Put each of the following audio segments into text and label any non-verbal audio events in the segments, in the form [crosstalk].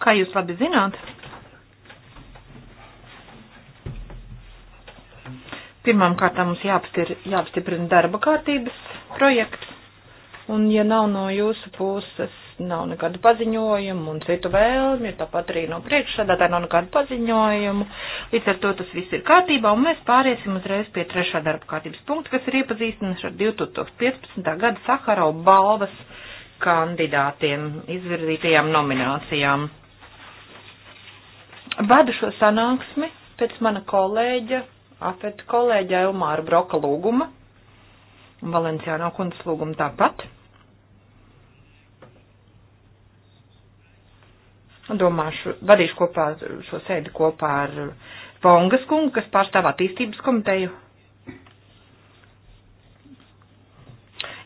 Kā jūs labi zināt, pirmām kārtām mums jāapstir, jāapstiprina darba kārtības projekts, un ja nav no jūsu puses, nav nekādu paziņojumu un citu vēlmi, tāpat arī no priekšsādātāja nav nekādu paziņojumu, līdz ar to tas viss ir kārtībā, un mēs pāriesim uzreiz pie trešā darba kārtības punkta, kas ir iepazīstināts ar 2015. gada Saharau balvas kandidātiem izvirzītajām nominācijām. Vadu šo sanāksmi pēc mana kolēģa, afet kolēģa Elmāra Broka lūguma, un Valenciāno kundas lūguma tāpat. Domāšu, vadīšu kopā šo sēdi kopā ar Pongas kungu, kas pārstāv attīstības komiteju.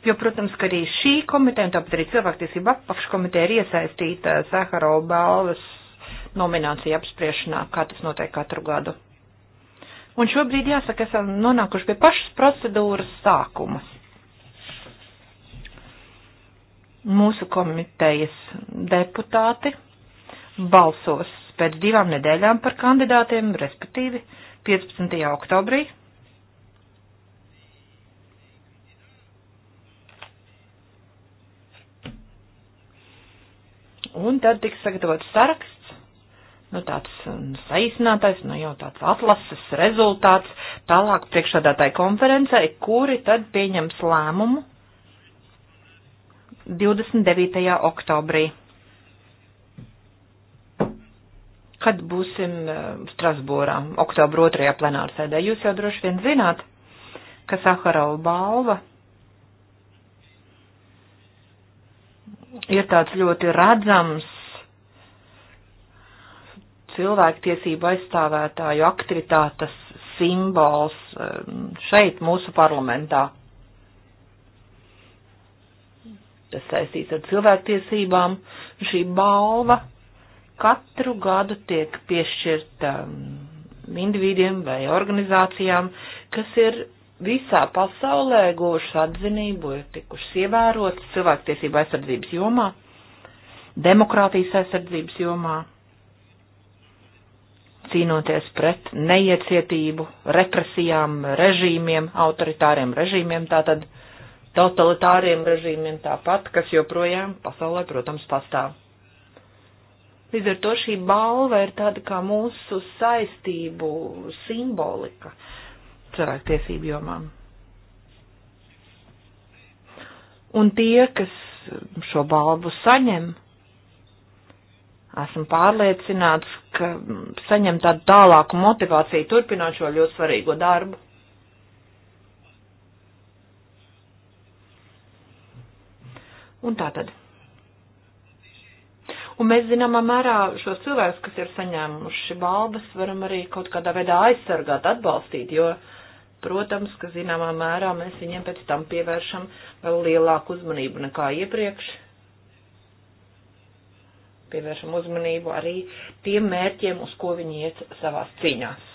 jo, protams, ka arī šī komiteja, un tāpat arī cilvēktiesība apakškomiteja ir iesaistīta Saharova balvas nomināciju apspriešanā, kā tas notiek katru gadu. Un šobrīd, jāsaka, esam nonākuši pie pašas procedūras sākuma. Mūsu komitejas deputāti balsos pēc divām nedēļām par kandidātiem, respektīvi 15. oktobrī. Un tad tiks sagatavots saraksts nu, tāds um, saīsinātais, nu, jau tāds atlases rezultāts tālāk priekšādātāji konferencei, kuri tad pieņems lēmumu 29. oktobrī. Kad būsim um, Strasbūrā, oktobra otrajā plenārsēdē, jūs jau droši vien zināt, ka Saharova balva ir tāds ļoti redzams cilvēktiesību aizstāvētāju aktivitātes simbols um, šeit mūsu parlamentā. Tas saistīts ar cilvēktiesībām. Šī balva katru gadu tiek piešķirta um, individiem vai organizācijām, kas ir visā pasaulē guvušas atzinību, ir tikušas ievērotas cilvēktiesība aizsardzības jomā, demokrātijas aizsardzības jomā cīnoties pret neiecietību, represijām, režīmiem, autoritāriem režīmiem, tātad totalitāriem režīmiem tāpat, kas joprojām pasaulē, protams, pastāv. Līdz ar to šī balva ir tāda kā mūsu saistību simbolika cilvēktiesību jomām. Un tie, kas šo balvu saņem, Esmu pārliecināts, ka saņem tādu tālāku motivāciju turpinot šo ļoti svarīgo darbu. Un tā tad. Un mēs zināmā mērā šos cilvēkus, kas ir saņēmuši balvas, varam arī kaut kādā veidā aizsargāt, atbalstīt, jo, protams, ka zināmā mērā mēs viņiem pēc tam pievēršam vēl lielāku uzmanību nekā iepriekš pievēršam uzmanību arī tiem mērķiem, uz ko viņi iet savās cīņās.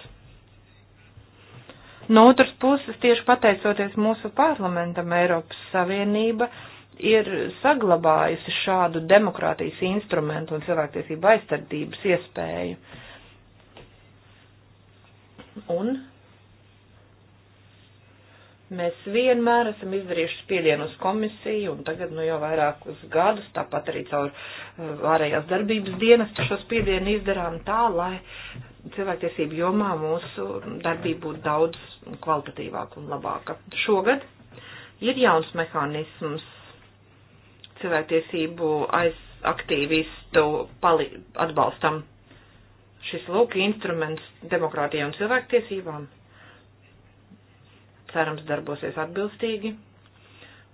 No otras puses, tieši pateicoties mūsu parlamentam, Eiropas Savienība ir saglabājusi šādu demokrātijas instrumentu un cilvēktiesību aizsardzības iespēju. Un Mēs vienmēr esam izdarījuši spiedienu uz komisiju, un tagad nu, jau vairākus gadus, tāpat arī caur uh, ārējās darbības dienas, šo spiedienu izdarām tā, lai cilvēktiesību jomā mūsu darbība būtu daudz kvalitatīvāka un labāka. Šogad ir jauns mehānisms cilvēktiesību aiz aktīvistu atbalstam. Šis lūk instruments demokrātijai un cilvēktiesībām cerams darbosies atbilstīgi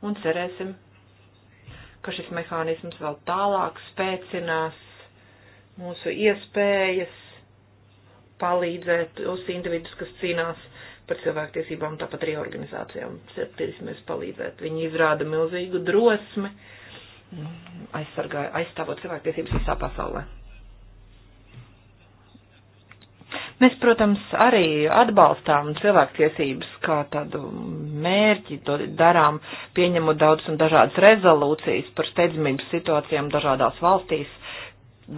un cerēsim, ka šis mehānisms vēl tālāk spēcinās mūsu iespējas palīdzēt uz individus, kas cīnās par cilvēktiesībām, tāpat arī organizācijām. Cerēsimies palīdzēt. Viņi izrāda milzīgu drosmi, aizsargāja, aizstāvot cilvēktiesības visā pasaulē. Mēs, protams, arī atbalstām cilvēktiesības kā tādu mērķi, to darām, pieņemot daudz un dažādas rezolūcijas par steidzamības situācijām dažādās valstīs,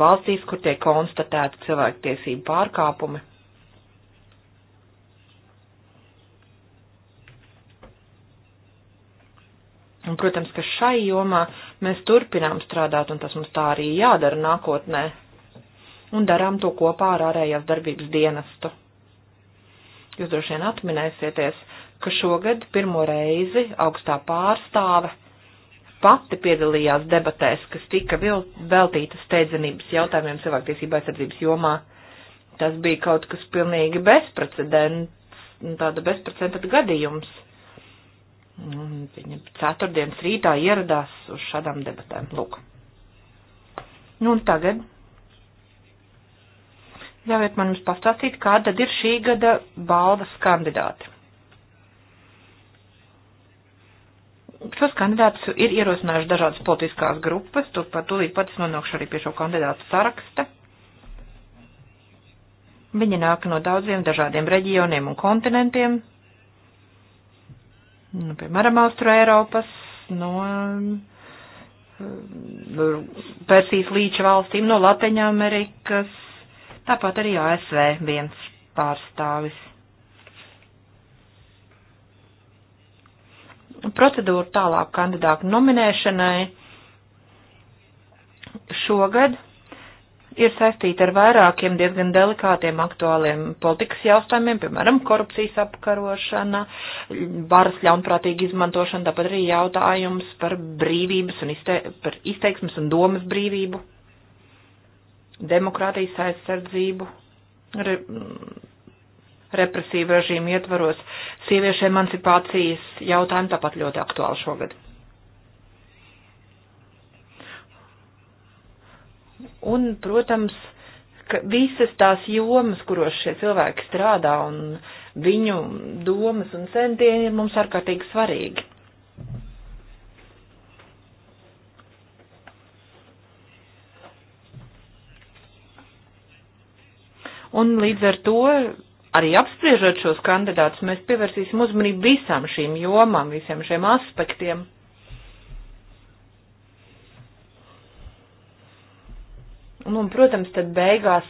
valstīs, kur tiek konstatēti cilvēktiesību pārkāpumi. Un, protams, ka šai jomā mēs turpinām strādāt, un tas mums tā arī jādara nākotnē un darām to kopā ar ārējās darbības dienestu. Jūs droši vien atminēsieties, ka šogad pirmo reizi augstā pārstāve pati piedalījās debatēs, kas tika veltītas steidzenības jautājumiem cilvēktiesība aizsardzības jomā. Tas bija kaut kas pilnīgi bezprecedents, nu, tāda bezprecedenta gadījums. Viņa ceturtdienas rītā ieradās uz šādām debatēm. Lūk. Nu, un tagad Ļaujiet man jums pastāstīt, kāda ir šī gada balvas kandidāti. Šos kandidātus ir ierosinājuši dažādas politiskās grupas, turpat tūlīt pat es nonākšu arī pie šo kandidātu saraksta. Viņi nāk no daudziem dažādiem reģioniem un kontinentiem, nu, piemēram, Austru Eiropas, no eh, Persijas līča valstīm, no Lateņa Amerikas, Tāpat arī ASV viens pārstāvis. Procedūra tālāk kandidātu nominēšanai šogad ir saistīta ar vairākiem diezgan delikātiem aktuāliem politikas jautājumiem, piemēram, korupcijas apkarošana, varas ļaunprātīga izmantošana, tāpat arī jautājums par brīvības un izte, par izteiksmes un domas brīvību demokrātijas aizsardzību, re, represīvu režīmu ietvaros, sieviešu emancipācijas jautājumu tāpat ļoti aktuāli šogad. Un, protams, ka visas tās jomas, kuros šie cilvēki strādā un viņu domas un centieni ir mums ārkārtīgi svarīgi. un līdz ar to arī apspriežot šos kandidātus, mēs pievērsīsim uzmanību visām šīm jomām, visiem šiem aspektiem. Un, un protams, tad beigās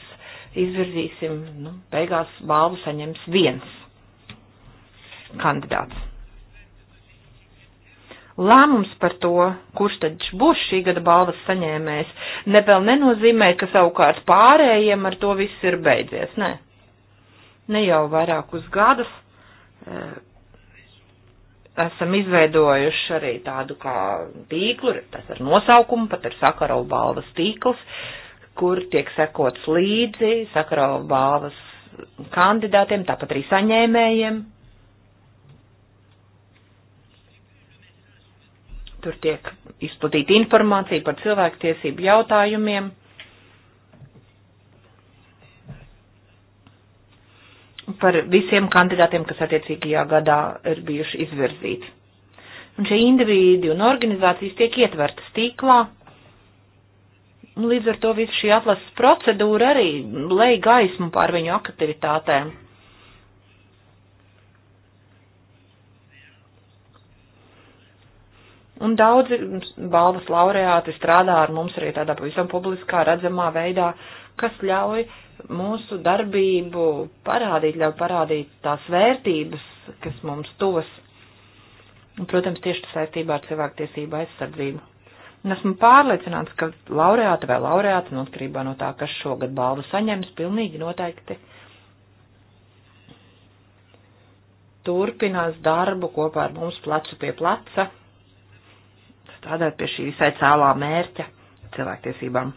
izvirzīsim, nu, beigās balvu saņems viens kandidāts. Lēmums par to, kurš tad būs šī gada balvas saņēmējs, ne vēl nenozīmē, ka savukārt pārējiem ar to viss ir beidzies. Nē, ne jau vairākus gadus e, esam izveidojuši arī tādu kā tīklu, tas ar nosaukumu, pat ir Sakarau balvas tīkls, kur tiek sekots līdzi Sakarau balvas kandidātiem, tāpat arī saņēmējiem, tur tiek izplatīta informācija par cilvēktiesību jautājumiem. par visiem kandidātiem, kas attiecīgajā gadā ir bijuši izvirzīti. Un šie indivīdi un organizācijas tiek ietvertas tīklā, un līdz ar to visu šī atlases procedūra arī lej gaismu pār viņu aktivitātēm. Un daudzi balvas laureāti strādā ar mums arī tādā pavisam publiskā, redzamā veidā, kas ļauj mūsu darbību parādīt, ļauj parādīt tās vērtības, kas mums tos. Un, protams, tieši saistībā ar cilvēktiesību aizsardzību. Un esmu pārliecināts, ka laureāti vai laureāti, nu, atkarībā no tā, kas šogad balvu saņems, pilnīgi noteikti turpinās darbu kopā ar mums plecu pie pleca strādāt pie šī visai cēlā mērķa cilvēktiesībām.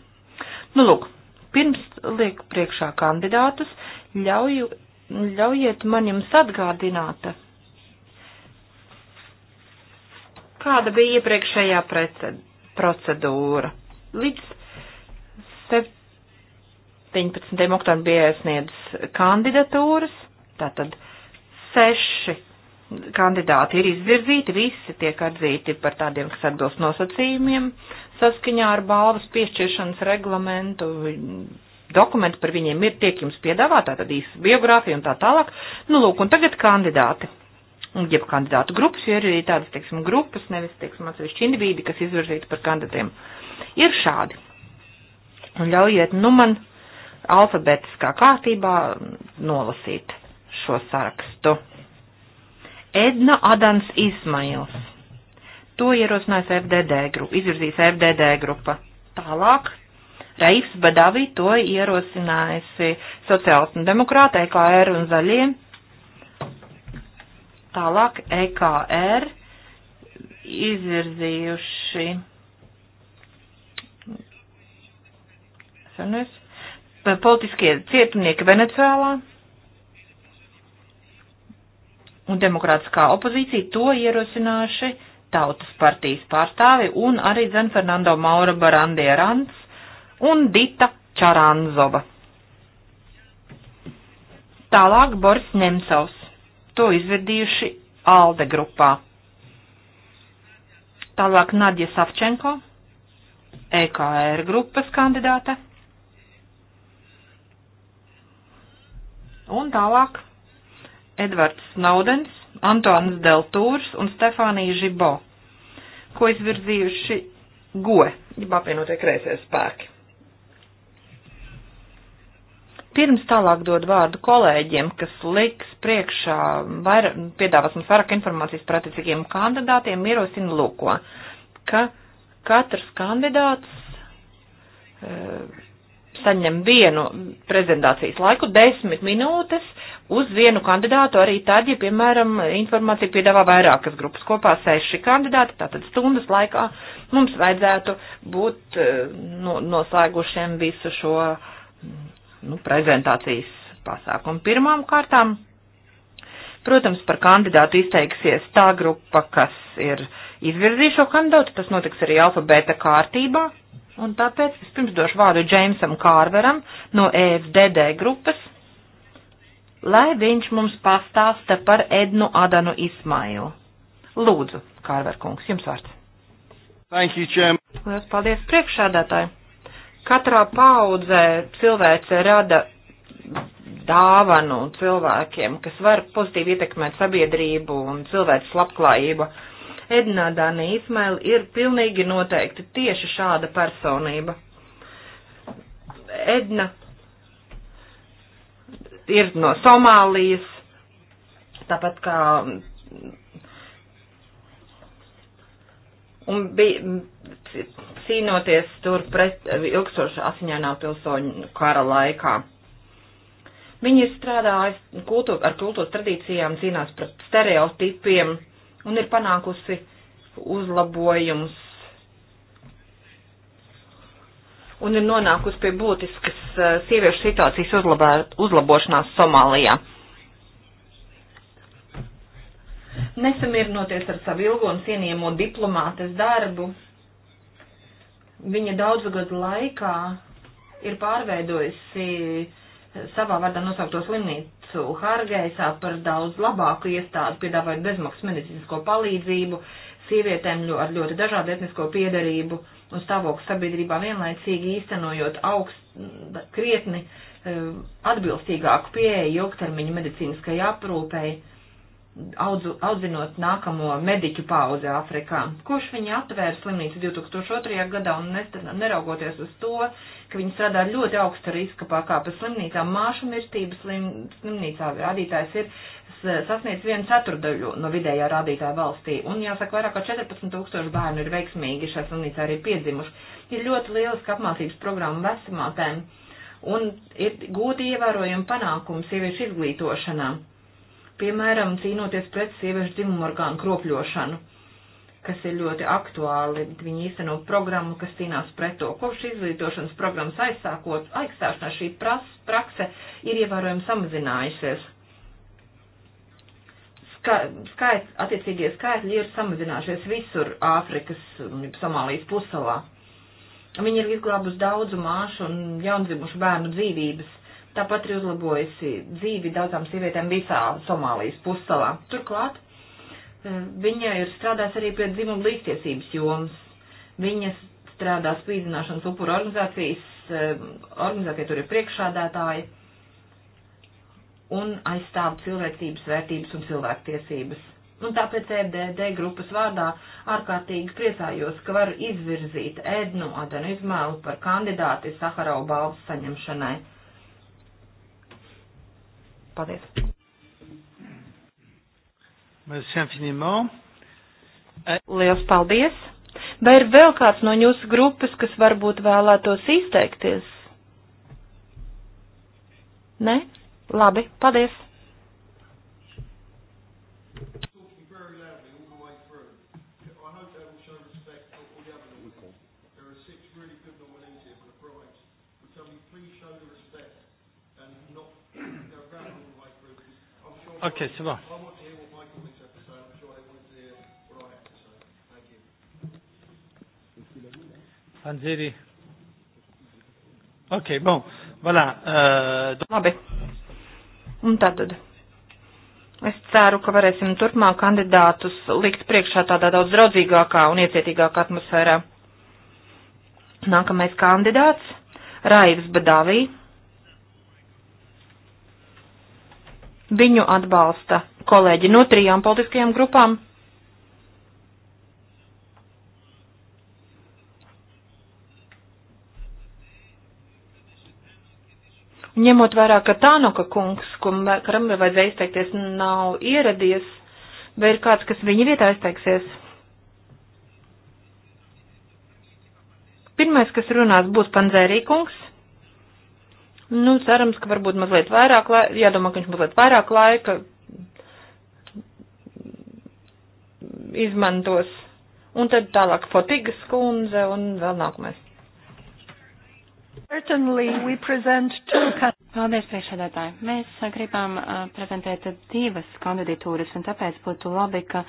Nu, lūk, pirms liek priekšā kandidātus, ļauju, ļaujiet man jums atgādināt, kāda bija iepriekšējā procedūra. Līdz 17. oktobrim bija iesniedz kandidatūras, tātad seši kandidāti ir izvirzīti, visi tiek atzīti par tādiem, kas atbilst nosacījumiem saskaņā ar balvas piešķiršanas reglamentu. Dokumenti par viņiem ir, tiek jums piedāvāta, tad īsa biogrāfija un tā tālāk. Nu, lūk, un tagad kandidāti jeb kandidātu grupas, jo ir arī tādas, teiksim, grupas, nevis, teiksim, atsevišķi individi, kas izvirzīti par kandidatiem, ir šādi. Un ļaujiet, nu man alfabētiskā kārtībā nolasīt šo sarakstu. Edna Adans Ismails. To ierosinās FDD grupa, izvirzīs FDD grupa. Tālāk Raifs Badavi to ierosinājusi sociāls un demokrāta EKR un zaļie. Tālāk EKR izvirzījuši. Sarnes. Politiskie cietumnieki Venecijālā un demokrātiskā opozīcija to ierosināši tautas partijas pārstāvi un arī Zen Fernando Maura Barandie Rants un Dita Čaranzova. Tālāk Boris Nemcovs, to izvirdījuši ALDE grupā. Tālāk Nadja Savčenko, EKR grupas kandidāte. Un tālāk Edvards Snowdens, Antons Deltūrs un Stefānija Žibo, ko izvirzījuši GO, jeb apvienotie kreisie spēki. Pirms tālāk dod vārdu kolēģiem, kas liks priekšā, vaira, piedāvās mums vairāk informācijas par attiecīgiem kandidātiem, ierosina lūko, ka katrs kandidāts uh, saņem vienu prezentācijas laiku, desmit minūtes uz vienu kandidātu, arī tad, ja, piemēram, informācija piedāvā vairākas grupas kopā seši kandidāti, tātad stundas laikā mums vajadzētu būt eh, no, noslēgušiem visu šo mm, nu, prezentācijas pasākumu. Pirmām kārtām, protams, par kandidātu izteiksies tā grupa, kas ir izvirzījušo kandidātu, tas notiks arī alfabēta kārtībā Un tāpēc vispirms došu vārdu Džeimsam Kārveram no EFDD grupas, lai viņš mums pastāsta par Ednu Adanu Ismailu. Lūdzu, Kārver kungs, jums vārds. Thank you, Jim. Lielas paldies priekšādātāji. Katrā paudzē cilvēce rada dāvanu cilvēkiem, kas var pozitīvi ietekmēt sabiedrību un cilvēces labklājību. Uh, Edinā Dānija Ismaila ir pilnīgi noteikti tieši šāda personība. Edna ir no Somālijas, tāpat kā. Un bija cīnoties tur pret ilgstošu asiņainā pilsoņu kara laikā. Viņi ir strādājuši kultūr, ar kultūras tradīcijām, cīnās pret stereotipiem, un ir panākusi uzlabojums un ir nonākusi pie būtiskas eh, sieviešu situācijas uzlabā, uzlabošanās Somālijā. Nesamierinoties ar savu ilgo un cienījamo diplomātes darbu, viņa daudzu gadu laikā ir pārveidojusi savā vārdā nosaukto slimnīcu Hargeisā par daudz labāku iestādi, piedāvājot bezmaksas medicīnisko palīdzību sievietēm ar ļoti dažādu etnisko piedarību un stāvokli sabiedrībā vienlaicīgi īstenojot augst, krietni eh, atbilstīgāku pieeju ilgtermiņa medicīniskai aprūpei audzu, audzinot nākamo mediķu pauzi Āfrikā. Kurš viņa atvēra slimnīcu 2002. gadā un neraugoties uz to, ka viņi strādā ļoti augsta riska pakāpes slimnīcā, māšu mirstības slim, slimnīcā rādītājs ir sasniedz vienu ceturdaļu no vidējā rādītāja valstī. Un jāsaka, vairāk kā 14 tūkstoši bērnu ir veiksmīgi šajā slimnīcā arī piedzimuši. Ir ļoti lieliska apmācības programma vesimātēm un ir gūti ievērojami panākumi sieviešu izglītošanā piemēram, cīnoties pret sieviešu dzimumu orgānu kropļošanu, kas ir ļoti aktuāli. Viņi īsteno programmu, kas cīnās pret to. Kopš izglītošanas programmas aizsākot, aizsākšanā šī pras, prakse ir ievērojami samazinājusies. Ska, skait, attiecīgie skaitļi ir samazinājušies visur Āfrikas un Somālijas pusalā. Viņi ir izglābus daudzu māšu un jaundzimušu bērnu dzīvības tāpat arī uzlabojusi dzīvi daudzām sievietēm visā Somālijas pussalā. Turklāt eh, viņa ir strādājusi arī pie dzimuma līdztiesības jomas. Viņa strādā spīdzināšanas upuru organizācijas, eh, organizācija tur ir priekšādātāja un aizstāv cilvēcības vērtības un cilvēktiesības. Un tāpēc EDD grupas vārdā ārkārtīgi priecājos, ka varu izvirzīt Ednu Adanu Izmēlu par kandidāti Saharau balvas saņemšanai. Paldies! Liels paldies! Vai ir vēl kāds no jūsu grupas, kas varbūt vēlētos izteikties? Nē? Labi, paldies! Ok, c'est bon. Panzeri. Ok, bon. Voilà. Euh, Labi. Un tātad. Es ceru, ka varēsim turpmāk kandidātus likt priekšā tādā daudz draudzīgākā un iecietīgākā atmosfērā. Nākamais kandidāts - Raivs Badavī. Viņu atbalsta kolēģi no trijām politiskajām grupām. ņemot vērā, ka Tānoka kungs, kuram ir vajadzēja izteikties, nav ieradies, vai ir kāds, kas viņa vietā izteiksies? Pirmais, kas runās, būs Panzērī kungs. Nu, cerams, ka varbūt mazliet vairāk, laika, jādomā, ka viņš mazliet vairāk laika izmantos. Un tad tālāk Fotigas kundze un vēl nākamais. Paldies, priekšsēdētāji. Mēs gribam uh, prezentēt divas kandidatūras, un tāpēc būtu labi, ka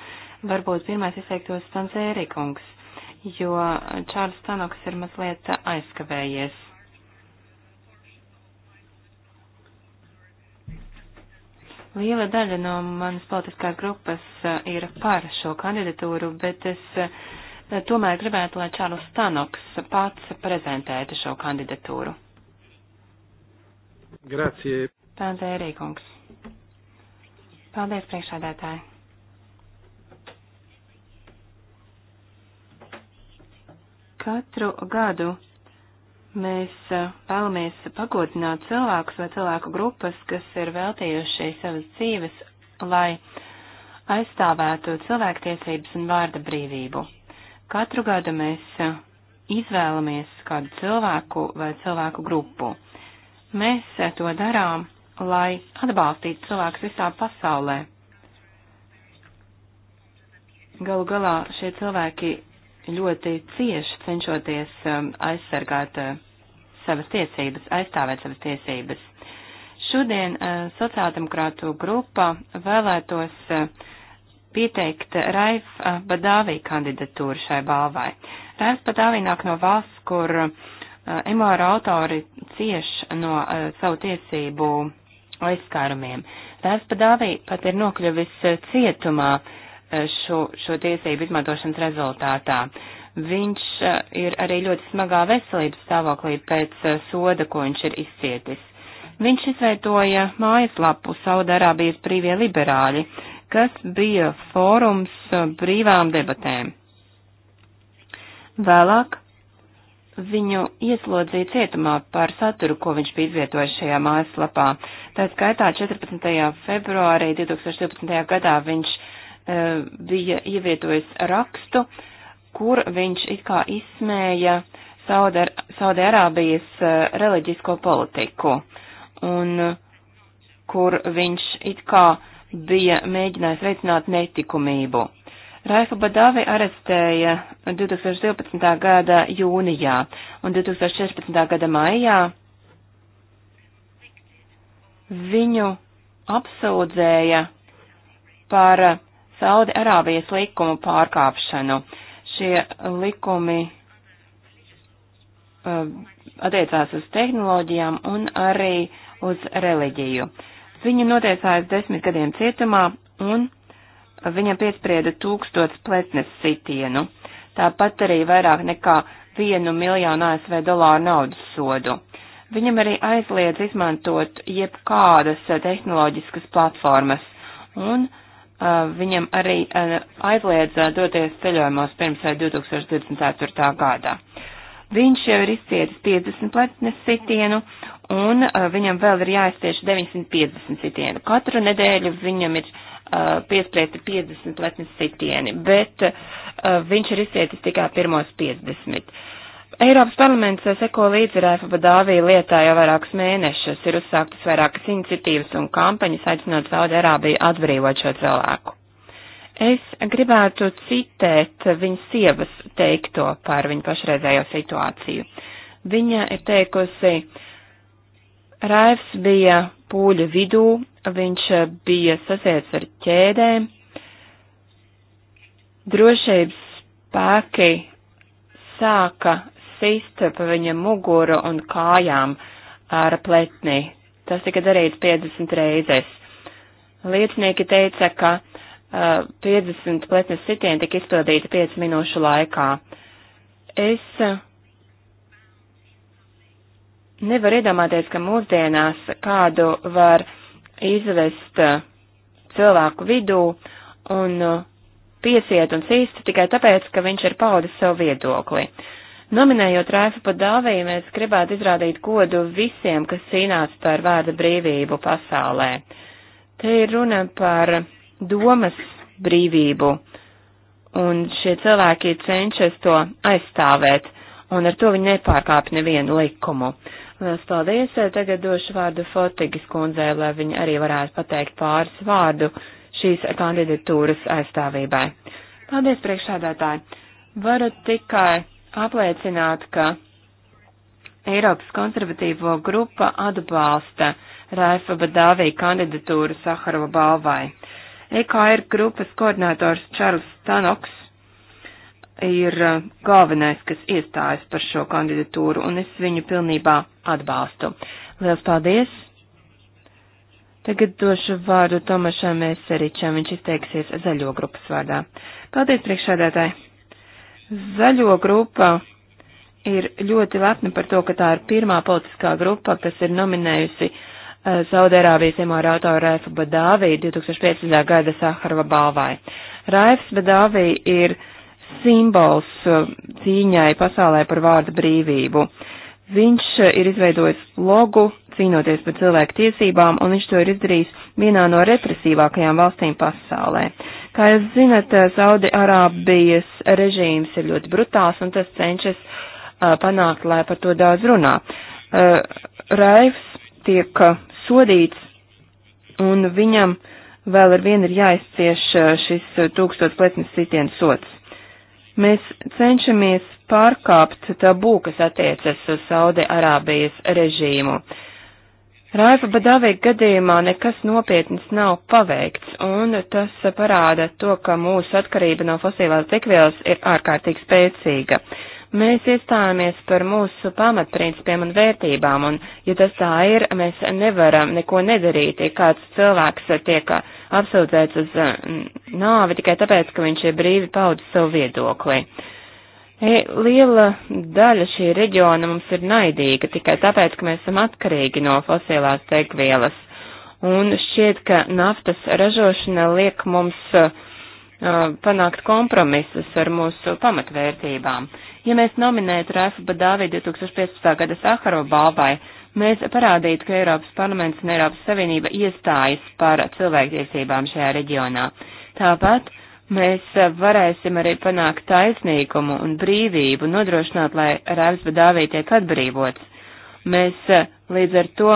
varbūt pirmais izteiktos Tanzēri kungs, jo Čārls Tanoks ir mazliet aizkavējies. Liela daļa no manas politiskās grupas eh, ir par šo kandidatūru, bet es eh, tomēr gribētu, lai Čārlis Stanoks pats prezentētu šo kandidatūru. Grazie. Paldies, Rīkungs. Paldies, priekšādētāji. Katru gadu Mēs vēlamies pagodināt cilvēkus vai cilvēku grupas, kas ir veltījuši savas dzīves, lai aizstāvētu cilvēktiesības un vārda brīvību. Katru gadu mēs izvēlamies kādu cilvēku vai cilvēku grupu. Mēs to darām, lai atbalstītu cilvēkus visā pasaulē. Galu galā šie cilvēki ļoti cieši cenšoties um, aizsargāt uh, savas tiesības, aizstāvēt savas tiesības. Šodien uh, sociāldemokrātu grupa vēlētos uh, pieteikt Raif Badāvī kandidatūru šai balvai. Raif Badāvī nāk no valsts, kur emuāra autori cieš no savu tiesību aizskārumiem. Raif Badāvī pat ir nokļuvis cietumā Eh, šo, šo tiesību izmantošanas rezultātā. Viņš eh, ir arī ļoti smagā veselības stāvoklī pēc eh, soda, ko viņš ir izcietis. Viņš izveidoja mājaslapu Saudarābijas brīvie liberāļi, kas bija fórums brīvām debatēm. Vēlāk viņu ieslodzīja cietumā par saturu, ko viņš bija izvietojis šajā mājaslapā. Tā skaitā 14. februārī 2012. gadā viņš E, bija ievietojis rakstu, kur viņš it kā izsmēja Saudārābijas e, reliģisko politiku, un kur viņš it kā bija mēģinājis veicināt netikumību. Raifa Badavi arestēja 2012. gada jūnijā un 2016. gada maijā viņu apsūdzēja par Saudi Arābijas likumu pārkāpšanu. Šie likumi uh, attiecās uz tehnoloģijām un arī uz reliģiju. Viņu notiesājas desmit gadiem cietumā un viņam piesprieda tūkstots pletnes sitienu. Tāpat arī vairāk nekā vienu miljonu ASV dolāru naudas sodu. Viņam arī aizliedz izmantot jebkādas tehnoloģiskas platformas, un Uh, viņam arī uh, aizliedza uh, doties ceļojumos pirms 2024. gadā. Viņš jau ir izcietis 50 pletnes sitienu, un viņam vēl ir jāizcieš 950 sitienu. Katru nedēļu viņam ir piespriesti 50 pletnes sitieni, bet viņš ir izcietis tikai pirmos 50. Eiropas parlaments seko līdzi Rēfa Badāvī lietā jau vairākus mēnešus, ir uzsāktas vairākas iniciatīvas un kampaņas aicinot Saudi Arābiju atbrīvot šo cilvēku. Es gribētu citēt viņas sievas teikto par viņu pašreizējo situāciju. Viņa ir teikusi, Raivs bija pūļa vidū, viņš bija sasiets ar ķēdēm, drošības spēki sāka sist pa viņa muguru un kājām ar pletni. Tas tika darīts 50 reizes. Liecinieki teica, ka uh, eh, 50 pletnes sitieni tika izpildīti 5 minūšu laikā. Es uh, nevaru iedomāties, ka mūsdienās kādu var izvest uh, cilvēku vidū un uh, piesiet un sīst tikai tāpēc, ka viņš ir paudis savu viedokli. Uh, Nominējot Raifu pa dāviju, mēs gribētu izrādīt kodu visiem, kas cīnās par vārda brīvību pasaulē. Te ir runa par domas brīvību, un šie cilvēki cenšas to aizstāvēt, un ar to viņi nepārkāp nevienu likumu. Lielas paldies, tagad došu vārdu Fotigas kundzei, lai viņa arī varētu pateikt pāris vārdu šīs kandidatūras aizstāvībai. Paldies, priekšādātāji! Varu tikai apliecināt, ka Eiropas konservatīvo grupa atbalsta Raifa Badāvī kandidatūru Saharova balvai. EKR grupas koordinators Čārls Stanoks ir uh, galvenais, kas iestājas par šo kandidatūru, un es viņu pilnībā atbalstu. Liels paldies! Tagad došu vārdu Tomašam Eseričam, viņš izteiksies zaļo grupas vārdā. Paldies, priekšādātāji! Zaļo grupa ir ļoti lepna par to, ka tā ir pirmā politiskā grupa, kas ir nominējusi uh, eh, Saudērāvijas emorātoru Raifu Badāvī 2015. gada Saharva balvai. Raifs Badāvī ir simbols uh, cīņai pasaulē par vārdu brīvību. Viņš eh, ir izveidojis logu cīnoties par cilvēku tiesībām, un viņš to ir izdarījis vienā no represīvākajām valstīm pasaulē. Uh, Kā jūs zinat, eh, Saudi Arābijas režīms ir ļoti brutāls un tas cenšas uh, panākt, lai par to daudz runā. Uh, Raifs tiek sodīts un viņam vēl ar vienu ir jāizcieš šis tūkstots plecnes sitiens sots. Mēs cenšamies pārkāpt tabū, kas attiecas uz Saudi Arābijas režīmu. Uh, Raifa Badavija gadījumā nekas nopietnas nav paveikts, un tas parāda to, ka mūsu atkarība no fosilās degvielas ir ārkārtīgi spēcīga. Mēs iestājāmies par mūsu pamatprincipiem un vērtībām, un, ja tas tā ir, mēs nevaram neko nedarīt, ja kāds cilvēks tiek apsūdzēts uz mm, nāvi tikai tāpēc, ka viņš ir brīvi paudis savu viedokli. Uh, E, liela daļa šī reģiona mums ir naidīga tikai tāpēc, ka mēs esam atkarīgi no fosilās degvielas. Un šķiet, ka naftas ražošana liek mums uh, panākt kompromisus ar mūsu pamatvērtībām. Ja mēs nominētu Rafa Badāvi 2015. gada Saharo balvai, mēs parādītu, ka Eiropas parlaments un Eiropas Savienība iestājas par cilvēktiesībām šajā reģionā. Tāpat Mēs eh, varēsim arī panākt taisnīgumu un brīvību, nodrošināt, lai Rēvs Badāvī tiek atbrīvots. Mēs eh, līdz ar to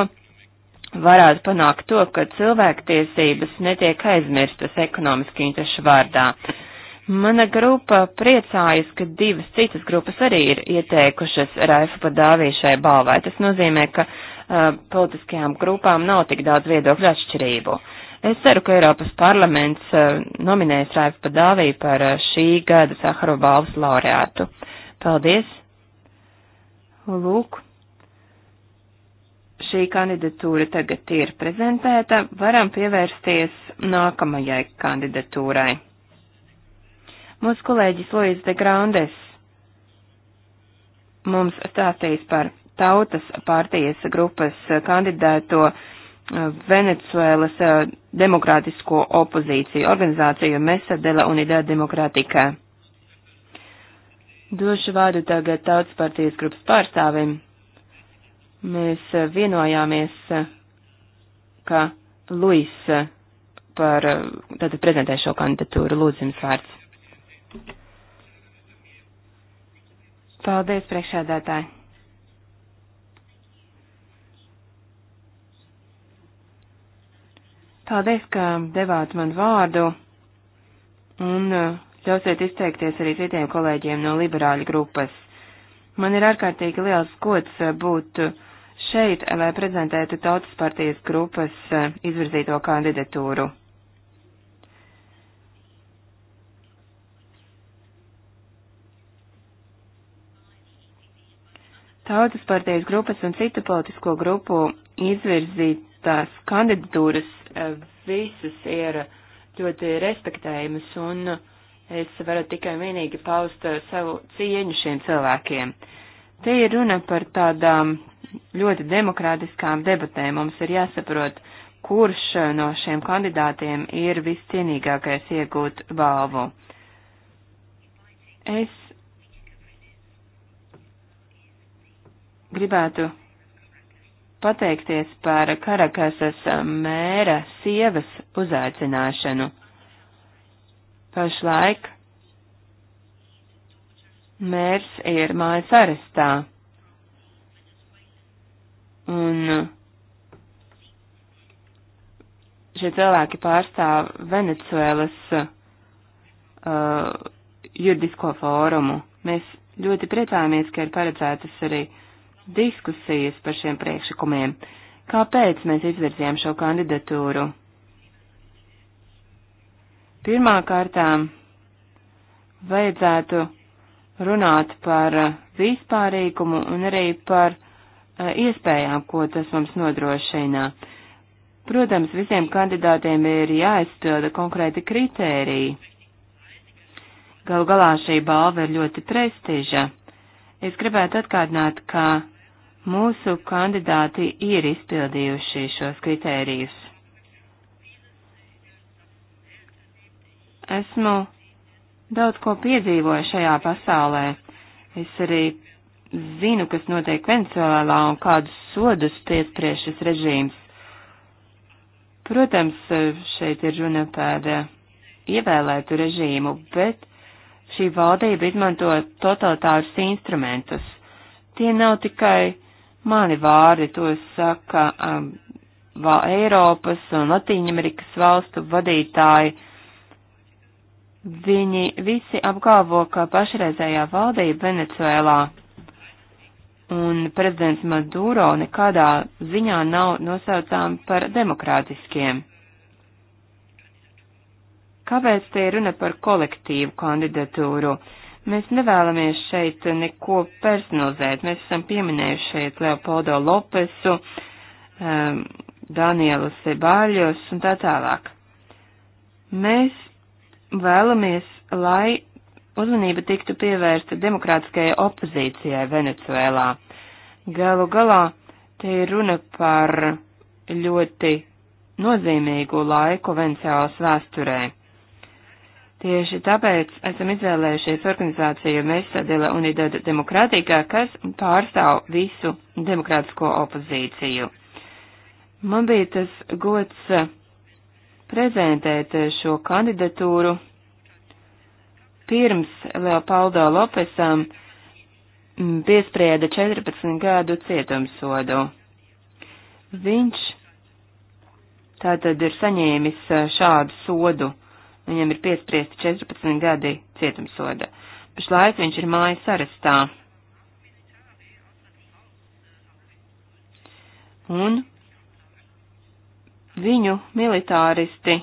varētu panākt to, ka cilvēktiesības netiek aizmirstas ekonomiski interešu vārdā. Mana grupa priecājas, ka divas citas grupas arī ir ieteikušas Raifu Padāvī šai balvai. Tas nozīmē, ka uh, politiskajām grupām nav tik daudz viedokļu atšķirību. Uh, Es ceru, ka Eiropas parlaments eh, nominēs Raivu Padāvī par eh, šī gada Sahara balvas laureātu. Paldies! Lūk, šī kandidatūra tagad ir prezentēta. Varam pievērsties nākamajai kandidatūrai. Mūsu kolēģis Lois de Grandes mums stāstīs par tautas partijas grupas kandidēto Venecuēlas demokrātisko opozīciju organizāciju Mesa de la Unidad Demokratika. Došu vārdu tagad tautas partijas grupas pārstāvim. Mēs vienojāmies, ka Luis par, tātad prezentē šo kandidatūru. Lūdzu, jums vārds. Paldies, priekšādātāji. Paldies, ka devāt man vārdu un uh, ļausiet izteikties arī citiem kolēģiem no liberāļu grupas. Man ir ārkārtīgi liels gods uh, būt uh, šeit, lai prezentētu Tautas partijas grupas izvirzīto kandidatūru. Tautas partijas grupas un citu politisko grupu izvirzīt tās kandidatūras eh, visas ir ļoti respektējamas, un es varu tikai un vienīgi paust eh, savu cieņu šiem cilvēkiem. Te ir runa par tādām ļoti demokrātiskām debatēm. Mums ir jāsaprot, kurš eh, no šiem kandidātiem ir viscienīgākais iegūt balvu. Es gribētu pateikties par Karakasas mēra sievas uzaicināšanu. Pašlaik mērs ir mājas arestā. Un šie cilvēki pārstāv Venecuēlas uh, juridisko fórumu. Mēs ļoti priecājamies, ka ir paredzētas arī uh, diskusijas par šiem priekšlikumiem. Kāpēc mēs izvirzījām šo kandidatūru? Pirmā kārtā vajadzētu runāt par uh, vispārīgumu un arī par uh, iespējām, ko tas mums nodrošina. Protams, visiem kandidātiem ir jāizpilda konkrēti kritēriji. Galu galā šī balva ir ļoti prestiža. Es gribētu atkārtināt, ka Mūsu kandidāti ir izpildījuši šos kritērijus. Esmu daudz ko piedzīvoju šajā pasaulē. Es arī zinu, kas notiek Venecijolā un kādus sodus piespriež šis režīms. Protams, šeit ir runa par ievēlētu režīmu, bet šī valdība izmanto totalitārus instrumentus. Tie nav tikai mani vārdi, to saka um, vā, Eiropas un Latīņamerikas valstu vadītāji. Viņi visi apgalvo, ka pašreizējā valdība Venecuēlā un prezidents Maduro nekādā ziņā nav nosaucām par demokrātiskiem. Kāpēc te ir runa par kolektīvu kandidatūru? Uh, Mēs nevēlamies šeit neko personalizēt. Mēs esam pieminējuši šeit Leopoldo Lopesu, um, ehm, Danielu Sebaļos un tā tālāk. Mēs vēlamies, lai uzmanība tiktu pievērsta demokrātiskajai opozīcijai Venecuēlā. Galu galā te ir runa par ļoti nozīmīgu laiku Venecijālas vēsturē. Tieši tāpēc esam izvēlējušies organizāciju Mesa de la Unidad Demokrātikā, kas pārstāv visu demokrātisko opozīciju. Man bija tas gods eh, prezentēt eh, šo kandidatūru pirms Leopoldo Lopesam mm, piesprieda 14 gadu cietumsodu. Viņš tātad ir saņēmis eh, šādu sodu Viņam ir piespriesti 14 gadi cietumsoda. Pašlaik viņš ir mājas arestā. Un viņu militāristi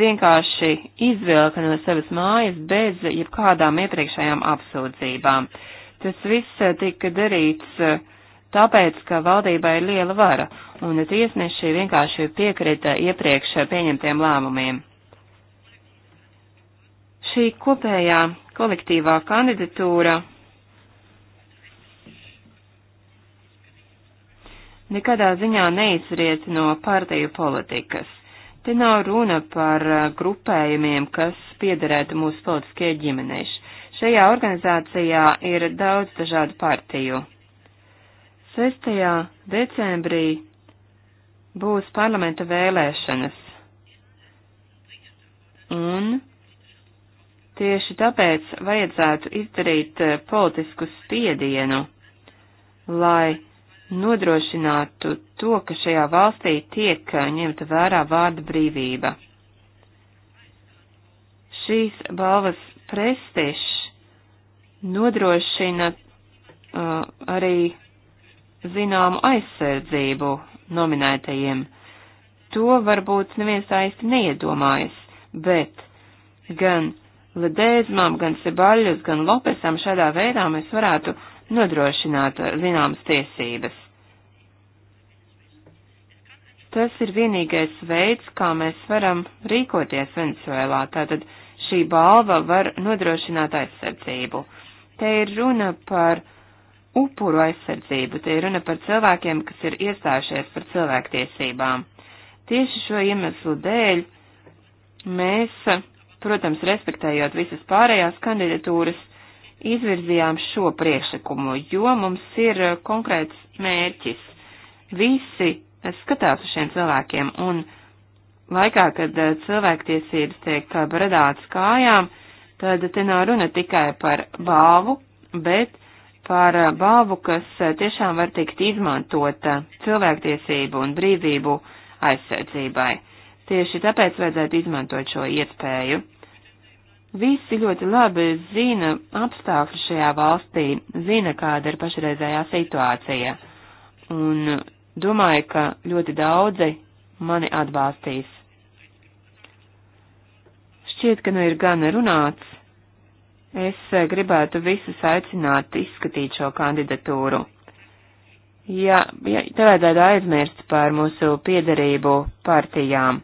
vienkārši izvilka no savas mājas bez jebkādām iepriekšējām apsūdzībām. Tas viss eh, tika darīts eh, tāpēc, ka valdībā ir liela vara, un tiesneši vienkārši piekrita iepriekš eh, pieņemtiem lēmumiem. Šī kopējā kolektīvā kandidatūra nekādā ziņā neizriet no pārteju politikas. Te nav runa par uh, grupējumiem, kas piederētu mūsu politiskajai ģimenei. Šajā organizācijā ir daudz dažādu partiju. 6. decembrī būs parlamenta vēlēšanas. Un Tieši tāpēc vajadzētu izdarīt eh, politisku spiedienu, lai nodrošinātu to, ka šajā valstī tiek eh, ņemta vērā vārda brīvība. Šīs balvas prestižs nodrošina uh, arī zināmu aizsardzību nominētajiem. To varbūt neviens tā īsti neiedomājas, bet gan Ledēzmam, gan Sebaļus, gan Lopesam šādā veidā mēs varētu nodrošināt zināmas tiesības. Tas ir vienīgais veids, kā mēs varam rīkoties Venezuelā, tātad šī balva var nodrošināt aizsardzību. Te ir runa par upuru aizsardzību, te ir runa par cilvēkiem, kas ir iestājušies par cilvēktiesībām. Tieši šo iemeslu dēļ mēs protams, respektējot visas pārējās kandidatūras, izvirzījām šo priekšlikumu, jo mums ir eh, konkrēts mērķis. Visi eh, skatās uz šiem cilvēkiem, un laikā, kad eh, cilvēktiesības tiek bradāts kājām, tad te nav runa tikai par bāvu, bet par bāvu, kas tiešām var tikt izmantota cilvēktiesību un brīvību aizsardzībai. Tieši tāpēc vajadzētu izmantot šo iespēju. Visi ļoti labi zina apstākļi šajā valstī, zina, kāda ir pašreizējā situācija, un domāju, ka ļoti daudzi mani atbalstīs. Šķiet, ka nu ir gana runāts. Es gribētu visus aicināt izskatīt šo kandidatūru. Ja, ja te vajadzētu aizmirst par mūsu piedarību partijām.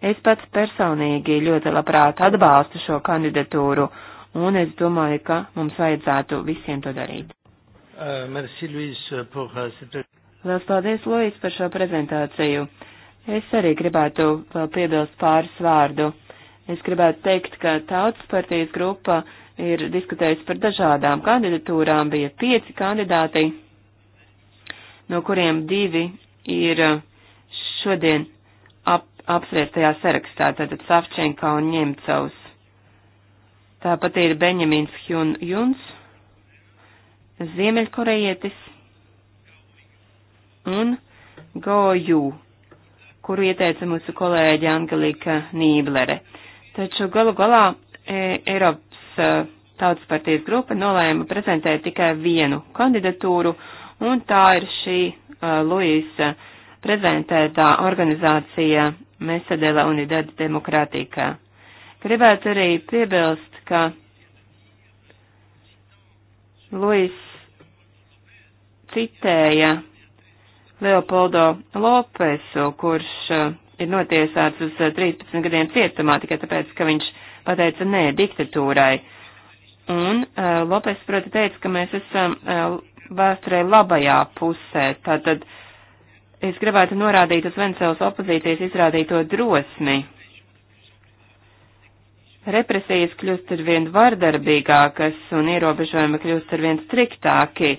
Es pats personīgi ļoti labprāt atbalstu šo kandidatūru, un es domāju, ka mums vajadzētu visiem to darīt. Uh, merci, Luis, pour, uh, Lielas paldies, Luis, par šo prezentāciju. Es arī gribētu vēl piebilst pāris vārdu. Es gribētu teikt, ka tautas partijas grupa ir diskutējusi par dažādām kandidatūrām. Bija pieci kandidāti, no kuriem divi ir uh, šodien apsvērtajā sarakstā, tātad Savčenka un Ņemcaus. Tāpat ir Benjamins Hjun Juns, Ziemeļkorejietis un Goju, kuru ieteica mūsu kolēģi Angelika Nīblere. Taču galu galā e, Eiropas e, Tautas partijas grupa nolēma prezentēt tikai vienu kandidatūru, un tā ir šī e, Luisa prezentētā organizācija Mesa della Unidad Demokrātīkā. Gribētu arī piebilst, ka Luis citēja Leopoldo Lopesu, kurš eh, ir notiesāts uz 13 eh, gadiem cietumā tikai tāpēc, ka viņš pateica nē diktatūrai. Un uh, Lopes, proti, teica, ka mēs esam uh, vēsturē labajā pusē. Tātad uh, Es gribētu norādīt uz Venecēlas opozīcijas izrādīto drosmi. Represijas kļūst ar vien vardarbīgākas un ierobežojumi kļūst ar vien striktāki.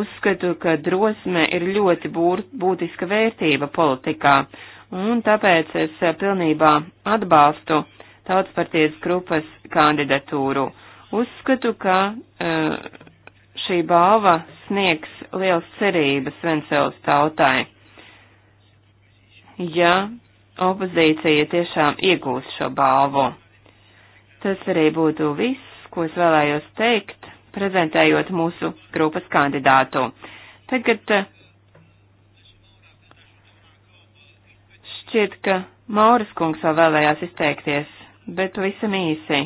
Uzskatu, ka drosme ir ļoti būr, būtiska vērtība politikā, un tāpēc es pilnībā atbalstu tautspartijas grupas kandidatūru. Uzskatu, ka uh, šī balva sniegs liels cerības Venecēlas tautai ja opozīcija tiešām iegūs šo balvu. Tas arī būtu viss, ko es vēlējos teikt, prezentējot mūsu grupas kandidātu. Tagad eh, šķiet, ka Mauras kungs vēl vēlējās izteikties, bet pavisam īsi,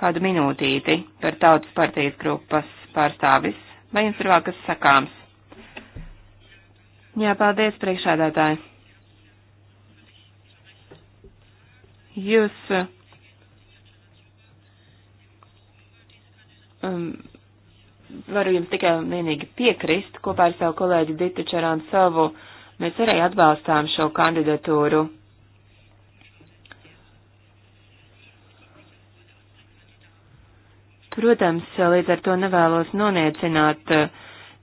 kādu minūtīti par tautas partijas grupas pārstāvis, vai jums ir vēl kas sakāms? Jā, paldies priekšādātāji. Jūs um, varu jums tikai un vienīgi piekrist kopā ar savu kolēģi Ditu Čerānu savu. Mēs arī atbalstām šo kandidatūru. Protams, līdz ar to nevēlos noniecināt uh,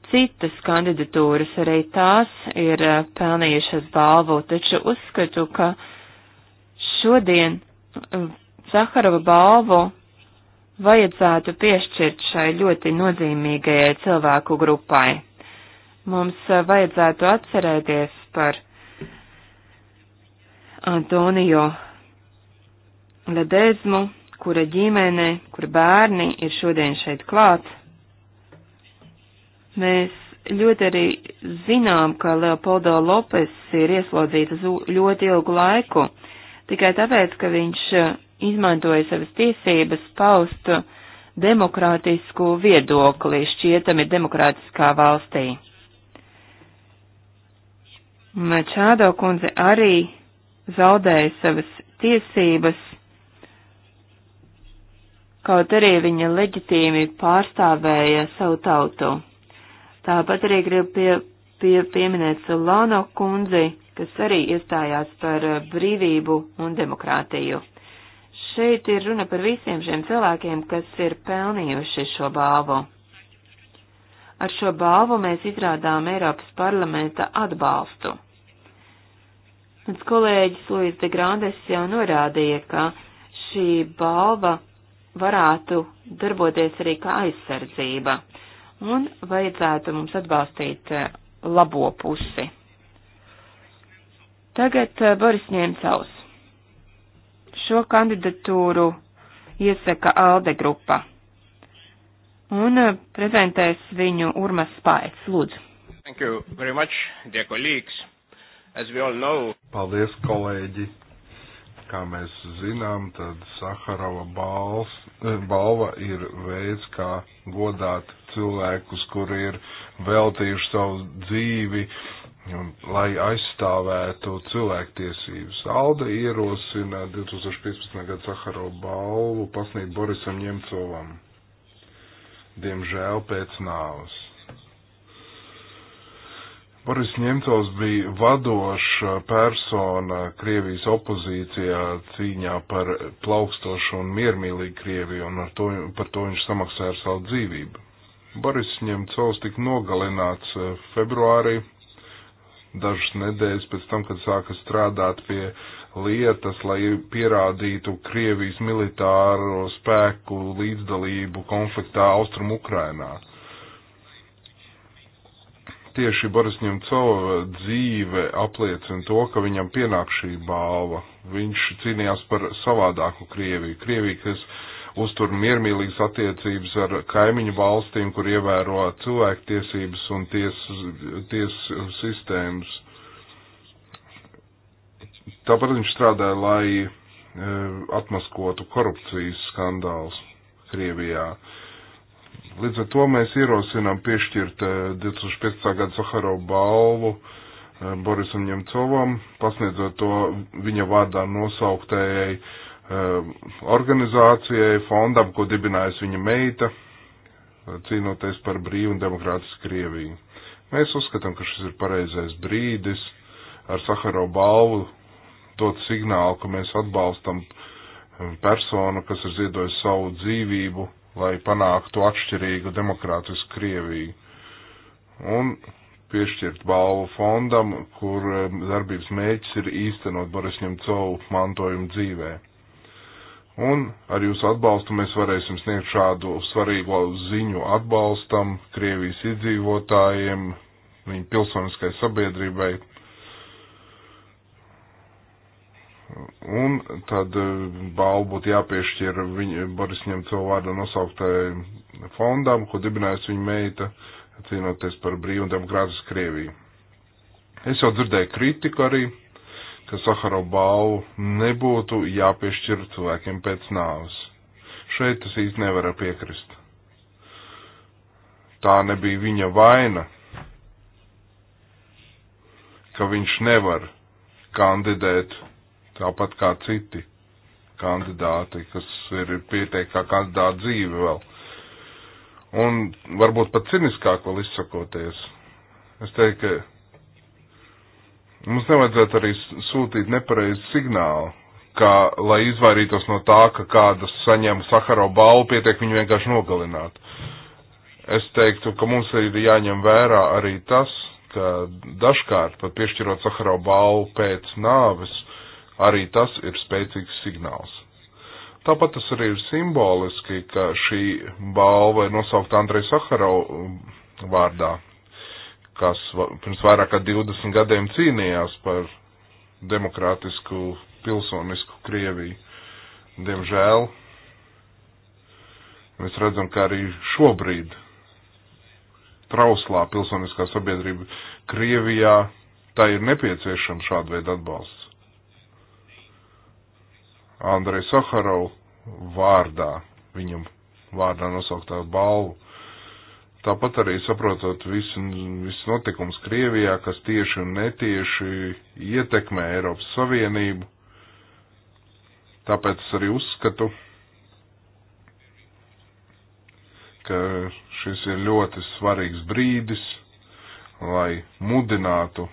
citas kandidatūras, arī tās ir uh, pelnījušas balvu, taču uzskatu, ka uh, šodien uh, Saharova balvu vajadzētu piešķirt šai ļoti nozīmīgajai cilvēku grupai. Mums uh, vajadzētu atcerēties par Antonio Ledezmu, kura ģimene, kur bērni ir šodien šeit klāt. Mēs ļoti arī zinām, ka Leopoldo Lopes ir ieslodzīta ļoti ilgu laiku tikai tāpēc, ka viņš eh, izmantoja savas tiesības paust demokrātisku viedokli šķietami demokrātiskā valstī. Čādo kundze arī zaudēja savas tiesības, kaut arī viņa leģitīmi pārstāvēja savu tautu. Tāpat arī gribu pie, pie, pieminēt Solano kundzi, kas arī iestājās par eh, brīvību un demokrātiju. Šeit ir runa par visiem šiem cilvēkiem, kas ir pelnījuši šo balvu. Ar šo balvu mēs izrādām Eiropas parlamenta atbalstu. Mans kolēģis Luis de Grandes jau norādīja, ka šī balva varētu darboties arī kā aizsardzība, un vajadzētu mums atbalstīt eh, labo pusi. Tagad eh, Boris Ņemcaus. Šo kandidatūru iesaka ALDE grupa. Un eh, prezentēs viņu Urmas Spāets. Lūdzu. Thank you very much, dear colleagues. As we all know. Paldies, kolēģi. Kā mēs zinām, tad Saharova balvs, eh, balva ir veids, kā godāt cilvēkus, kuri ir veltījuši savu dzīvi uh, lai aizstāvētu cilvēktiesības. Alde ierosina 2015. gada Sakaro balvu pasniegt Borisam Ņemcovam. Diemžēl pēc nāves. Boris Ņemcovs bija vadoša persona Krievijas opozīcijā cīņā par plaukstošu un miermīlīgu Krieviju, un to, par to viņš samaksāja ar savu dzīvību. Boris Ņemcovs tika nogalināts eh, februārī dažas nedēļas pēc tam, kad sāka strādāt pie lietas, lai pierādītu Krievijas militāro spēku līdzdalību konfliktā Austrum Ukrainā. Tieši Boris Ņemcova dzīve apliecina to, ka viņam pienāk šī balva. Viņš cīnījās par savādāku Krieviju. Krieviju, kas uztur miermīlīgas attiecības ar kaimiņu valstīm, kur ievēro cilvēktiesības un tiesu ties sistēmas. Tāpat viņš strādāja, lai e, atmaskotu korupcijas skandāls Krievijā. Līdz ar to mēs ierosinām piešķirt e, 2015. gada Saharovu balvu e, Borisam Ņemcovam, pasniedzot to viņa vārdā nosauktējai Um, organizācijai, fondam, ko dibinājusi viņa meita, cīnoties par brīvu un demokrātisku Krieviju. Mēs uzskatām, ka šis ir pareizais brīdis ar Sakaro balvu dot signālu, ka mēs atbalstam um, personu, kas ir ziedojis savu dzīvību, lai panāktu atšķirīgu demokrātisku Krieviju. Un piešķirt balvu fondam, kur um, darbības mēģis ir īstenot Boris Ņemcovu mantojumu dzīvē. Un ar jūsu atbalstu mēs varēsim sniegt šādu svarīgo ziņu atbalstam Krievijas iedzīvotājiem, viņu pilsoniskai sabiedrībai. Un tad e, balvu būtu jāpiešķir viņa, Boris Ņemcova vārda nosauktai fondam, ko dibinājusi viņa meita, cīnoties par brīvu un demokrātisku Krieviju. Es jau dzirdēju kritiku arī ka Saharov balvu nebūtu jāpiešķir cilvēkiem pēc nāves. Šeit tas īsti nevar piekrist. Tā nebija viņa vaina, ka viņš nevar kandidēt tāpat kā citi kandidāti, kas ir pieteiktā kandidāta dzīve vēl. Un varbūt pat ciniskāk vēl izsakoties. Es teiktu, ka Mums nevajadzētu arī sūtīt nepareizi signālu, ka, lai izvairītos no tā, ka kādas saņem Sakaro balvu, pietiek viņu vienkārši nogalināt. Es teiktu, ka mums ir jāņem vērā arī tas, ka dažkārt pat piešķirot Sakaro balvu pēc nāves, arī tas ir spēcīgs signāls. Tāpat tas arī ir simboliski, ka šī balva ir nosaukta Andrei Sakarau um, vārdā kas pirms vairāk kā 20 gadiem cīnījās par demokrātisku pilsonisku Krieviju. Diemžēl mēs redzam, ka arī šobrīd trauslā pilsoniskā sabiedrība Krievijā tā ir nepieciešama šāda veida atbalsts. Andrei Saharov vārdā, viņam vārdā nosauktā balvu Tāpat arī saprotot visu, visu notikums Krievijā, kas tieši un netieši ietekmē Eiropas Savienību. Tāpēc es arī uzskatu, ka šis ir ļoti svarīgs brīdis, lai mudinātu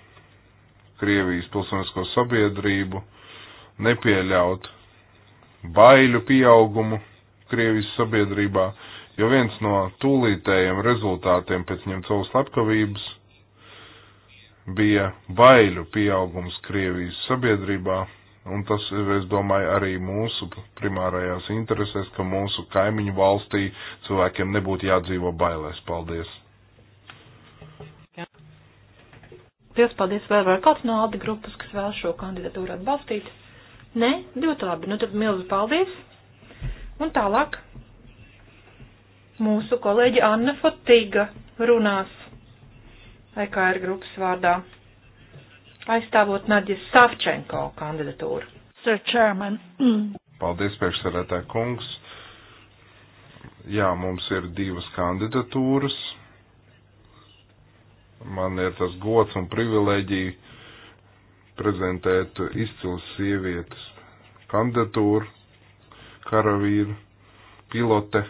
Krievijas pilsonisko sabiedrību nepieļaut baiļu pieaugumu Krievijas sabiedrībā Jo viens no tūlītējiem rezultātiem pēc Ņemcovas slepkavības bija baiļu pieaugums Krievijas sabiedrībā, un tas ir, es domāju, arī mūsu primārajās interesēs, ka mūsu kaimiņu valstī cilvēkiem nebūtu jādzīvo bailēs. Paldies! Pils, paldies, vēl var kāds no aldi grupas, kas vēl šo kandidatūru atbalstīt? Nē, ļoti labi, nu tad milzu paldies! Un tālāk mūsu kolēģi Anna Fotīga runās EKR grupas vārdā, aizstāvot Nadjas Savčenko kandidatūru. Sir Chairman. [clears throat] Paldies, priekšsarētāji kungs. Jā, mums ir divas kandidatūras. Man ir tas gods un privileģija prezentēt izcils sievietes kandidatūru, karavīru, pilote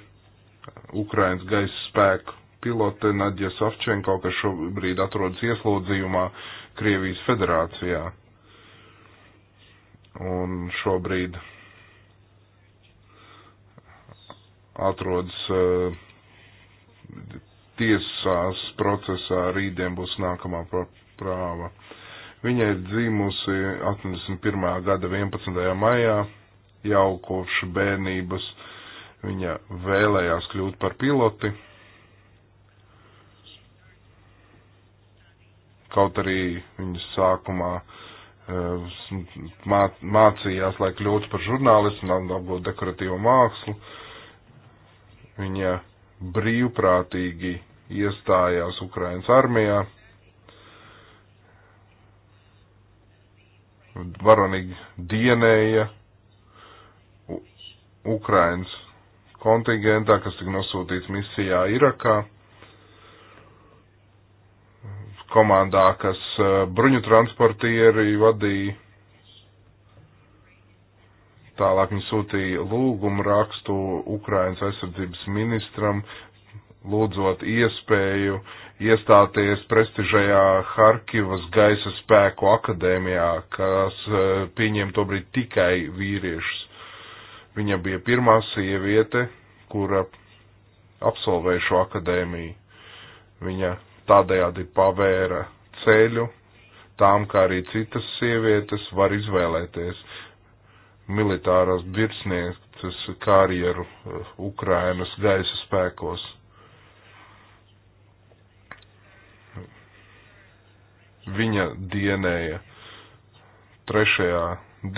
Ukrainas gaisa spēku pilote Nadja Savčenko, kas šobrīd atrodas ieslodzījumā Krievijas federācijā. Un šobrīd atrodas uh, tiesās procesā, rītdien būs nākamā prāva. Viņa ir dzīvusi 81. gada 11. maijā, jau kopš bērnības Viņa vēlējās kļūt par piloti. Kaut arī viņa sākumā eh, mācījās, lai kļūtu par žurnālistu un apgūtu dekoratīvo mākslu. Viņa brīvprātīgi iestājās Ukrainas armijā. Varonīgi dienēja Ukrainas kontingentā, kas tika nosūtīts misijā Irakā, komandā, kas eh, bruņu transportieri vadīja. Tālāk viņi sūtīja lūgumu rakstu Ukrainas aizsardzības ministram, lūdzot iespēju iestāties prestižajā Harkivas gaisa spēku akadēmijā, kas eh, pieņem tobrīd tikai vīriešus. Viņa bija pirmā sieviete, kura absolvēja šo akadēmiju. Viņa tādējādi pavēra ceļu tām, kā arī citas sievietes var izvēlēties militārās virsnieces karjeru eh, Ukrainas gaisa spēkos. Viņa dienēja trešajā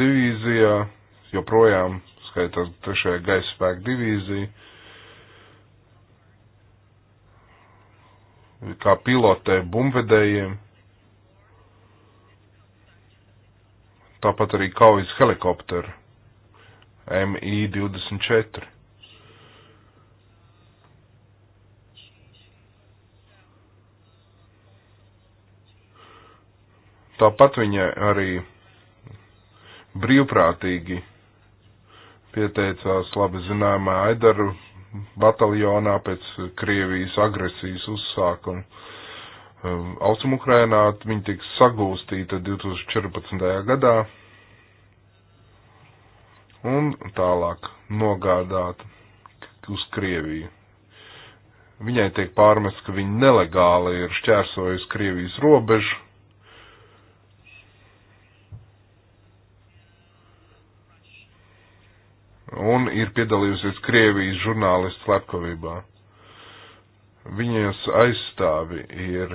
divīzijā, joprojām skaitot trešajā gaisa spēku divīziju. kā pilotē bumbvedējiem, tāpat arī kaujas helikopteru MI-24. Tāpat viņa arī brīvprātīgi pieteicās labi zināmā Aidaru bataljonā pēc Krievijas agresijas uzsākuma. Um, Austrumukrainā viņa tika sagūstīta 2014. gadā un tālāk nogādāta uz Krieviju. Viņai tiek pārmest, ka viņa nelegāli ir šķērsojusi Krievijas robežu un ir piedalījusies Krievijas žurnālistu slepkavībā. Viņas aizstāvi ir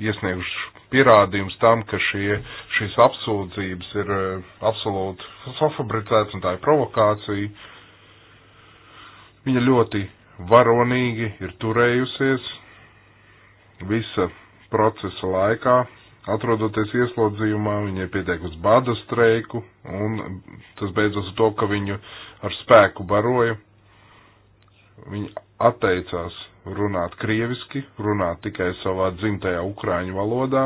iesnieguši pierādījums tam, ka šie, šīs apsūdzības ir e, absolūti safabricētas un tā ir provokācija. Viņa ļoti varonīgi ir turējusies visa procesa laikā, atrodoties ieslodzījumā, viņa ir pieteikusi bada streiku, un tas beidzas ar to, ka viņu ar spēku baroja. Viņa atteicās runāt krieviski, runāt tikai savā dzimtajā ukrāņu valodā.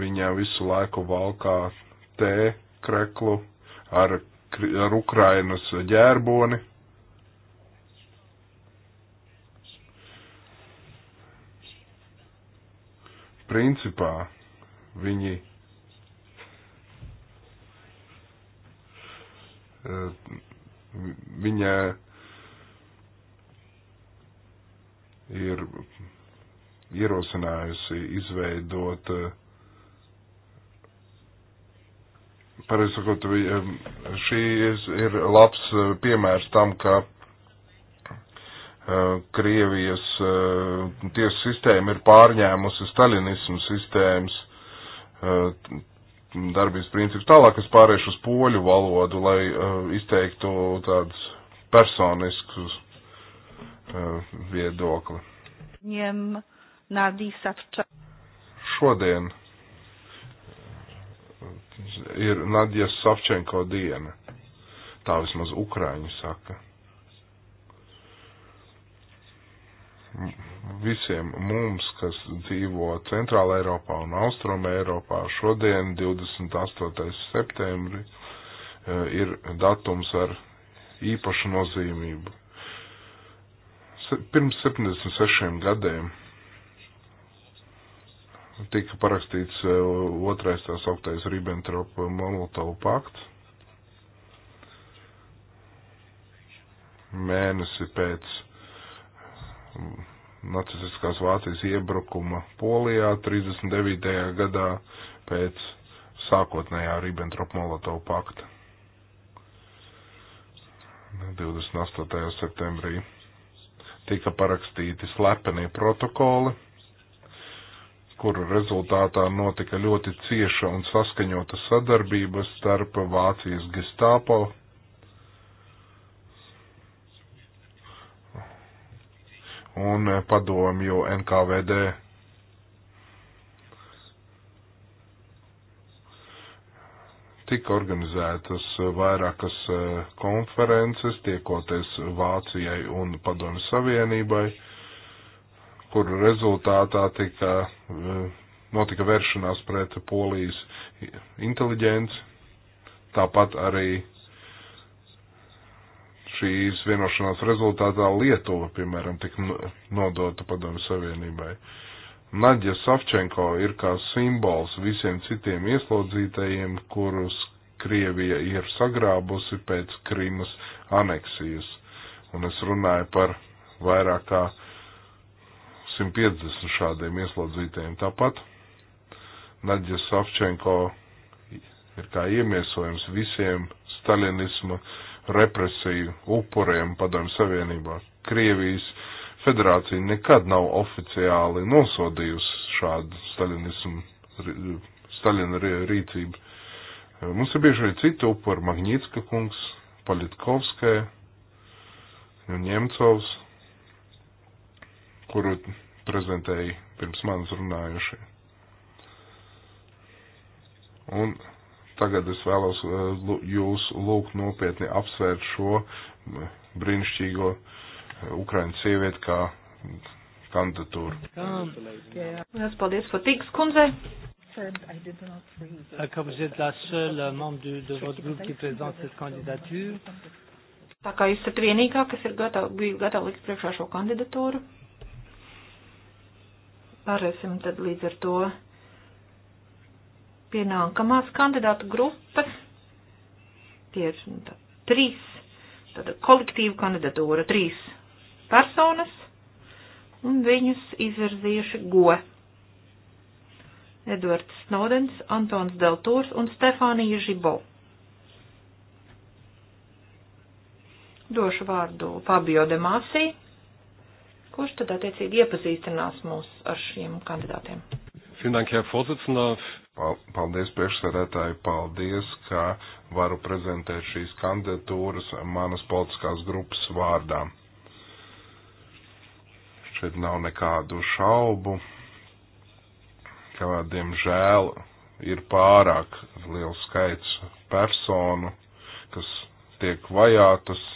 Viņa visu laiku valkā tē, kreklu ar, ar Ukrainas ģērboni principā viņi eh, viņa ir ierosinājusi izveidot, eh, pareizsakot, eh, šī ir labs piemērs tam, ka Eh, Krievijas eh, tiesu sistēma ir pārņēmusi stalinismu sistēmas eh, darbības principus. Tālāk es pāriešu uz poļu valodu, lai izteiktu tādus personiskus viedokli. Ņem nādīs atča. Šodien ir Nadja Savčenko diena. Tā vismaz Ukraiņi saka. visiem mums, kas dzīvo Centrāla Eiropā un Austruma Eiropā, šodien, 28. septembri, eh, ir datums ar īpašu nozīmību. Pirms 76 gadiem tika parakstīts eh, otrais tās augtais Ribbentrop-Molotovu pakts. Mēnesi pēc nacistiskās Vācijas iebrukuma Polijā 39. gadā pēc sākotnējā Ribbentrop-Molotov pakta 28. septembrī. Tika parakstīti slepenie protokoli, kuru rezultātā notika ļoti cieša un saskaņota sadarbība starp Vācijas Gestapo un eh, padomju NKVD. Tika organizētas eh, vairākas eh, konferences, tiekoties Vācijai un Padomju Savienībai, kur rezultātā tika, notika vēršanās pret polijas inteliģenci, tāpat arī šīs vienošanās rezultātā Lietuva, piemēram, tika nodota padomu savienībai. Naģa Savčenko ir kā simbols visiem citiem ieslodzītajiem, kurus Krievija ir sagrābusi pēc Krīmas aneksijas. Un es runāju par vairāk kā 150 šādiem ieslodzītajiem. Tāpat Naģa Savčenko ir kā iemiesojums visiem stalinisma uh, represiju upuriem padomju savienībā. Krievijas federācija nekad nav oficiāli nosodījusi šādu staļinismu, staļina rīcību. E, mums ir bijuši arī citi upuri, Magnītska kungs, Paļitkovskaja un Ņemcovs, kuru prezentēja pirms manis runājušie. Un tagad es vēlos eh, jūs lūgt nopietni apsvērt šo brīnišķīgo eh, Ukraiņu sievieti kā kandidatūru. Lielas paldies, Patīks kundze. Ah, comme vous êtes la seule membre de, de votre groupe qui présente cette candidature. Tā kā jūs esat vienīgā, kas ir gatava, bija gatava likt priekšā šo kandidatūru. Pārēsim tad līdz ar to pienākamās kandidātu grupas. Tie ir nu, tā, trīs, tāda kolektīva kandidatūra, trīs personas, un viņus izvirzījuši go. Edvards Snowdens, Antons Deltūrs un Stefānija Žibo. Došu vārdu Fabio de Māsī, kurš tad attiecīgi iepazīstinās mūs ar šiem kandidātiem. Vielen Dank, Herr Vorsitzender. Paldies priekšsēdētāji, paldies, ka varu prezentēt šīs kandidatūras manas politiskās grupas vārdā. Šeit nav nekādu šaubu, ka, diemžēl, ir pārāk liels skaits personu, kas tiek vajātas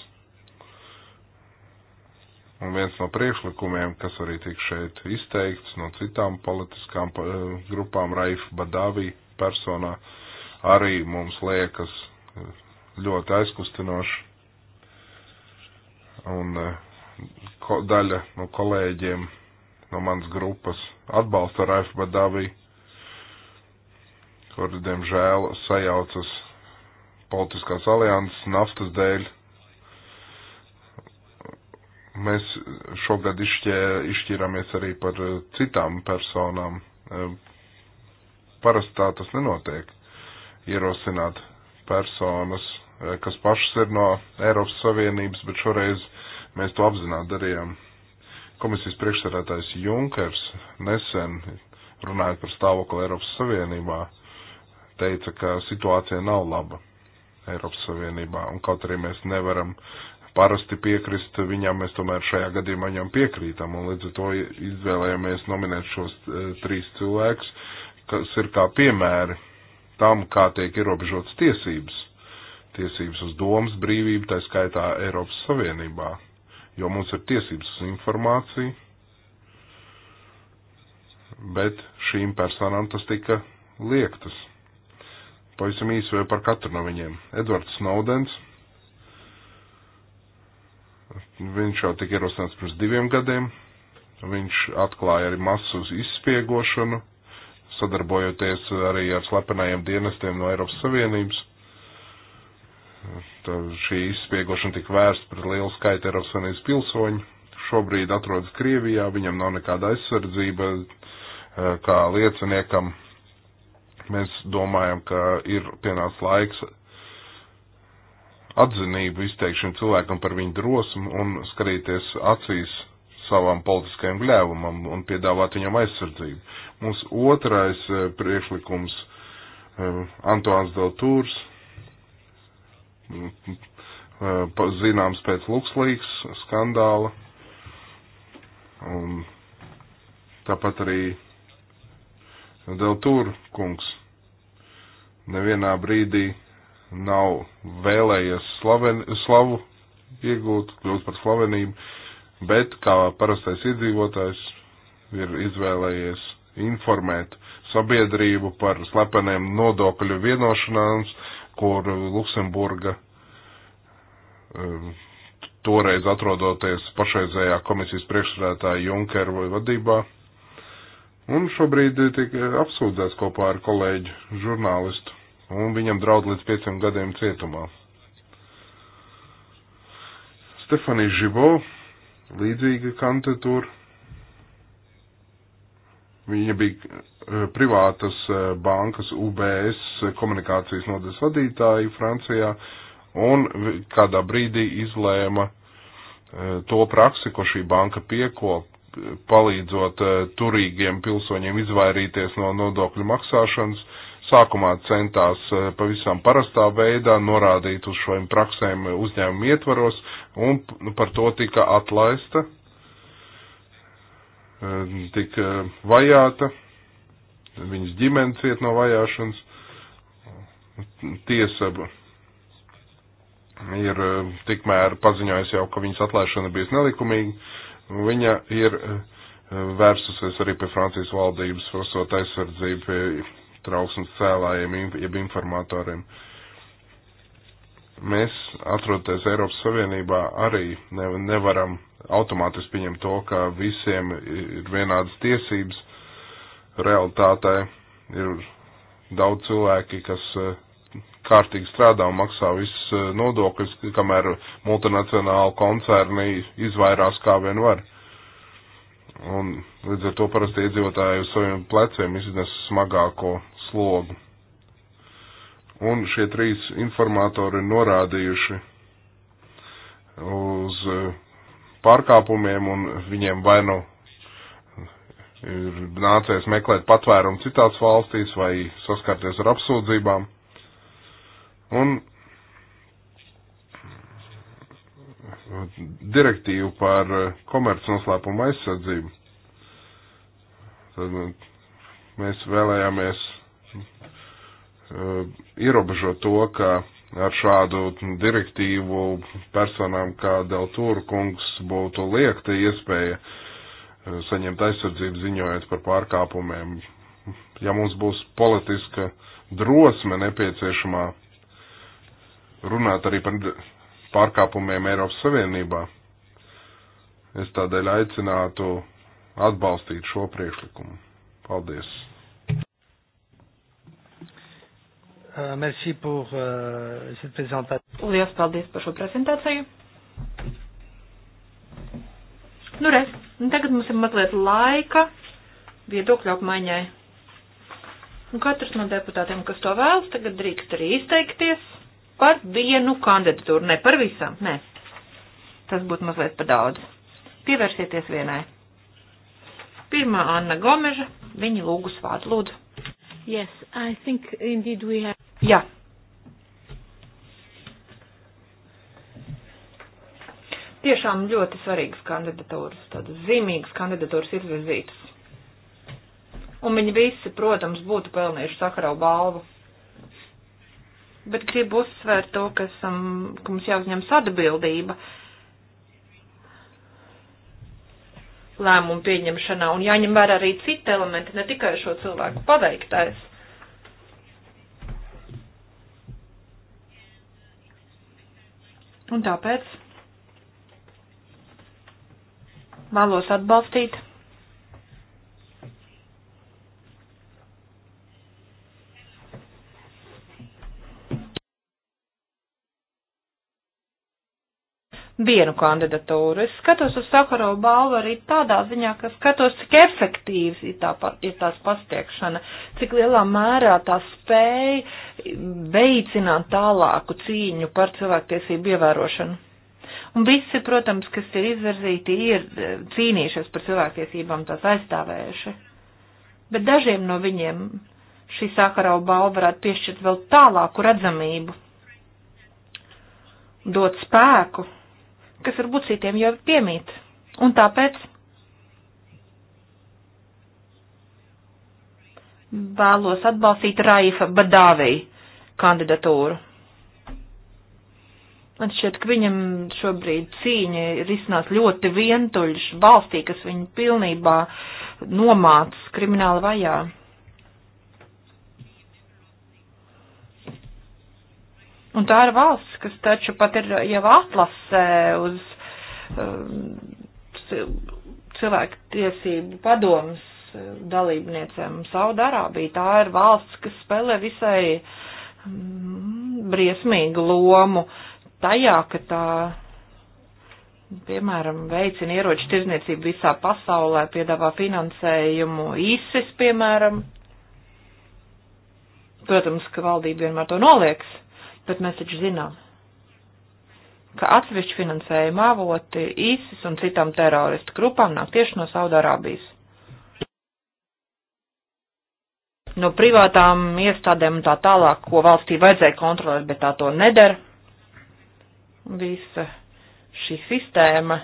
Un viens no priekšlikumiem, kas arī tika šeit izteikts no citām politiskām eh, grupām, Raifa Badavī personā, arī mums liekas eh, ļoti aizkustinoši. Un eh, ko, daļa no kolēģiem no manas grupas atbalsta Raifa Badavī, kur, diemžēl, sajaucas politiskās alianses naftas dēļ Mēs šogad izšķē, izšķīrāmies arī par eh, citām personām. Eh, parasti tā tas nenotiek. Ierosināt personas, eh, kas pašas ir no Eiropas Savienības, bet šoreiz mēs to apzināti darījām. Komisijas priekšsarētājs Junkers nesen runājot par stāvokli Eiropas Savienībā, teica, ka situācija nav laba Eiropas Savienībā, un kaut arī mēs nevaram parasti piekrist viņam, mēs tomēr šajā gadījumā viņam piekrītam, un līdz ar to izvēlējāmies nominēt šos e, trīs cilvēkus, kas ir kā piemēri tam, kā tiek ierobežotas tiesības, tiesības uz domas brīvību, tā skaitā Eiropas Savienībā, jo mums ir tiesības uz informāciju, bet šīm personām tas tika liektas. Pavisam īsi vēl par katru no viņiem. Edvards Snowdens, Viņš jau tika ierosināts pirms diviem gadiem. Viņš atklāja arī masu izspiegošanu, sadarbojoties arī ar slepenajiem dienestiem no Eiropas Savienības. Tad šī izspiegošana tika vērsta pret lielu skaitu Eiropas Savienības pilsoņu. Šobrīd atrodas Krievijā, viņam nav nekāda aizsardzība eh, kā lieciniekam. Mēs domājam, ka ir pienācis laiks atzinību izteikšanu cilvēkam par viņu drosmu un skatīties acīs savam politiskajam gļēvumam un piedāvāt viņam aizsardzību. Mums otrais eh, priekšlikums eh, Antoāns Deltūrs, eh, zināms pēc Luxlīks skandāla, un tāpat arī Deltūra kungs nevienā brīdī nav vēlējies slaven, slavu iegūt, kļūt par slavenību, bet kā parastais iedzīvotājs ir izvēlējies informēt sabiedrību par slepeniem nodokļu vienošanās, kur Luksemburga um, toreiz atrodoties pašreizējā komisijas priekšsēdētāja Junkera vadībā. Un šobrīd tiek apsūdzēts kopā ar kolēģi žurnālistu un viņam draud līdz pieciem gadiem cietumā. Stefanija Žibo, līdzīga kandidatūra. Viņa bija eh, privātas eh, bankas UBS komunikācijas nodes vadītāja Francijā un kādā brīdī izlēma eh, to praksi, ko šī banka piekop, palīdzot turīgiem pilsoņiem izvairīties no nodokļu maksāšanas, sākumā centās eh, pavisam parastā veidā norādīt uz šiem praksēm uzņēmumu ietvaros, un nu, par to tika atlaista, eh, tika vajāta, viņas ģimenes iet no vajāšanas, tiesa ir eh, tikmēr paziņojusi jau, ka viņas atlaišana bijis nelikumīga, viņa ir vērsusies arī pie Francijas valdības prasot aizsardzību trauksmes cēlājiem, jeb informatoriem. Mēs, atrodoties Eiropas Savienībā, arī nevaram automātiski pieņemt to, ka visiem ir vienādas tiesības. Realtātē ir daudz cilvēki, kas eh, kārtīgi strādā un maksā visus eh, nodokļus, kamēr multinacionāli koncerni izvairās kā vien var. Un līdz ar to parasti iedzīvotāji uz saviem pleciem iznes smagāko slogu. Un šie trīs informatori norādījuši uz eh, pārkāpumiem un viņiem vai nu ir nācies meklēt patvērumu citās valstīs vai saskarties ar apsūdzībām. Un direktīvu par eh, komercnoslēpumu aizsardzību. Tad eh, mēs vēlējāmies Eh, ierobežo to, ka ar šādu direktīvu personām kā Deltūra kungs būtu liekta iespēja eh, saņemt aizsardzību ziņojot par pārkāpumiem. Ja mums būs politiska drosme nepieciešamā runāt arī par pārkāpumiem Eiropas Savienībā, es tādēļ aicinātu atbalstīt šo priekšlikumu. Paldies! Euh, merci pour uh, cette prezentāciju. Lielas paldies par šo prezentāciju. Nu, redz, nu tagad mums ir mazliet laika viedokļu apmaiņai. Un katrs no deputātiem, kas to vēlas, tagad drīkst arī izteikties par vienu kandidatūru, ne par visām, nē. Tas būtu mazliet par daudz. Pievērsieties vienai. Pirmā Anna Gomeža, viņa lūgus vārdu lūdzu. Yes, I think indeed we have. Jā. Tiešām ļoti svarīgas kandidatūras, tādas zīmīgas kandidatūras ir virzītas. Un viņi visi, protams, būtu pelnījuši sakarau balvu. Bet gribu uzsvērt to, ka, esam, ka mums jāuzņemas atbildība lēmumu pieņemšanā un jāņem vērā arī citi elementi, ne tikai šo cilvēku paveiktais. Un tāpēc vēlos atbalstīt vienu kandidatūru. Es skatos uz Sakaro balvu arī tādā ziņā, ka skatos, cik efektīvs ir, tā, ir tās pastiekšana, cik lielā mērā tā spēja veicināt tālāku cīņu par cilvēktiesību ievērošanu. Un visi, protams, kas ir izvirzīti, ir eh, cīnījušies par cilvēktiesībām, tās aizstāvējuši. Bet dažiem no viņiem šī Sakarau balva varētu piešķirt vēl tālāku redzamību, dot spēku kas varbūt citiem jau piemīt. Un tāpēc vēlos atbalstīt Raifa Badāvī kandidatūru. Man šķiet, ka viņam šobrīd cīņa ir iznās ļoti vientuļš valstī, kas viņu pilnībā nomāca krimināla vajā. Un tā ir valsts, kas taču pat ir jau atlasē uz um, cilvēku tiesību padomus um, dalībniecēm. Saudārābija tā ir valsts, kas spēlē visai mm, briesmīgu lomu tajā, ka tā, piemēram, veicina ieroču tirzniecību visā pasaulē, piedāvā finansējumu ISIS, piemēram. Protams, ka valdība vienmēr to nolieks bet mēs taču zinām, ka atsevišķi finansējuma avoti ISIS un citām teroristu grupām nāk tieši no Saudārābijas. No privātām iestādēm un tā tālāk, ko valstī vajadzēja kontrolēt, bet tā to nedara. Visa šī sistēma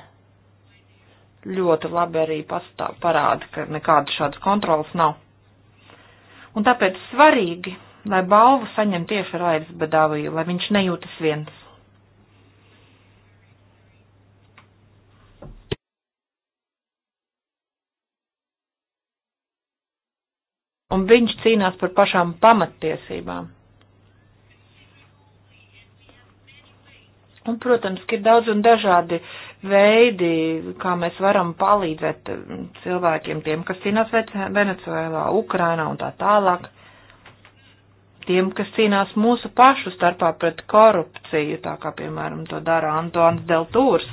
ļoti labi arī pastāv, parāda, ka nekādas šādas kontrolas nav. Un tāpēc svarīgi lai balvu saņem tieši Raivis Badāviju, lai viņš nejūtas viens. Un viņš cīnās par pašām pamattiesībām. Un, protams, ka ir daudz un dažādi veidi, kā mēs varam palīdzēt cilvēkiem, tiem, kas cīnās Venecuēlā, Ukrainā un tā tālāk. Mm tiem, kas cīnās mūsu pašu starpā pret korupciju, tā kā, piemēram, to dara Antons Deltūrs.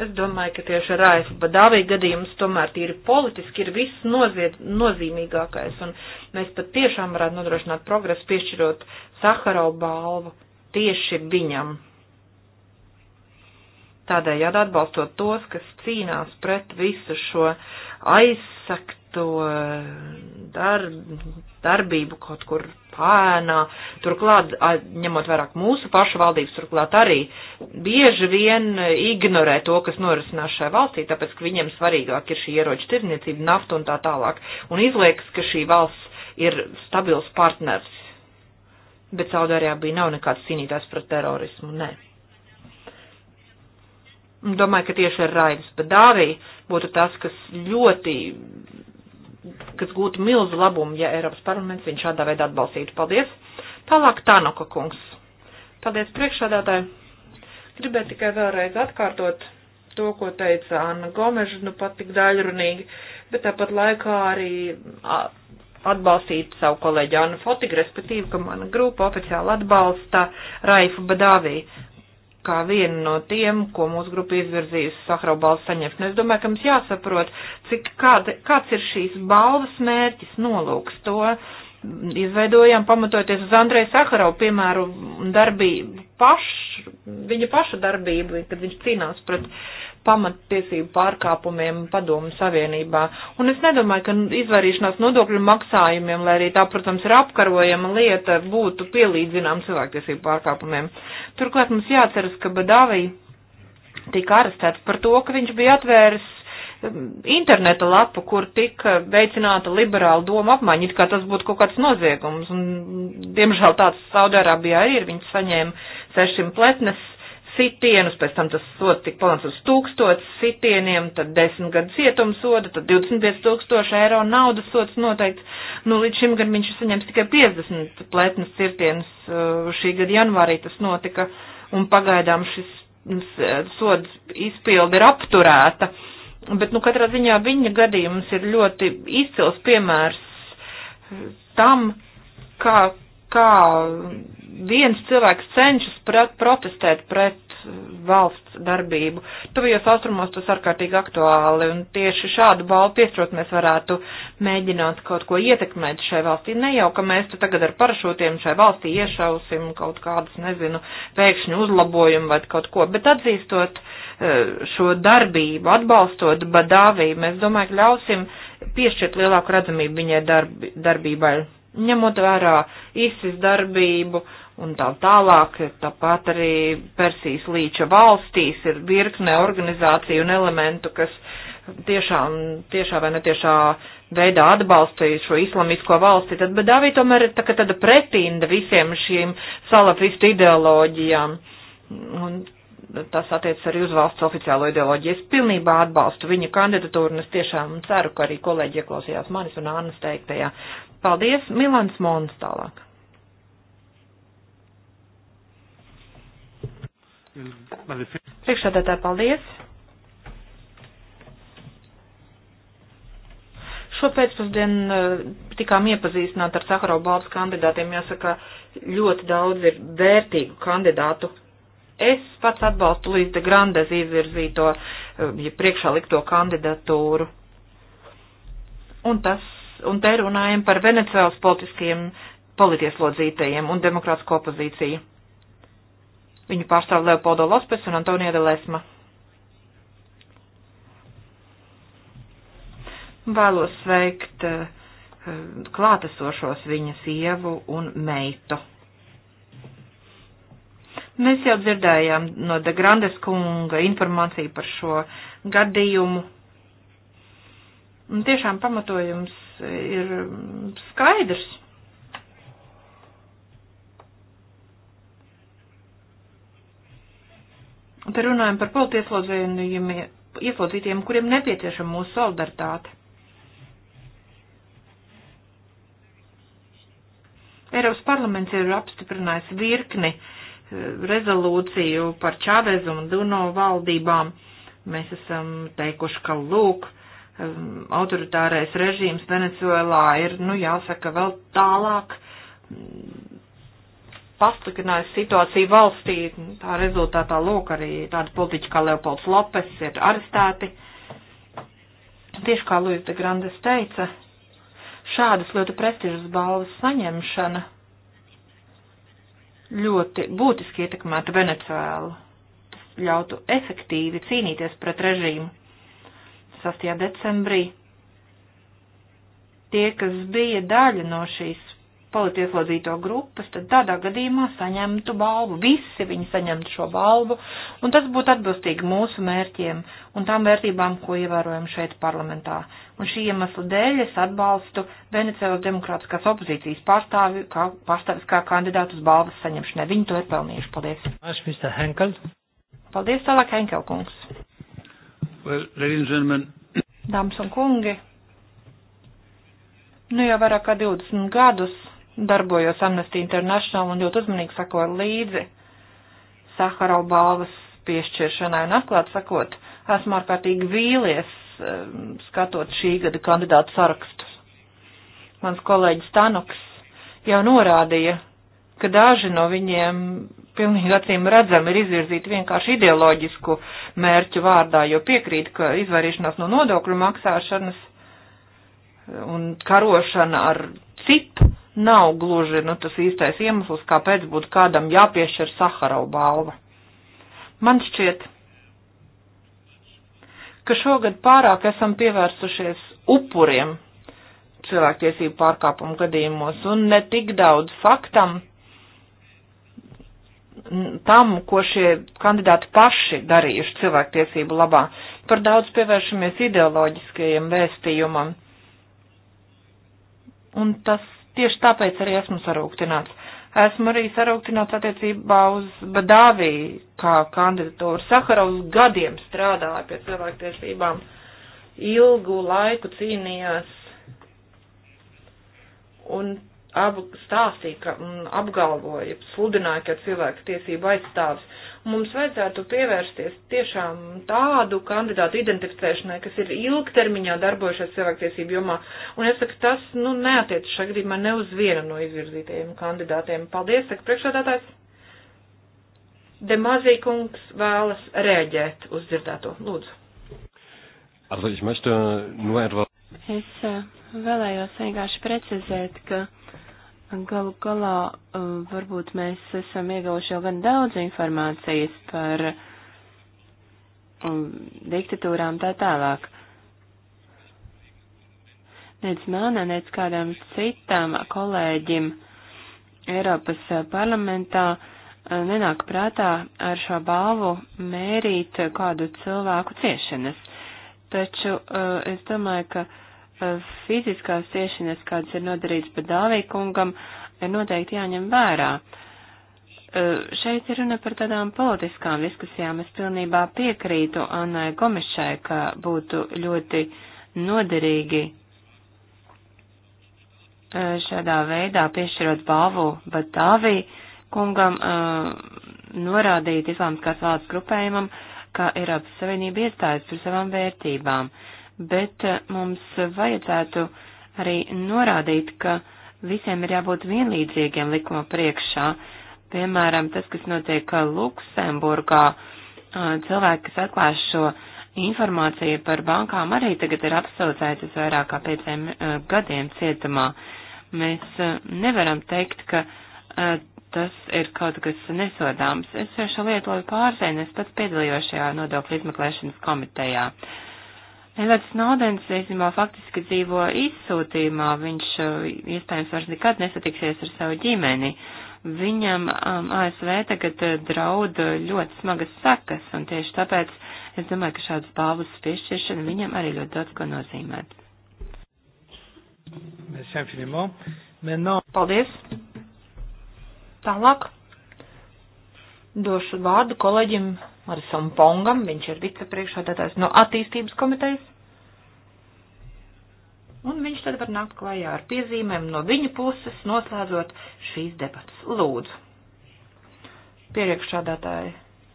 Es domāju, ka tieši Raisa Badāvī gadījums tomēr tīri politiski ir viss noziet, nozīmīgākais, un mēs pat tiešām varētu nodrošināt progresu, piešķirot Saharau balvu tieši viņam. Tādējādi atbalstot tos, kas cīnās pret visu šo aizsakt to dar, darbību kaut kur pēnā. Turklāt, ņemot vairāk mūsu pašu valdības, turklāt arī bieži vien ignorē to, kas norisinās šajā valstī, tāpēc, ka viņiem svarīgāk ir šī ieroča tirzniecība, nafta un tā tālāk. Un izliekas, ka šī valsts ir stabils partners. Bet Saudārābija nav nekāds cīnītājs pret terorismu, nē. Domāju, ka tieši ar Raivas Badāvī būtu tas, kas ļoti kas gūtu milzu labumu, ja Eiropas parlaments viņu šādā veidā atbalstītu. Paldies! Tālāk Tānoka kungs. Paldies priekšādātāji. Gribētu tikai vēlreiz atkārtot to, ko teica Anna Gomeža, nu pat tik daļrunīgi, bet tāpat laikā arī atbalstīt savu kolēģi Anu Fotiku, respektīvi, ka mana grupa oficiāli atbalsta Raifu Badāvī kā vienu no tiem, ko mūsu grupa izvirzījusi Sahrau balvu saņemt. Es domāju, ka mums jāsaprot, cik, kāda, kāds ir šīs balvas mērķis, nolūks to. Izveidojām pamatoties uz Andreju Saharau, piemēru, darbību, paš, viņa paša darbību, kad viņš cīnās pret pamattiesību pārkāpumiem padomu savienībā. Un es nedomāju, ka izvairīšanās nodokļu maksājumiem, lai arī tā, protams, ir apkarojama lieta, būtu pielīdzinām cilvēktiesību pārkāpumiem. Turklāt mums jāceras, ka Badāvī tika arestēts par to, ka viņš bija atvēris um, interneta lapu, kur tika veicināta liberāla doma apmaiņa, it kā tas būtu kaut kāds noziegums. Un, diemžēl tāds Saudārābijā arī ir. Viņi saņēma 600 pletnes sitienus, pēc tam tas sots tika palants uz tūkstots sitieniem, tad 10 gadu cietums soda, tad 25 tūkstoši eiro naudas sots noteikts. Nu, līdz šim gadam viņš ir saņēmis tikai 50 plētnes cirtienus, uh, šī gada janvārī tas notika, un pagaidām šis mm, sods izpildi ir apturēta. Bet, nu, katrā ziņā viņa gadījums ir ļoti izcils piemērs uh, tam, kā kā viens cilvēks cenšas pret, protestēt pret uh, valsts darbību. Tuvijos austrumos tas ārkārtīgi aktuāli, un tieši šādu balvu piestrot mēs varētu mēģināt kaut ko ietekmēt šai valstī. Ne jau, ka mēs te tagad ar parašūtiem šai valstī iešausim kaut kādus, nezinu, pēkšņu uzlabojumu vai kaut ko, bet atzīstot uh, šo darbību, atbalstot Badāvī, mēs domāju, ka ļausim piešķirt lielāku redzamību viņai darb, darbībai ņemot vērā ISIS darbību un tā tālāk, tāpat arī Persijas līča valstīs ir virkne organizāciju un elementu, kas tiešām, tiešā vai netiešā veidā atbalstīja šo islamisko valsti, tad Bedāvī tomēr ir tā, tāda pretinda visiem šīm salafistu ideoloģijām. Un tas attiecas arī uz valsts oficiālo ideoloģiju. Es pilnībā atbalstu viņa kandidatūru un es tiešām ceru, ka arī kolēģi ieklausījās manis un Annas teiktajā. Paldies, Milans Mons tālāk. Priekšādātāji, paldies. Šo pēcpusdienu eh, tikām iepazīstināti ar Saharovu balvas kandidātiem. Jāsaka, ļoti daudz ir vērtīgu kandidātu. Es pats atbalstu līdz de Grandes izvirzīto, eh, ja priekšā likto kandidatūru. Un tas un te runājam par Venecēlas politiskiem politieslodzītajiem un demokrātisko opozīciju. Viņu pārstāv Leopoldo Lospes un Antonija de Lesma. Vēlos sveikt eh, klātesošos viņa sievu un meitu. Mēs jau dzirdējām no De Grandes kunga informāciju par šo gadījumu. Un tiešām pamatojums ir mm, skaidrs. Te runājam par politieslodzītiem, kuriem nepieciešama mūsu solidaritāte. Eiropas parlaments ir apstiprinājis virkni eh, rezolūciju par Čāvezu un Duno valdībām. Mēs esam teikuši, ka lūk, uh, autoritārais režīms Venecuēlā ir, nu, jāsaka, vēl tālāk mm, pasliktinājis situāciju valstī. Tā rezultātā, lūk, arī tādi politiķi kā Leopolds Lopes ir arestēti. Tieši kā Luis de Grandes teica, šādas ļoti prestižas balvas saņemšana ļoti būtiski ietekmētu Venecuēlu. Tas ļautu efektīvi cīnīties pret režīmu 28. decembrī. Tie, kas bija daļa no šīs politieslodzīto grupas, tad tādā gadījumā saņemtu balvu. Visi viņi saņemtu šo balvu, un tas būtu atbilstīgi mūsu mērķiem un tām vērtībām, ko ievērojam šeit parlamentā. Un šī iemesla dēļ es atbalstu Venecijas demokrātiskās opozīcijas pārstāvi, kā pārstāvis kā kandidātu uz balvas saņemšanai. Viņi to ir pelnījuši. Paldies. Paldies, tālāk Henkel kungs. Well, ladies and gentlemen. Dāmas un kungi, nu jau vairāk kā 20 gadus darbojos Amnesty International un ļoti uzmanīgi sakoju līdzi Saharau balvas piešķiršanai un atklāt sakot, esmu ārkārtīgi vīlies ehm, skatot šī gada kandidātu sarakstus. Mans kolēģis Tanuks jau norādīja, ka daži no viņiem pilnīgi acīm redzami ir izvirzīti vienkārši ideoloģisku mērķu vārdā, jo piekrīt, ka izvairīšanās no nodokļu maksāšanas e, un karošana ar citu nav gluži nu, tas īstais iemesls, kāpēc būtu kādam jāpiešķir Saharau balva. Man šķiet, ka šogad pārāk esam pievērsušies upuriem cilvēktiesību pārkāpumu gadījumos un ne tik daudz faktam, tam, ko šie kandidāti paši darījuši cilvēktiesību labā. Par daudz pievēršamies ideoloģiskajiem vēstījumam. Un tas tieši tāpēc arī esmu sarūktināts. Esmu arī sarūktināts attiecībā uz Badāvī kā kandidatūru. Sakarovs gadiem strādāja pie cilvēktiesībām, ilgu laiku cīnījās. Un ap, stāstīja ka, un apgalvoja, sludināja, ka cilvēku tiesību aizstāvs. Mums vajadzētu pievērsties tiešām tādu kandidātu identificēšanai, kas ir ilgtermiņā darbojušies cilvēktiesību jomā. Un es saku, tas, nu, neatiec šā gadījumā ne uz vienu no izvirzītajiem kandidātiem. Paldies, saka priekšādātājs. Demazīkungs vēlas rēģēt uz dzirdēto. Lūdzu. Also, ich möchte nur etwas. Es eh, vēlējos vienkārši precizēt, ka Galu galā uh, varbūt mēs esam ieguvuši jau gan daudz informācijas par um, diktatūrām tā tālāk. Nec mana, nec kādam citam kolēģim Eiropas uh, parlamentā uh, nenāk prātā ar šo balvu mērīt kādu cilvēku ciešanas. Taču es domāju, ka Eh, fiziskās ciešanas, kādas ir nodarīts pat dāvīkungam, ir noteikti jāņem vērā. Eh, šeit ir runa par tādām politiskām diskusijām. Es pilnībā piekrītu Annai Gomešai, ka būtu ļoti noderīgi eh, šādā veidā piešķirot balvu Batāvī kungam norādīt islāmskās valsts grupējumam, ka Eiropas Savienība iestājas par savām vērtībām. Uh, bet eh, mums vajadzētu arī norādīt, ka visiem ir jābūt vienlīdzīgiem likuma priekšā. Piemēram, tas, kas notiek Luksemburgā, eh, cilvēki, kas atklās šo informāciju par bankām, arī tagad ir apsaucēts uz vairāk kā pieciem eh, gadiem cietumā. Mēs nevaram teikt, ka tas ir kaut kas nesodāms. Es šo lietu labi pārzēnu, es pats piedalījos šajā nodokļu izmeklēšanas komitejā. Uh, Edvards Snowdens īstenībā faktiski dzīvo izsūtījumā, viņš uh, iespējams vairs nekad nesatiksies ar savu ģimeni. Viņam um, ASV tagad uh, draud uh, ļoti smagas sekas, un tieši tāpēc es domāju, ka šādas balvas piešķiršana viņam arī ļoti daudz ko nozīmē. Paldies! Tālāk došu vārdu kolēģim Marisam Pongam, viņš ir vicepriekšādātājs no attīstības komitejas un viņš tad var nākt klajā ar piezīmēm no viņa puses, noslēdzot šīs debatas. Lūdzu. Priekšādātāji,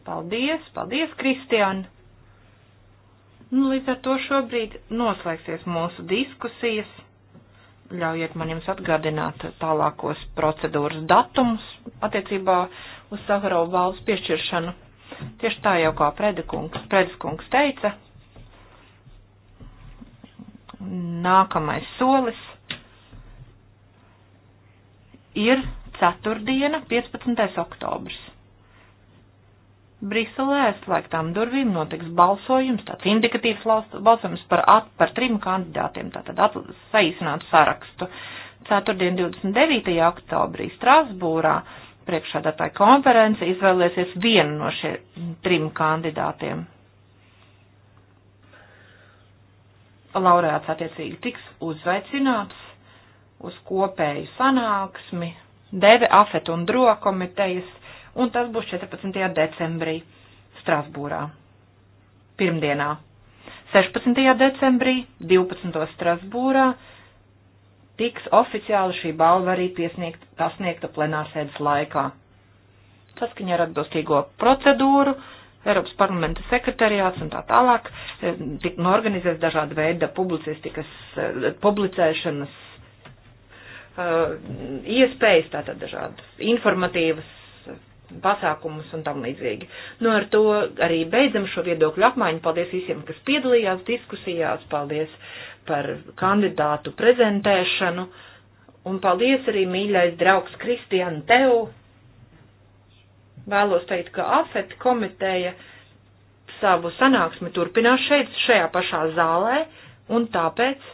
paldies, paldies, Kristiāna. Nu, līdz ar to šobrīd noslēgsies mūsu diskusijas. Ļaujiet man jums atgādināt tālākos procedūras datumus attiecībā uz Saharovu balvas piešķiršanu. Tieši tā jau kā Predekungs, Predeskungs teica, nākamais solis ir ceturtdiena, 15. oktobrs. Briselē aizslēgtām durvīm notiks balsojums, tāds indikatīvs balsojums par, at, par trim kandidātiem, tātad at, saīsināt sarakstu. Ceturtdien 29. oktobrī Strasbūrā priekšādātāja konference izvēlēsies vienu no šiem trim kandidātiem. laureāts attiecīgi tiks uzveicināts uz kopēju sanāksmi, deve afet un dro komitejas, un tas būs 14. decembrī Strasbūrā, pirmdienā. 16. decembrī 12. Strasbūrā tiks oficiāli šī balva arī piesniegt, pasniegta plenārsēdes laikā. Saskaņā ar atbilstīgo procedūru Eiropas parlamenta sekretariāts un tā tālāk, e, tik norganizēs nu, dažāda veida publicistikas, e, publicēšanas e, iespējas, tātad dažādas informatīvas pasākumus un tam līdzīgi. Nu, ar to arī beidzam šo viedokļu apmaiņu. Paldies visiem, kas piedalījās diskusijās, paldies par kandidātu prezentēšanu un paldies arī mīļais draugs Kristian Tev vēlos teikt, ka AFET komiteja savu sanāksmi turpinās šeit, šajā pašā zālē, un tāpēc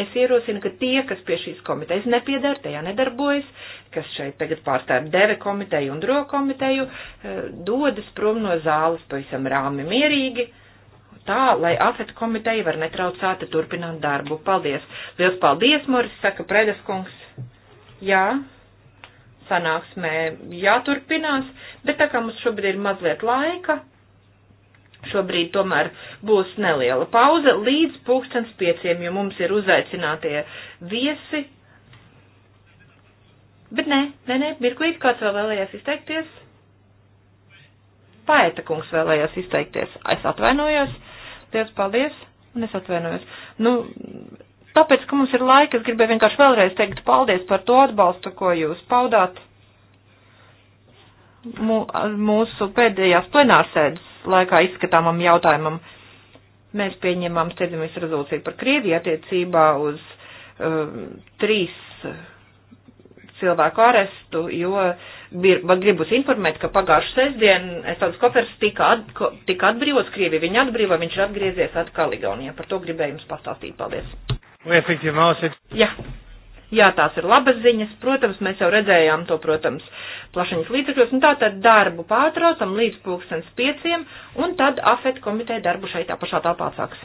es ierosinu, ka tie, kas pie šīs komitejas nepiedara, tajā nedarbojas, kas šeit tagad pārstāv deve komiteju un dro komiteju, eh, dodas prom no zāles pavisam rāmi mierīgi tā, lai afet komiteja var netraucāti turpināt darbu. Paldies! Liels paldies, Moris, saka Predes kungs. Jā sanāksmē jāturpinās, bet tā kā mums šobrīd ir mazliet laika, šobrīd tomēr būs neliela pauze līdz pūkstens pieciem, jo mums ir uzaicinātie viesi. Bet nē, nē, nē, mirklīt, kāds vēl vēlējās izteikties? Paēta kungs vēlējās izteikties. Es atvainojos. Dievs, paldies! Un es atvainojos. Nu, tāpēc, ka mums ir laika, es gribēju vienkārši vēlreiz teikt paldies par to atbalstu, ko jūs paudāt mūsu pēdējās plenārsēdes laikā izskatāmam jautājumam. Mēs pieņemam steidzamies rezolūciju par Krieviju attiecībā uz um, trīs cilvēku arestu, jo bir, gribus informēt, ka pagājušā sestdien Esauds Kofers tika, at, ko, tika atbrīvots Krievi, viņa atbrīvo, viņš ir atgriezies atkal Igaunijā. Par to gribēju jums pastāstīt. Paldies! Nu, Jā. Jā, tās ir labas ziņas. Protams, mēs jau redzējām to, protams, plašiņas līdzekļos. Un tātad darbu pārtraucam līdz pulkstens pieciem, un tad afet komiteja darbu šeit tā pašā tālpā sāks.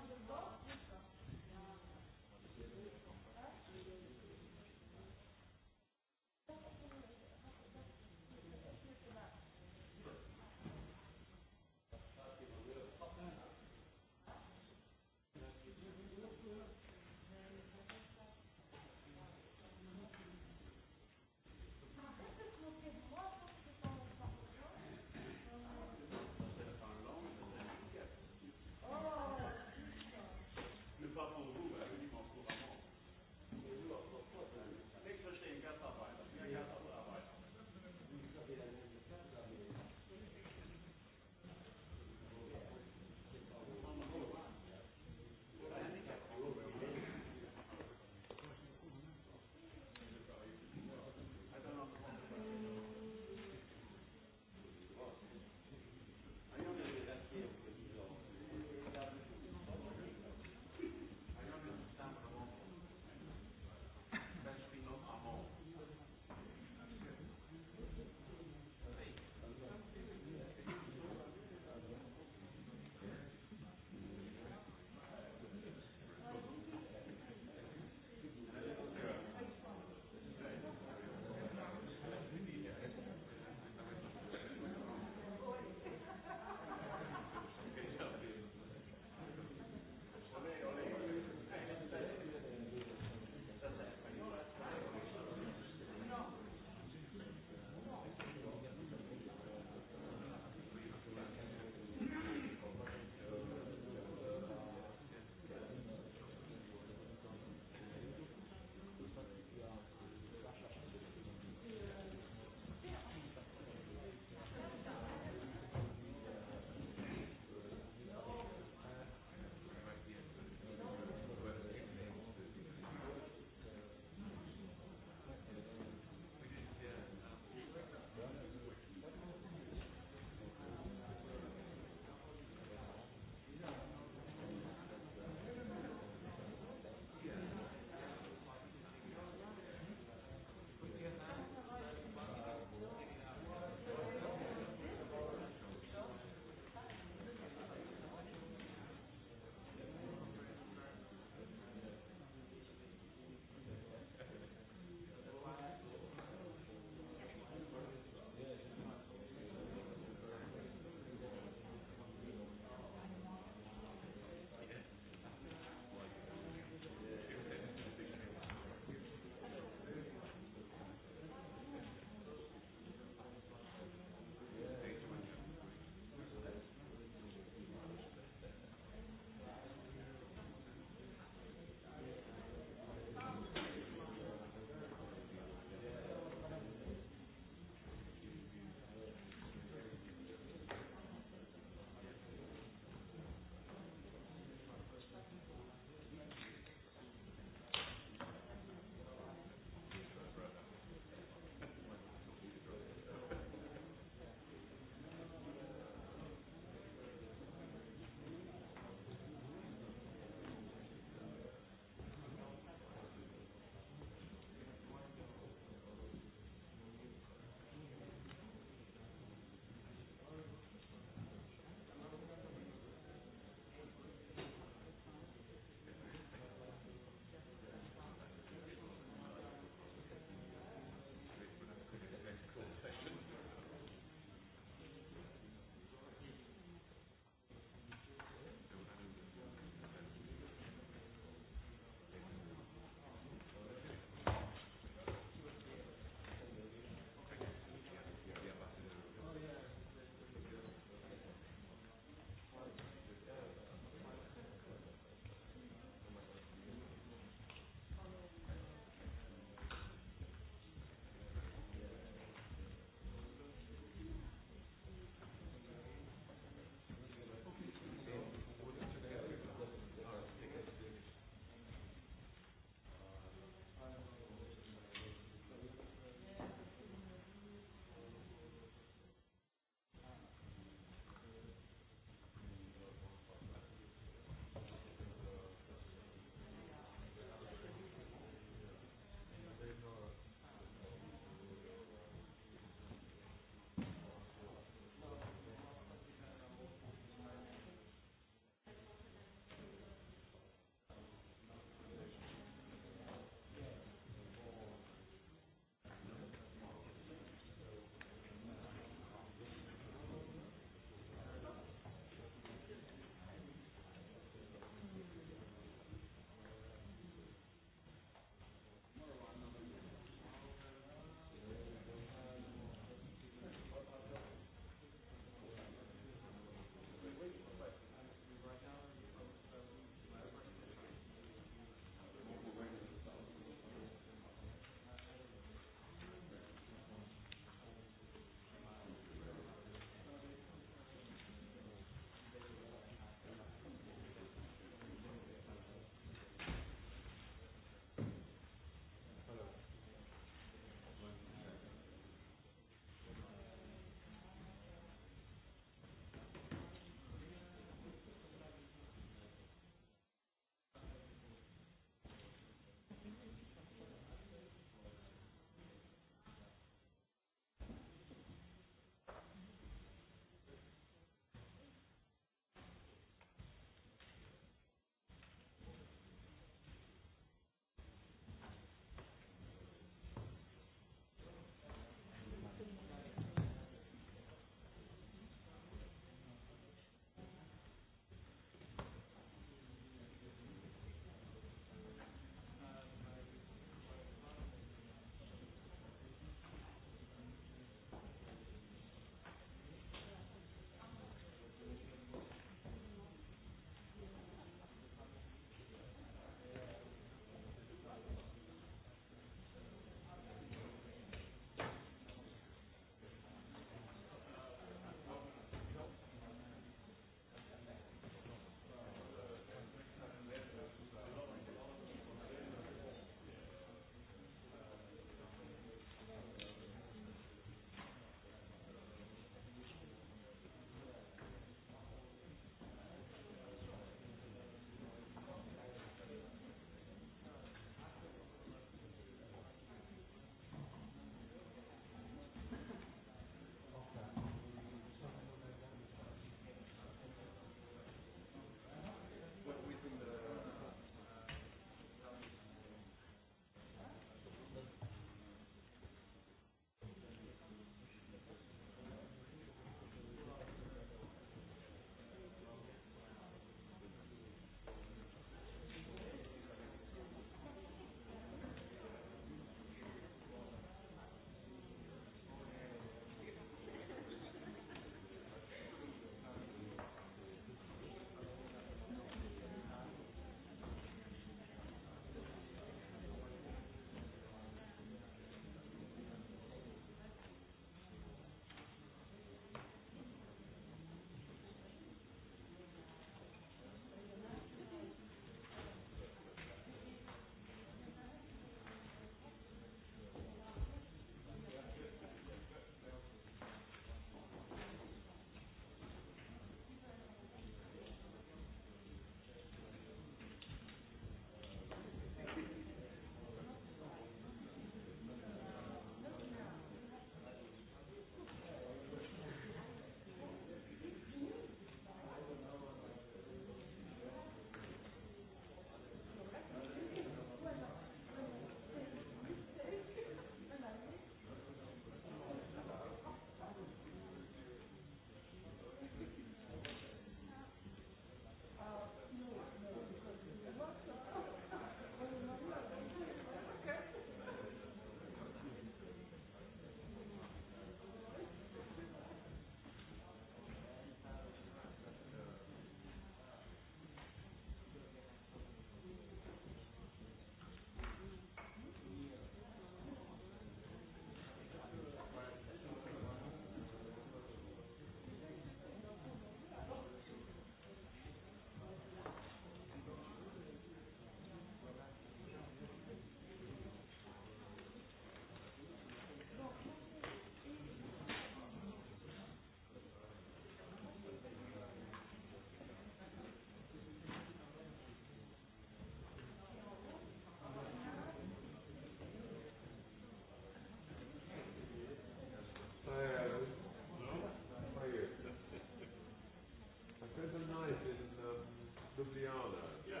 Ljubljana. Ja.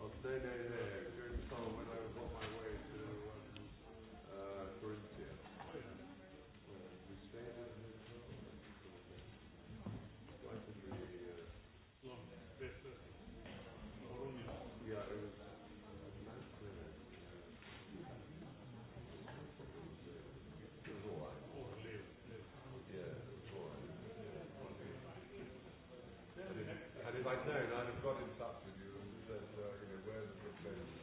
Od, ne, ne, ne. I'd known. I'd have got in touch with you and said, uh, you know, where's a good place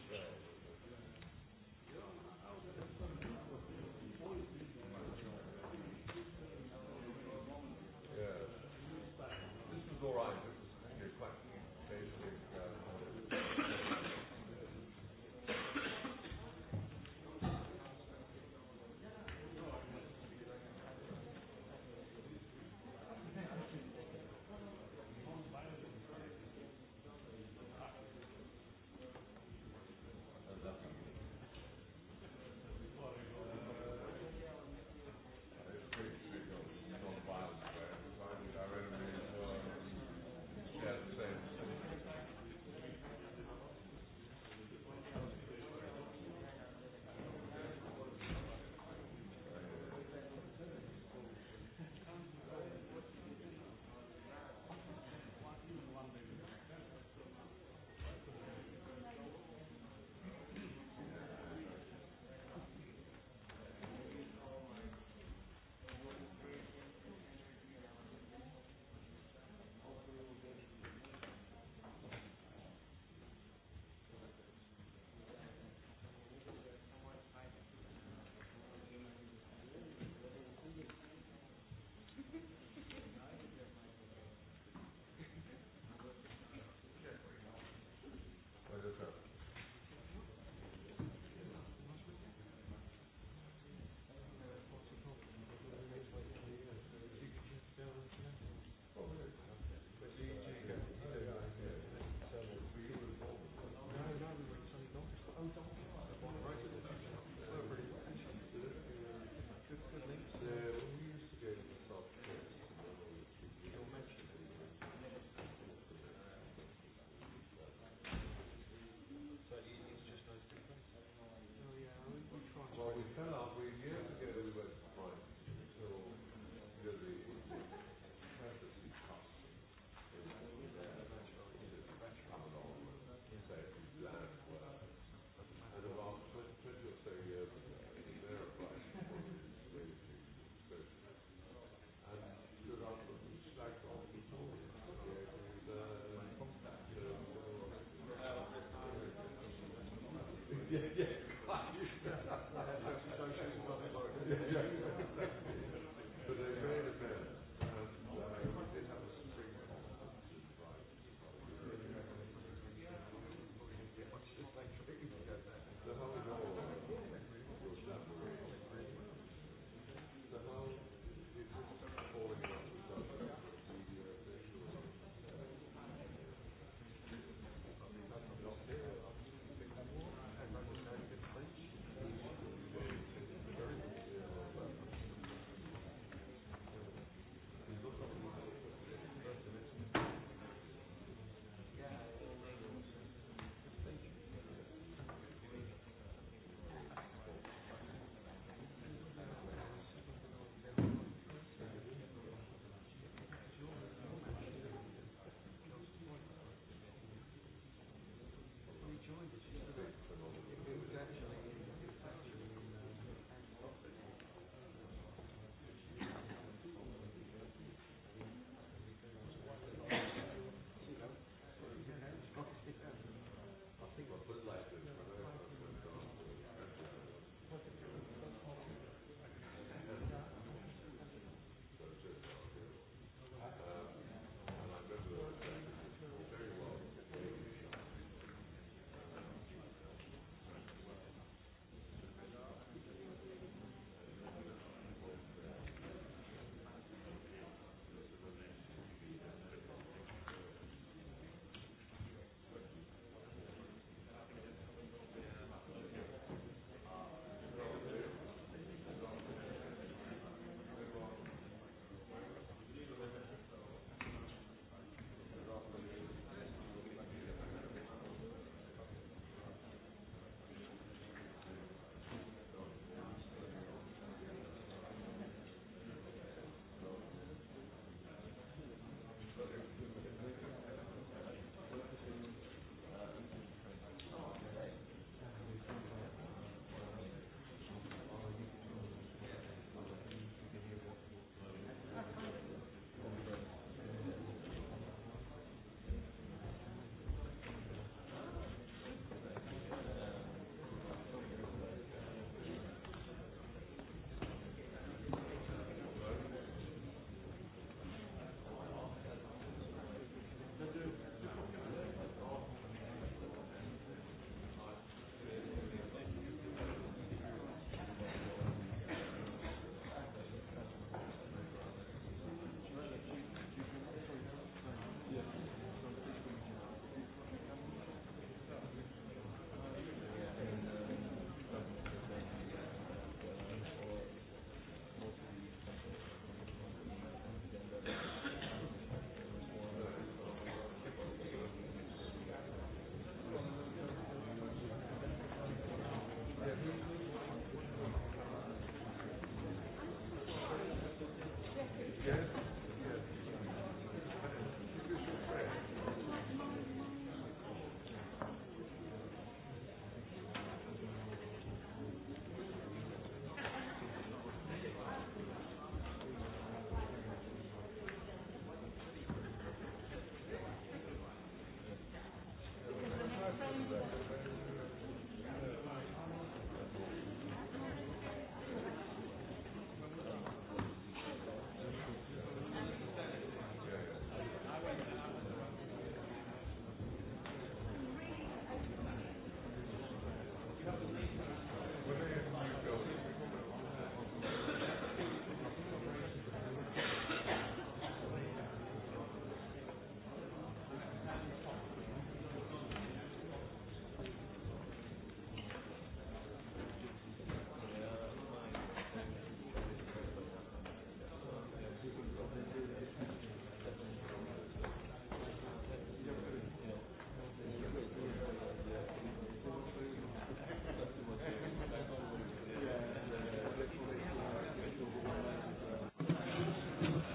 when we fell out, we years ago we went to Mike until you know, the fantasy cost in there. So land were. And about 20, 20 or so years ago, their price was really cheap. And stood up with each flag on the floor. [laughs] Yeah, yeah.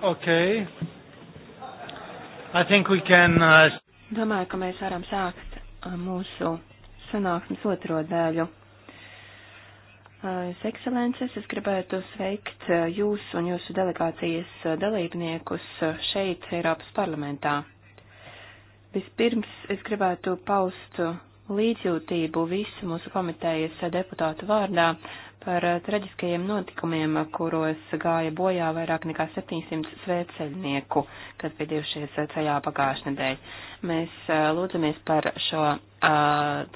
Okay. I think we can. Uh... Domāju, ka mēs varam sākt uh, mūsu sanāksmes otro daļu. Jūs uh, ekscelences, es gribētu sveikt uh, jūs un jūsu delegācijas dalībniekus šeit, Eiropas parlamentā. Vispirms es gribētu paust līdzjūtību visu mūsu komitejas deputātu vārdā par eh, traģiskajiem notikumiem, kuros gāja bojā vairāk nekā 700 svētceļnieku, kas bija devušies eh, ceļā pagājušajā nedēļā. Mēs eh, lūdzamies par šo uh,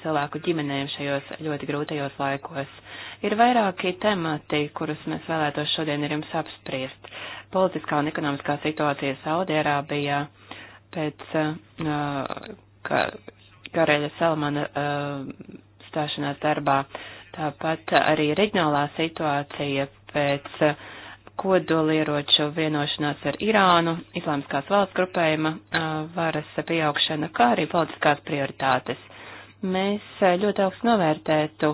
cilvēku ģimenēm šajos ļoti grūtajos laikos. Ir vairāki temati, kurus mēs vēlētos šodien ar jums apspriest. Politiskā un ekonomiskā situācija Saudierābijā pēc uh, ka, Karēļa Salmana uh, stāšanās darbā. Tāpat arī reģionālā situācija pēc kodolieroču vienošanās ar Irānu, islāmskās valsts grupējuma varas pieaugšana, kā arī politiskās prioritātes. Mēs ļoti augstu novērtētu,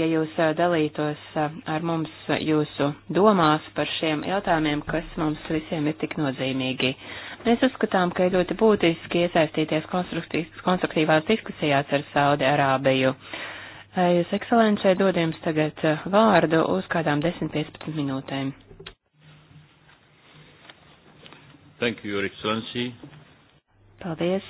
ja jūs dalītos ar mums jūsu domās par šiem jautājumiem, kas mums visiem ir tik nozīmīgi. Mēs uzskatām, ka ir ļoti būtiski iesaistīties konstruktīvās diskusijās ar Saudi Arābiju. Uh, Vai jūs ekscelencē dod jums tagad eh, vārdu uz kādām 10-15 minūtēm? Thank you, Your Excellency. Paldies.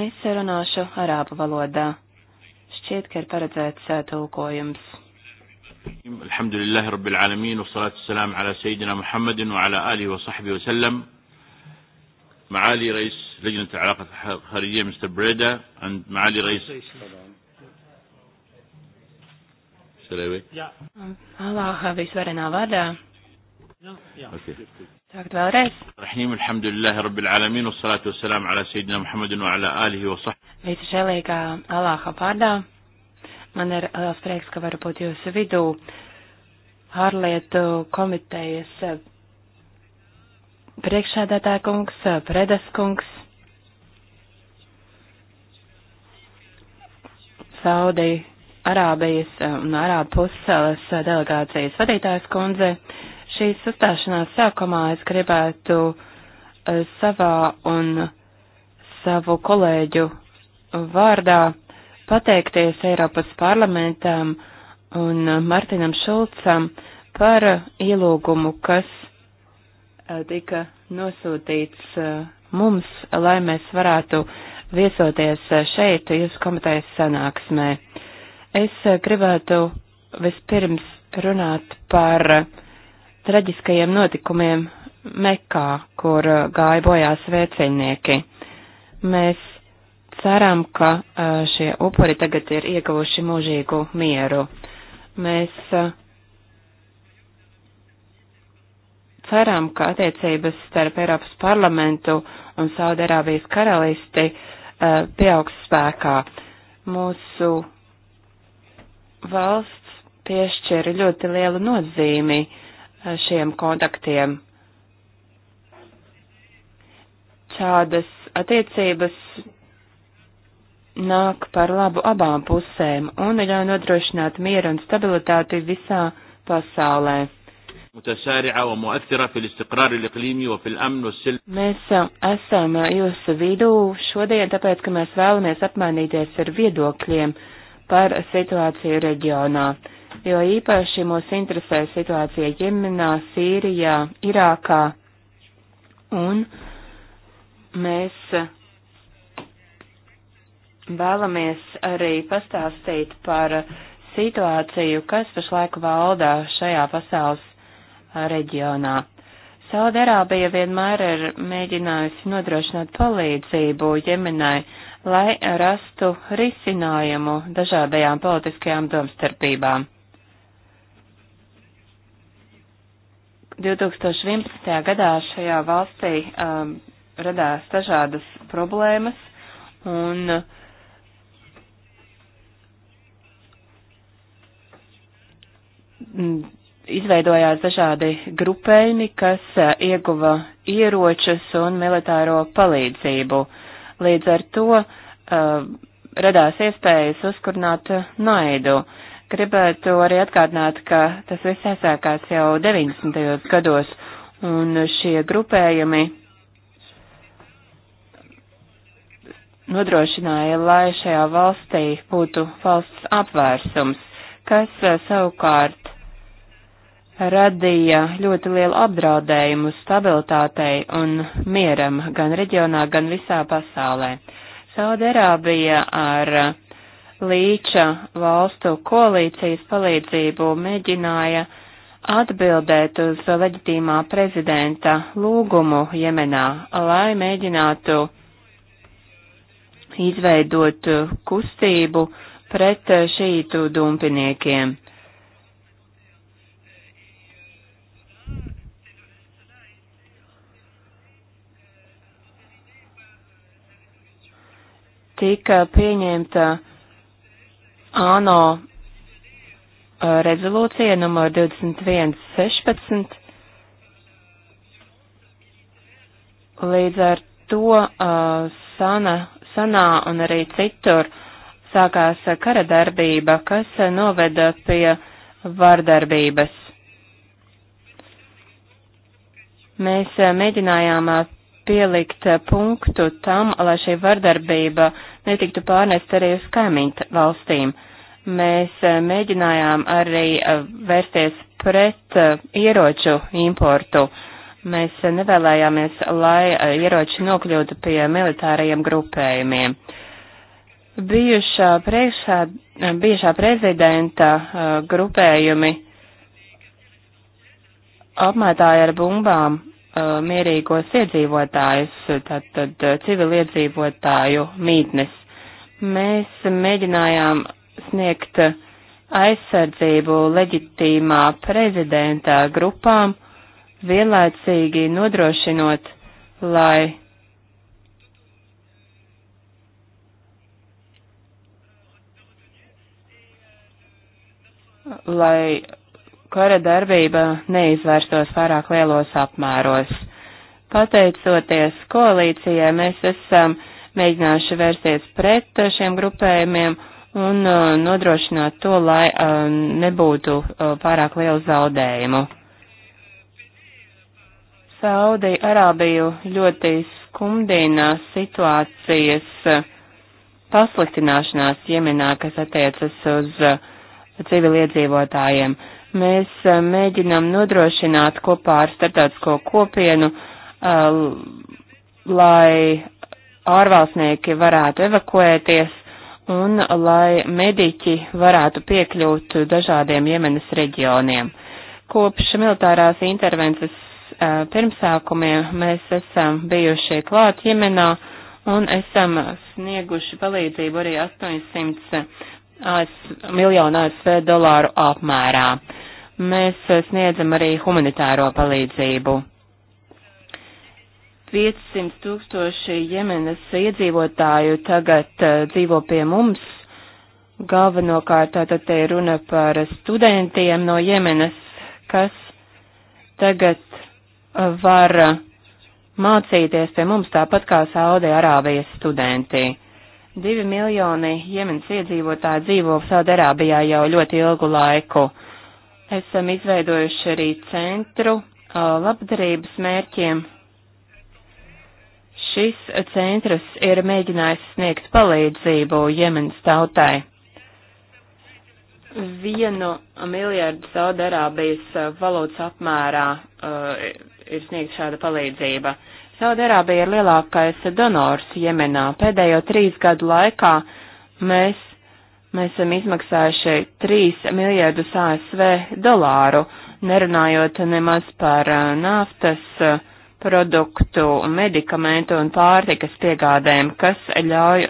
Es runāšu arābu valodā. Šķiet, ka ir paredzēts eh, tulkojums. الحمد لله رب العالمين والصلاة والسلام على سيدنا محمد وعلى آله وصحبه وسلم معالي رئيس لجنة العلاقات الخارجية مستر بريدا and معالي رئيس الله بيسورنا vārdā. Sākt vēlreiz. Rahīm, alhamdulillahi rabbil alamin, un salātu wa salām ala sayyidina Muhammadin wa ala alihi wa sahbihi. Visu žēlīgā Allāha vārdā. Man ir liels prieks, ka varu būt jūsu vidū. Ārlietu komitejas priekšsēdētāja kungs, predas kungs, Saudi Arābijas eh, un Arābu pusceles delegācijas vadītājas kundze. Šīs uzstāšanās sākumā es gribētu eh, savā un savu kolēģu vārdā pateikties Eiropas parlamentam un Martinam Šulcam par ielūgumu, kas eh, tika nosūtīts mums, lai mēs varētu uh, viesoties šeit, jūsu komitejas sanāksmē. Es gribētu vispirms runāt par traģiskajiem notikumiem Mekā, kur gāja bojā svēceļnieki. Mēs ceram, ka šie upuri tagad ir ieguvuši mūžīgu mieru. Mēs ceram, ka attiecības starp Eiropas parlamentu un Saudarābijas karalisti uh, Eh, pieaugs spēkā. Mūsu valsts piešķir ļoti lielu nozīmi eh, šiem kontaktiem. Šādas attiecības nāk par labu abām pusēm un ļauj nodrošināt mieru un stabilitāti visā pasaulē. Mēs esam jūsu vidū šodien, tāpēc, ka mēs vēlamies apmainīties ar viedokļiem par situāciju reģionā, jo īpaši mūs interesē situācija Jemenā, Sīrijā, Irākā, un mēs vēlamies arī pastāstīt par situāciju, kas pašlaik valdā šajā pasaules reģionā. Saudarābija vienmēr ir mēģinājusi nodrošināt palīdzību Jemenai, lai rastu risinājumu dažādajām politiskajām domstarpībām. 2011. gadā šajā valstī um, radās dažādas problēmas un uh, izveidojās dažādi grupējumi, kas eh, ieguva ieročus un militāro palīdzību. Līdz ar to uh, radās iespējas uzkurināt naidu. Gribētu arī atgādināt, ka tas viss aizsākās jau 90. gados, un šie grupējumi nodrošināja, lai šajā valstī būtu valsts apvērsums, kas eh, savukārt radīja ļoti lielu apdraudējumu stabilitātei un mieram gan reģionā, gan visā pasaulē. Saudarābija ar līča valstu koalīcijas palīdzību mēģināja atbildēt uz leģitīmā prezidenta lūgumu Jemenā, lai mēģinātu izveidot kustību pret šītu dumpiniekiem. tika pieņemta ANO rezolūcija numur 2116. Līdz ar to uh, sana, sanā un arī citur sākās kara darbība, kas noveda pie vardarbības. Mēs mēģinājām pielikt eh, punktu tam, lai šī vardarbība netiktu pārnest arī uz kaimiņu valstīm. Mēs eh, mēģinājām arī eh, vērsties pret ieroču importu. Mēs nevēlējāmies, lai ieroči nokļūtu pie militārajiem grupējumiem. Bijušā, priekšā, bijušā prezidenta grupējumi apmētāja ar bumbām Uh, mierīgos iedzīvotājus, tātad uh, civiliedzīvotāju mītnes. Mēs mēģinājām sniegt aizsardzību leģitīmā prezidentā grupām, vienlaicīgi nodrošinot, lai lai kara darbība neizvērstos pārāk lielos apmēros. Pateicoties koalīcijai, mēs esam mēģinājuši vērsties pret šiem grupējumiem un uh, nodrošināt to, lai uh, nebūtu uh, pārāk lielu zaudējumu. Saudi Arābiju ļoti skumdina situācijas pasliktināšanās Jemenā, kas attiecas uz civiliedzīvotājiem. Mēs eh, mēģinām nodrošināt kopā ar starptautisko kopienu, eh, lai ārvalstnieki varētu evakuēties un lai mediķi varētu piekļūt dažādiem Jemenas reģioniem. Kopš militārās intervences eh, pirmsākumiem mēs esam bijuši klāt Jemenā un esam snieguši palīdzību arī 800 miljonu ASV dolāru apmērā mēs sniedzam arī humanitāro palīdzību. 500 tūkstoši Jemenas iedzīvotāju tagad uh, dzīvo pie mums. Galvenokārt tātad te runa par studentiem no Jemenas, kas tagad uh, var eh, mācīties pie mums tāpat kā Saudi Arābijas studenti. Divi miljoni Jemenas iedzīvotāji dzīvo Saudi Arābijā jau ļoti ilgu laiku. Uh, Esam izveidojuši arī centru uh, labdarības mērķiem. Šis centrs ir mēģinājis sniegt palīdzību Jemenas tautai. Vienu miljardu Saudarābijas uh, valūtas apmērā uh, ir sniegta šāda palīdzība. Saudarābija ir lielākais donors Jemenā. Pēdējo trīs gadu laikā mēs Mēs esam izmaksājuši 3 miljardus ASV dolāru, nerunājot nemaz par eh, naftas eh, produktu, medikamentu un pārtikas piegādēm, kas ļauj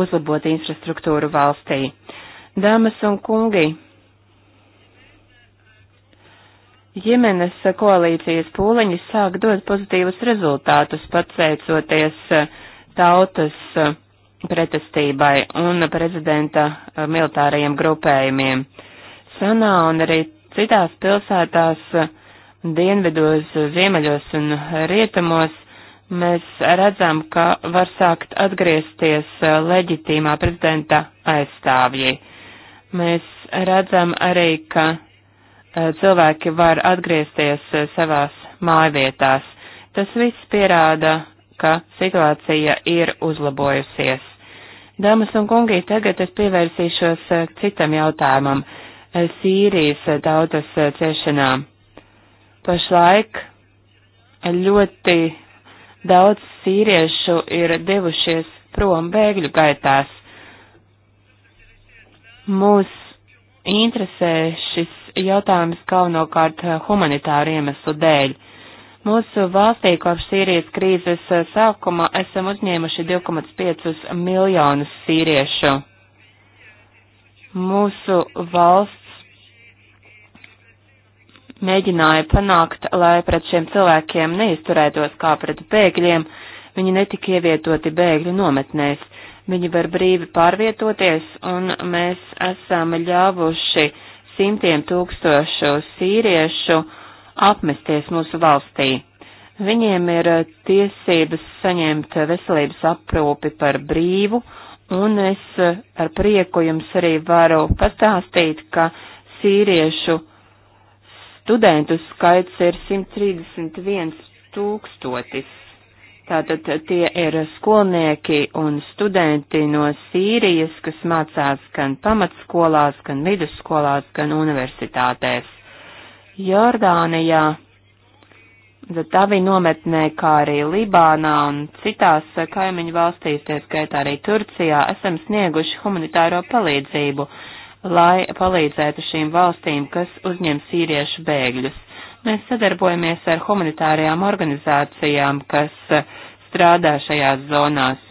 uzlabot infrastruktūru valstī. Dāmas un kungi, ģimenes koalīcijas pūliņi sāk dot pozitīvus rezultātus, pateicoties eh, tautas pretestībai un prezidenta eh, militārajiem grupējumiem. Sanā un arī citās pilsētās dienvidos, ziemeļos un rietumos mēs redzam, ka var sākt atgriezties eh, leģitīmā prezidenta aizstāvji. Mēs redzam arī, ka eh, cilvēki var atgriezties savās mājvietās. Tas viss pierāda, ka situācija ir uzlabojusies. Dāmas un kungi, tagad es pievērsīšos eh, citam jautājumam eh, - Sīrijas eh, tautas ciešanām. Pašlaik ļoti daudz sīriešu ir devušies prom bēgļu gaitās. Mūs interesē šis jautājums galvenokārt humanitāru iemeslu dēļ. Mūsu valstī kopš Sīrijas krīzes sākuma esam uzņēmuši 2,5 miljonus sīriešu. Mūsu valsts mēģināja panākt, lai pret šiem cilvēkiem neizturētos kā pret bēgļiem, viņi netika ievietoti bēgļu nometnēs viņi var brīvi pārvietoties, un mēs esam ļāvuši simtiem tūkstošu sīriešu apmesties mūsu valstī. Viņiem ir eh, tiesības saņemt eh, veselības aprūpi par brīvu, un es eh, ar prieku jums arī varu pastāstīt, ka sīriešu studentu skaits ir 131 tūkstotis. Tātad tie ir skolnieki un studenti no Sīrijas, kas mācās gan pamatskolās, gan vidusskolās, gan universitātēs. Jordānijā, tā bija nometnē, kā arī Libānā un citās kaimiņu valstīs, tie skaitā arī Turcijā, esam snieguši humanitāro palīdzību, lai palīdzētu šīm valstīm, kas uzņem sīriešu bēgļus. Mēs sadarbojamies ar humanitārajām organizācijām, kas strādā šajās zonās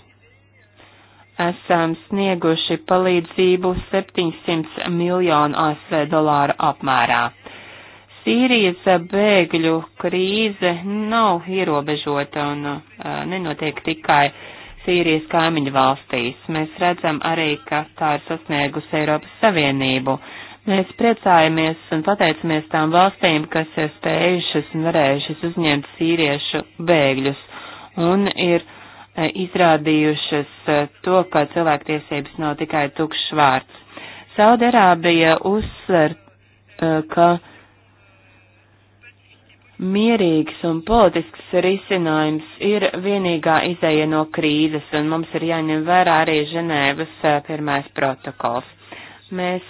esam snieguši palīdzību 700 miljonu ASV dolāru apmērā. Sīrijas bēgļu krīze nav ierobežota un uh, nenotiek tikai Sīrijas kaimiņu valstīs. Mēs redzam arī, ka tā ir sasniegusi Eiropas Savienību. Mēs priecājamies un pateicamies tām valstīm, kas ir spējušas un varējušas uzņemt sīriešu bēgļus un ir uh, izrādījušas uh, to, ka cilvēktiesības nav tikai tukšs vārds. Saudarābija uzsver, uh, ka mierīgs un politisks risinājums ir vienīgā izēja no krīzes, un mums ir jāņem vērā arī Ženēvas eh, pirmais protokols. Mēs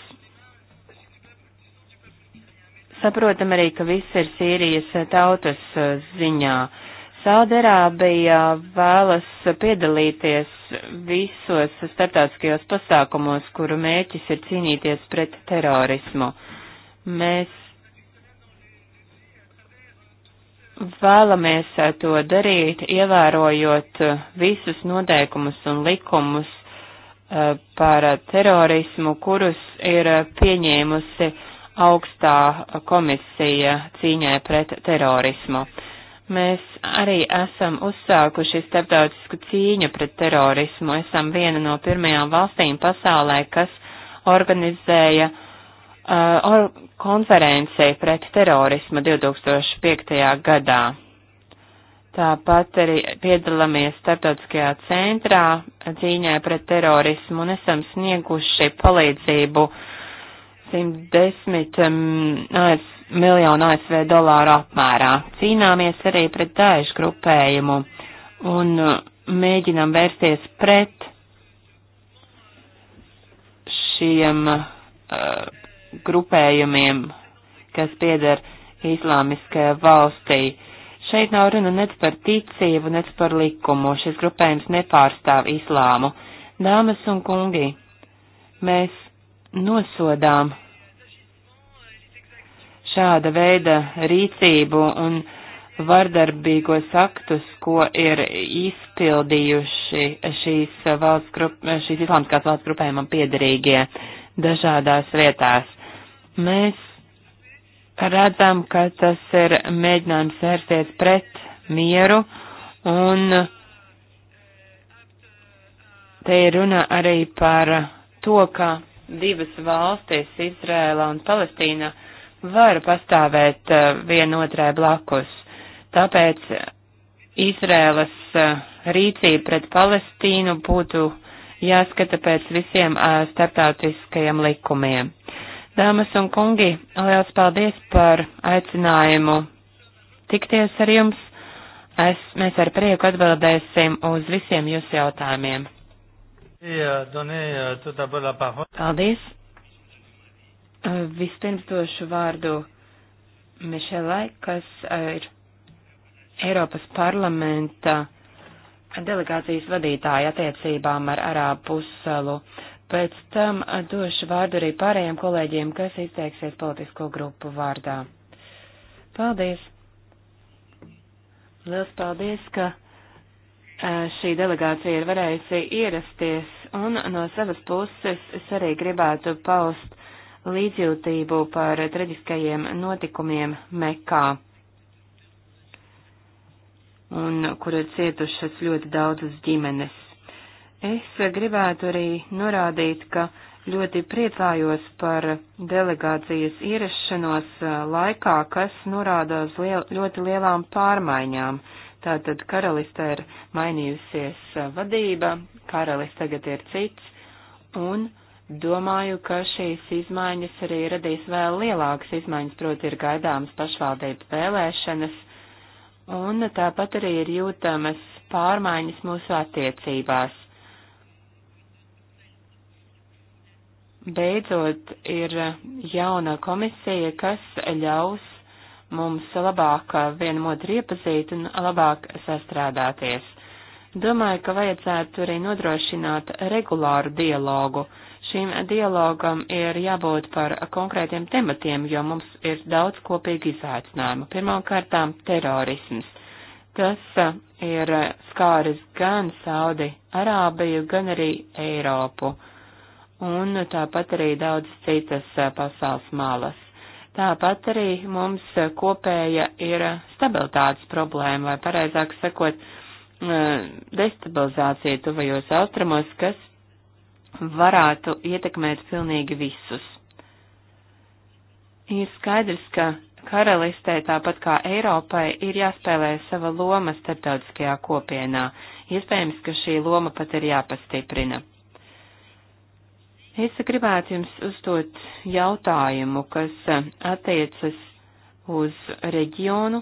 saprotam arī, ka viss ir Sīrijas eh, tautas eh, ziņā. Saudarābija vēlas piedalīties visos starptautiskajos pasākumos, kuru mērķis ir cīnīties pret terorismu. Mēs vēlamies eh, to darīt, ievērojot eh, visus noteikumus un likumus eh, par terorismu, kurus ir pieņēmusi augstā komisija cīņai pret terorismu. Mēs arī esam uzsākuši starptautisku cīņu pret terorismu. Esam viena no pirmajām valstīm pasaulē, kas organizēja uh, uh, konferencei pret terorismu 2005. gadā. Tāpat arī piedalāmies starptautiskajā centrā cīņā pret terorismu un esam snieguši palīdzību 110 um, miljonu ASV dolāru apmērā. Cīnāmies arī pret daišu grupējumu un uh, mēģinam vērsties pret šiem uh, grupējumiem, kas pieder islāmiskajā valstī. Šeit nav runa nec par ticību, nec par likumu. Šis grupējums nepārstāv islāmu. Dāmas un kungi, mēs nosodām šāda veida rīcību un vardarbīgos aktus, ko ir izpildījuši šīs, valsts grup, šīs islāmskās valsts grupējumam piederīgie dažādās vietās. Mēs redzam, ka tas ir mēģinājums vērsties pret mieru un te ir runa arī par to, ka divas valstis, Izrēla un Palestīna, var pastāvēt eh, vienotrai blakus. Tāpēc Izrēlas eh, rīcība pret Palestīnu būtu jāskata pēc visiem eh, starptautiskajiem likumiem. Dāmas un kungi, liels paldies par aicinājumu tikties ar jums. Es, mēs ar prieku atbildēsim uz visiem jūsu jautājumiem. Paldies. Vispirms došu vārdu Mišelai, kas eh, ir Eiropas parlamenta delegācijas vadītāja attiecībām ar Arābu puselu. Uh, Pēc tam došu vārdu arī pārējiem kolēģiem, kas izteiksies politisko grupu vārdā. Paldies! Liels paldies, ka šī delegācija ir varējusi ierasties, un no savas puses es arī gribētu paust līdzjūtību par traģiskajiem notikumiem Mekā un kur ir cietušas ļoti daudzas ģimenes. Es gribētu arī norādīt, ka ļoti priecājos par delegācijas ierašanos laikā, kas norāda uz liel, ļoti lielām pārmaiņām. Tātad karalistē ir mainījusies vadība, karalis tagad ir cits, un domāju, ka šīs izmaiņas arī radīs vēl lielākas izmaiņas, proti ir gaidāmas pašvaldības vēlēšanas, un tāpat arī ir jūtamas pārmaiņas mūsu attiecībās beidzot ir jauna komisija, kas ļaus mums labāk vienam otru iepazīt un labāk sastrādāties. Domāju, ka vajadzētu arī nodrošināt regulāru dialogu. Šim dialogam ir jābūt par konkrētiem tematiem, jo mums ir daudz kopīgi izaicinājumu. Pirmkārtām terorisms. Tas ir skāris gan Saudi Arābiju, gan arī Eiropu un tāpat arī daudz citas pasaules malas. Tāpat arī mums kopēja ir stabilitātes problēma, vai pareizāk sakot, destabilizācija tuvajos austrumos, kas varētu ietekmēt pilnīgi visus. Ir skaidrs, ka karalistē, tāpat kā Eiropai, ir jāspēlē sava loma starptautiskajā kopienā. Iespējams, ka šī loma pat ir jāpastiprina. Es gribētu jums uzdot jautājumu, kas e, attiecas uz reģionu,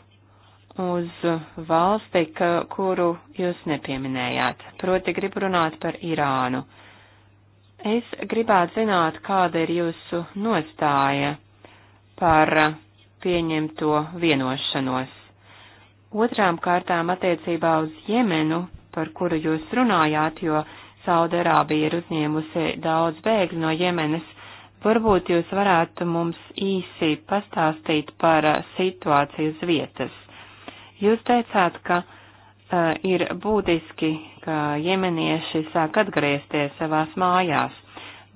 uz valsti, ka, kuru jūs nepieminējāt. Proti, gribu runāt par Irānu. Es gribētu zināt, kāda ir jūsu nostāja par pieņemto vienošanos. Otrām kārtām attiecībā uz Jemenu, par kuru jūs runājāt, jo Saudarābija ir uzņēmusi daudz bēgļu no Jemenes. Varbūt jūs varētu mums īsi pastāstīt par uh, situāciju uz vietas. Jūs teicāt, ka uh, ir būtiski, ka jemenieši sāk atgriezties savās mājās.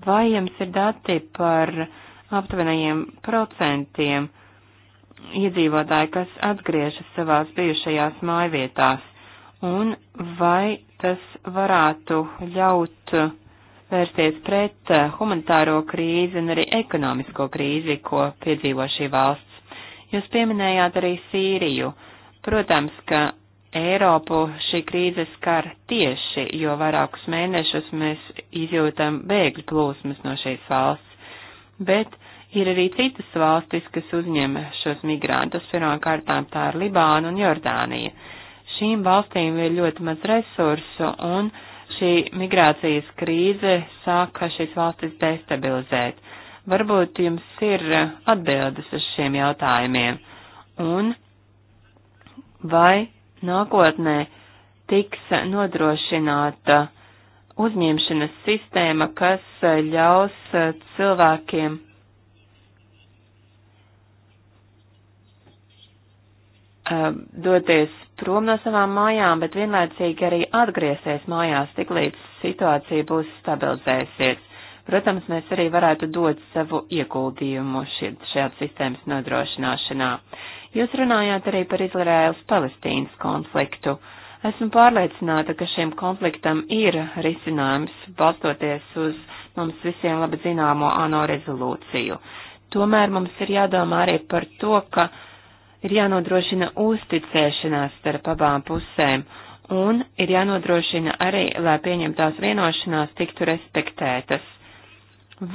Vai jums ir dati par aptuvenajiem procentiem iedzīvotāji, kas atgriežas savās bijušajās mājvietās? Un vai tas varētu ļaut vērsties pret eh, humanitāro krīzi un arī ekonomisko krīzi, ko piedzīvo šī valsts. Jūs pieminējāt arī Sīriju. Protams, ka Eiropu šī krīze skar tieši, jo vairākus mēnešus mēs izjūtam bēgļu plūsmas no šīs valsts. Bet ir arī citas valstis, kas uzņem šos migrantus, pirmkārtām tā ir Libāna un Jordānija. Šīm valstīm ir ļoti maz resursu, un šī migrācijas krīze sāka šīs valstis destabilizēt. Varbūt jums ir atbildes uz šiem jautājumiem, un vai nākotnē tiks nodrošināta uzņemšanas sistēma, kas ļaus cilvēkiem doties prom no savām mājām, bet vienlaicīgi arī atgriezties mājās, tik līdz situācija būs stabilizējusies. Protams, mēs arī varētu dot savu ieguldījumu šādas sistēmas nodrošināšanā. Jūs runājāt arī par Izraēlas-Palestīnas konfliktu. Esmu pārliecināta, ka šim konfliktam ir risinājums, balstoties uz mums visiem labi zināmo ANO rezolūciju. Tomēr mums ir jādomā arī par to, ka ir jānodrošina uzticēšanās starp abām pusēm, un ir jānodrošina arī, lai pieņemtās vienošanās tiktu respektētas.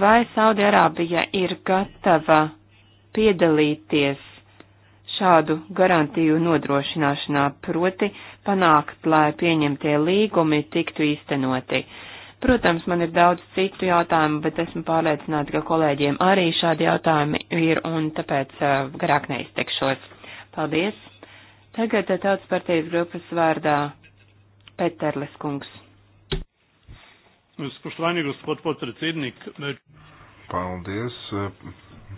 Vai Saudi-Arābija ir gatava piedalīties šādu garantiju nodrošināšanā, proti panākt, lai pieņemtie līgumi tiktu īstenoti? Protams, man ir daudz citu jautājumu, bet esmu pārliecināta, ka kolēģiem arī šādi jautājumi ir, un tāpēc uh, garāk neiztekšos. Paldies. Tagad tautas partijas grupas vārdā Peterles kungs. Spoštovani gospod podpredsednik. Paldies,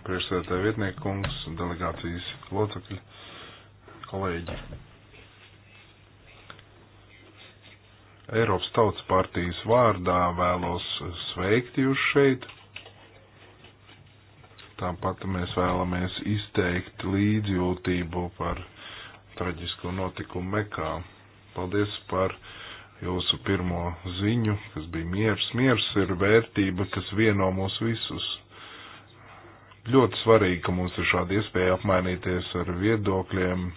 priekšsēdētāja vietnieka kungs, delegācijas locekļi, kolēģi. Eiropas Tautas partijas vārdā vēlos sveikt jūs šeit Tāpat mēs vēlamies izteikt līdzjūtību par traģisko notikumu Mekā. Paldies par jūsu pirmo ziņu, kas bija miers. Miers ir vērtība, kas vieno mūs visus. Ļoti svarīgi, ka mums ir šāda iespēja apmainīties ar viedokļiem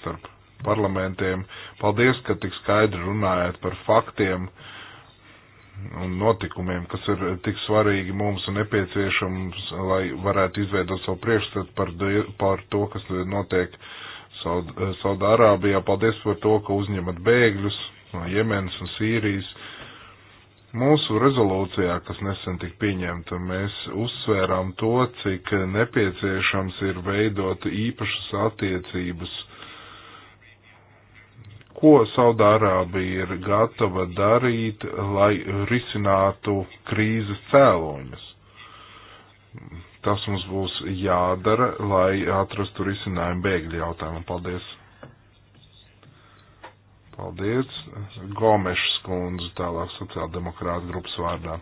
starp parlamentiem. Paldies, ka tik skaidri runājat par faktiem un notikumiem, kas ir tik svarīgi mums un nepieciešams, lai varētu izveidot savu priekšstatu par, par to, kas notiek Saud Saudārābijā. Paldies par to, ka uzņemat bēgļus no Jemenas un Sīrijas. Mūsu rezolūcijā, kas nesen tika pieņemta, mēs uzsvērām to, cik nepieciešams ir veidot īpašas attiecības uh, ko Saudārābija ir gatava darīt, lai risinātu krīzes cēloņus. Tas mums būs jādara, lai atrastu risinājumu bēgļu jautājumu. Paldies! Paldies! Gomešs kundze tālāk sociāldemokrāta grupas vārdā.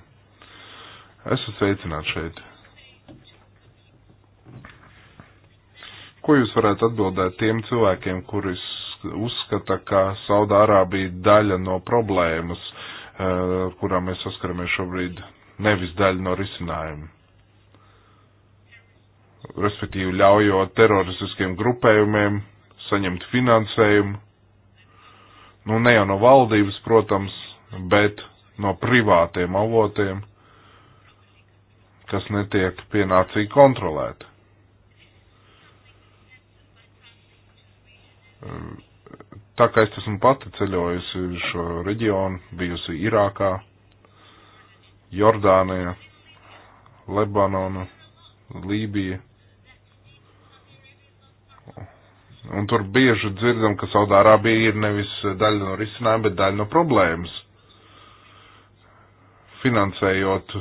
Esat sveicināti šeit. Ko jūs varētu atbildēt tiem cilvēkiem, kurus uzskata, ka Saudārābija daļa no problēmas, ar eh, kurām mēs saskaramies šobrīd, nevis daļa no risinājuma. Respektīvi ļaujot teroristiskiem grupējumiem saņemt finansējumu, nu ne jau no valdības, protams, bet no privātiem avotiem, kas netiek pienācīgi kontrolēti. Tā kā es esmu pati ceļojusi šo reģionu, bijusi Irākā, Jordānija, Lebanona, Lībija. Un tur bieži dzirdam, ka Saudārābija ir nevis daļa no risinājuma, bet daļa no problēmas. Finansējot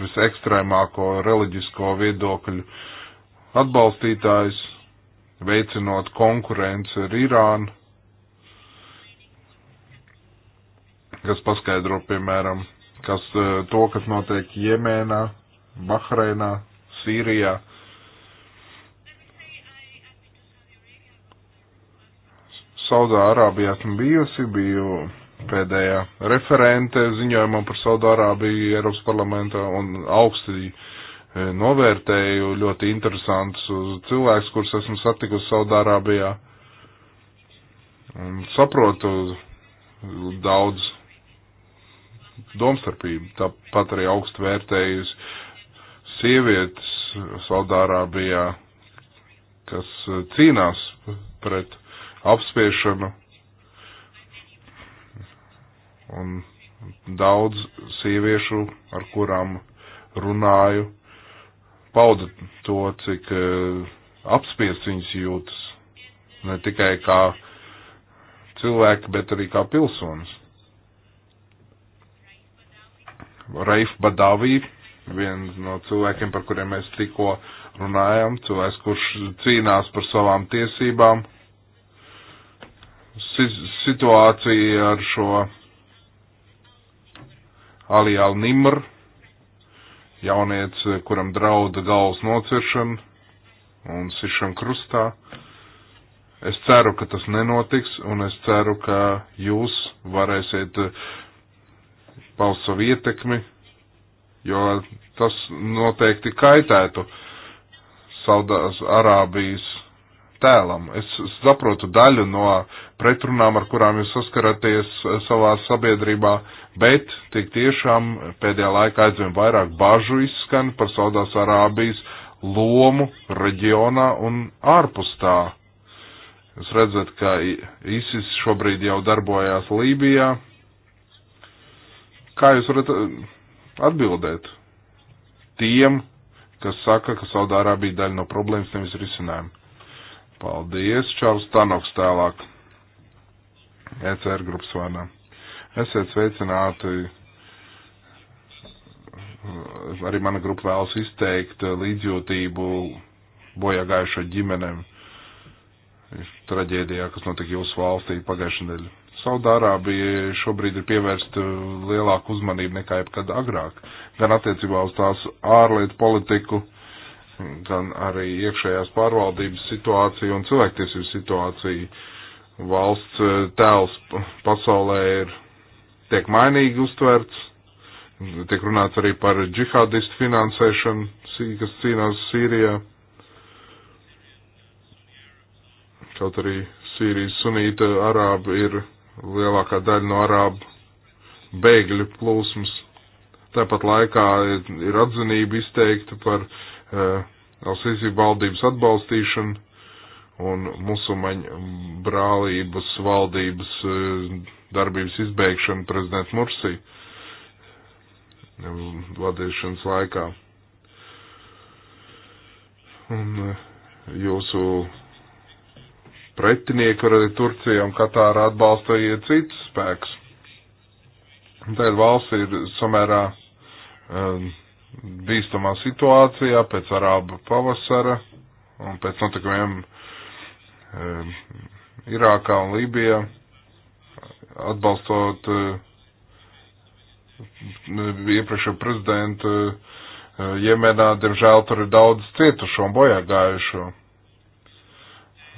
visekstrēmāko reliģisko viedokļu atbalstītājus, veicinot konkurenci ar Irānu, kas paskaidro, piemēram, kas, e, to, kas notiek Jemēnā, Bahreinā, Sīrijā. Saudārābijā esmu bijusi, biju pēdējā referente ziņojumam par Saudārābiju Eiropas parlamentā un augsti E, novērtēju ļoti interesants cilvēks, kurus esmu satikusi Saudārābijā. Un saprotu daudz domstarpību, tāpat arī augstu vērtējusi sievietes Saudārābijā, kas e, cīnās pret apspiešanu un daudz sieviešu, ar kurām runāju, pauda to, cik eh, apspiesti viņas jūtas. Ne tikai kā cilvēki, bet arī kā pilsonis. Raif Badavī, viens no cilvēkiem, par kuriem mēs tikko runājam, cilvēks, kurš cīnās par savām tiesībām. Si situācija ar šo Alijālu Nimru jaunieci, kuram drauda galvas nociršana un sišana krustā. Es ceru, ka tas nenotiks, un es ceru, ka jūs varēsiet eh, paust savu ietekmi, jo tas noteikti kaitētu Saudās Arābijas tēlam. Es saprotu daļu no pretrunām, ar kurām jūs saskaraties eh, savā sabiedrībā, bet tik tiešām pēdējā laikā aizvien vairāk bažu izskan par Saudās Arābijas lomu reģionā un ārpus tā. Jūs redzat, ka ISIS šobrīd jau darbojās Lībijā. Kā jūs varat eh, atbildēt tiem, kas saka, ka Saudārā bija daļa no problēmas, nevis risinājuma? Paldies, Čārls Tanoks tālāk. ECR grupas vārdā. Esiet sveicināti. Arī mana grupa vēlas izteikt līdzjūtību bojā gājušo ģimenēm traģēdijā, kas notika jūsu valstī pagājušajā nedēļā. Saudārābija šobrīd ir pievērsta lielāku uzmanību nekā jebkad agrāk, gan attiecībā uz tās ārlietu politiku, gan arī iekšējās pārvaldības situāciju un cilvēktiesību situāciju. Valsts eh, tēls pasaulē ir tiek mainīgi uztverts, tiek runāts arī par džihadistu finansēšanu, kas cīnās Sīrijā. Kaut arī Sīrijas sunīta arābi ir lielākā daļa no arābu bēgļu plūsmas. Tāpat laikā ir atzinība izteikta par uh, Uh, Alsīsī valdības atbalstīšanu un musulmaņu brālības valdības uh, darbības izbeigšanu prezidenta Mursī um, vadīšanas laikā. Un uh, jūsu pretinieki arī Turcija un Katāra atbalstīja citus spēkus. Tā ir valsts ir samērā um, bīstamā situācijā pēc arāba pavasara un pēc notikumiem e, Irākā un Lībijā, atbalstot e, iepriekšējo prezidentu e, Jemenā, diemžēl tur ir daudz cietušo un bojāgājušo.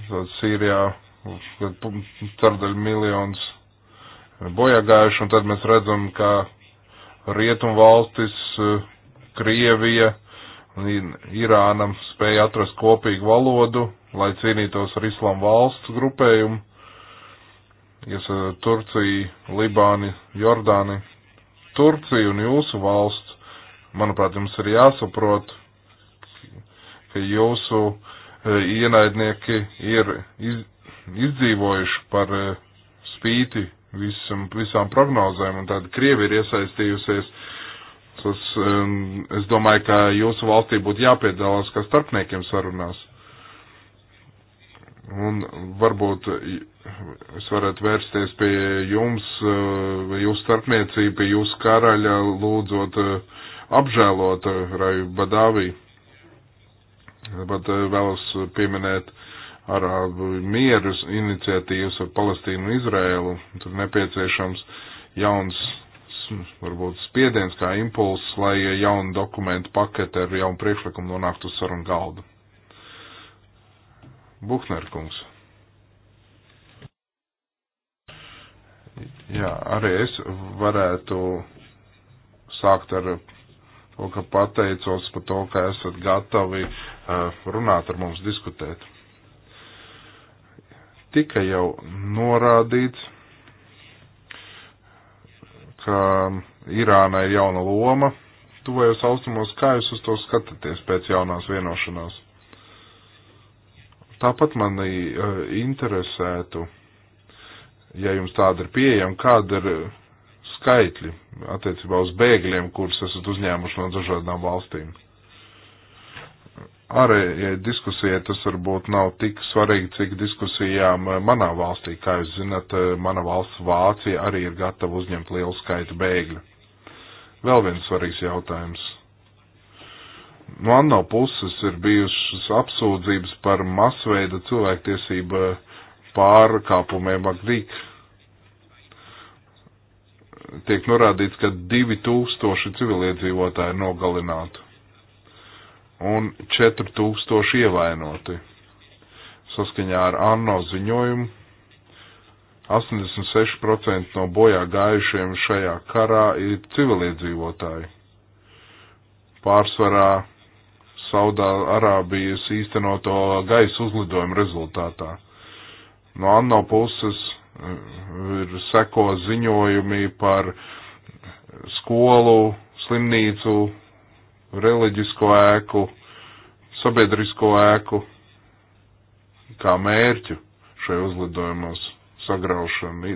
Tad Sīrijā tādēļ miljons bojāgājuši, un tad mēs redzam, ka rietum valstis uh, Krievija un Irānam spēja atrast kopīgu valodu, lai cīnītos ar islām valsts grupējumu. Jūs eh, Turcija, Libāni, Jordāni. Turcija un jūsu valsts, manuprāt, jums ir jāsaprot, ka jūsu eh, ienaidnieki ir iz, izdzīvojuši par eh, spīti visam, visām prognozēm, un tad Krievi ir iesaistījusies uh, Tas, um, es domāju, ka jūsu valstī būtu jāpiedalās kā starpniekiem sarunās. Un varbūt es varētu vērsties pie jums, uh, jūsu starpniecība, pie jūsu karaļa, lūdzot uh, apžēlot uh, Raju Badāvī. Bet vēlos pieminēt arābu mieru iniciatīvas ar Palestīnu un Izrēlu. Tur nepieciešams jauns varbūt spiediens kā impulss, lai jauna dokumentu pakete ar jaunu priekšlikumu nonāktu uz sarunu galdu. Buhner kungs. Jā, arī es varētu sākt ar to, ka pateicos par to, ka esat gatavi eh, runāt ar mums, diskutēt. Tika jau norādīts ka Irānai ir jauna loma tuvajos austrumos, kā jūs uz to skatāties pēc jaunās vienošanās? Tāpat mani uh, interesētu, ja jums tāda ir pieejama, kāda ir skaitļi attiecībā uz bēgļiem, kurus esat uzņēmuši no dažādām valstīm ārējai diskusijai tas varbūt nav tik svarīgi, cik diskusijām eh, manā valstī. Kā jūs zinat, eh, mana valsts Vācija arī ir gatava uzņemt lielu skaitu bēgļu. Vēl viens svarīgs jautājums. No ANO puses ir bijušas apsūdzības par masveida cilvēktiesība eh, pārkāpumiem Agrīk. Tiek norādīts, ka 2000 civiliedzīvotāji nogalināti un 4000 ievainoti. Saskaņā ar ANO ziņojumu 86% no bojā gājušiem šajā karā ir civiliedzīvotāji. Pārsvarā Saudā Arābijas īstenoto gaisa uzlidojumu rezultātā. No ANO puses mm, ir seko ziņojumi par skolu, slimnīcu, reliģisko ēku, sabiedrisko ēku kā mērķu šai uzlidojumos sagraušanu.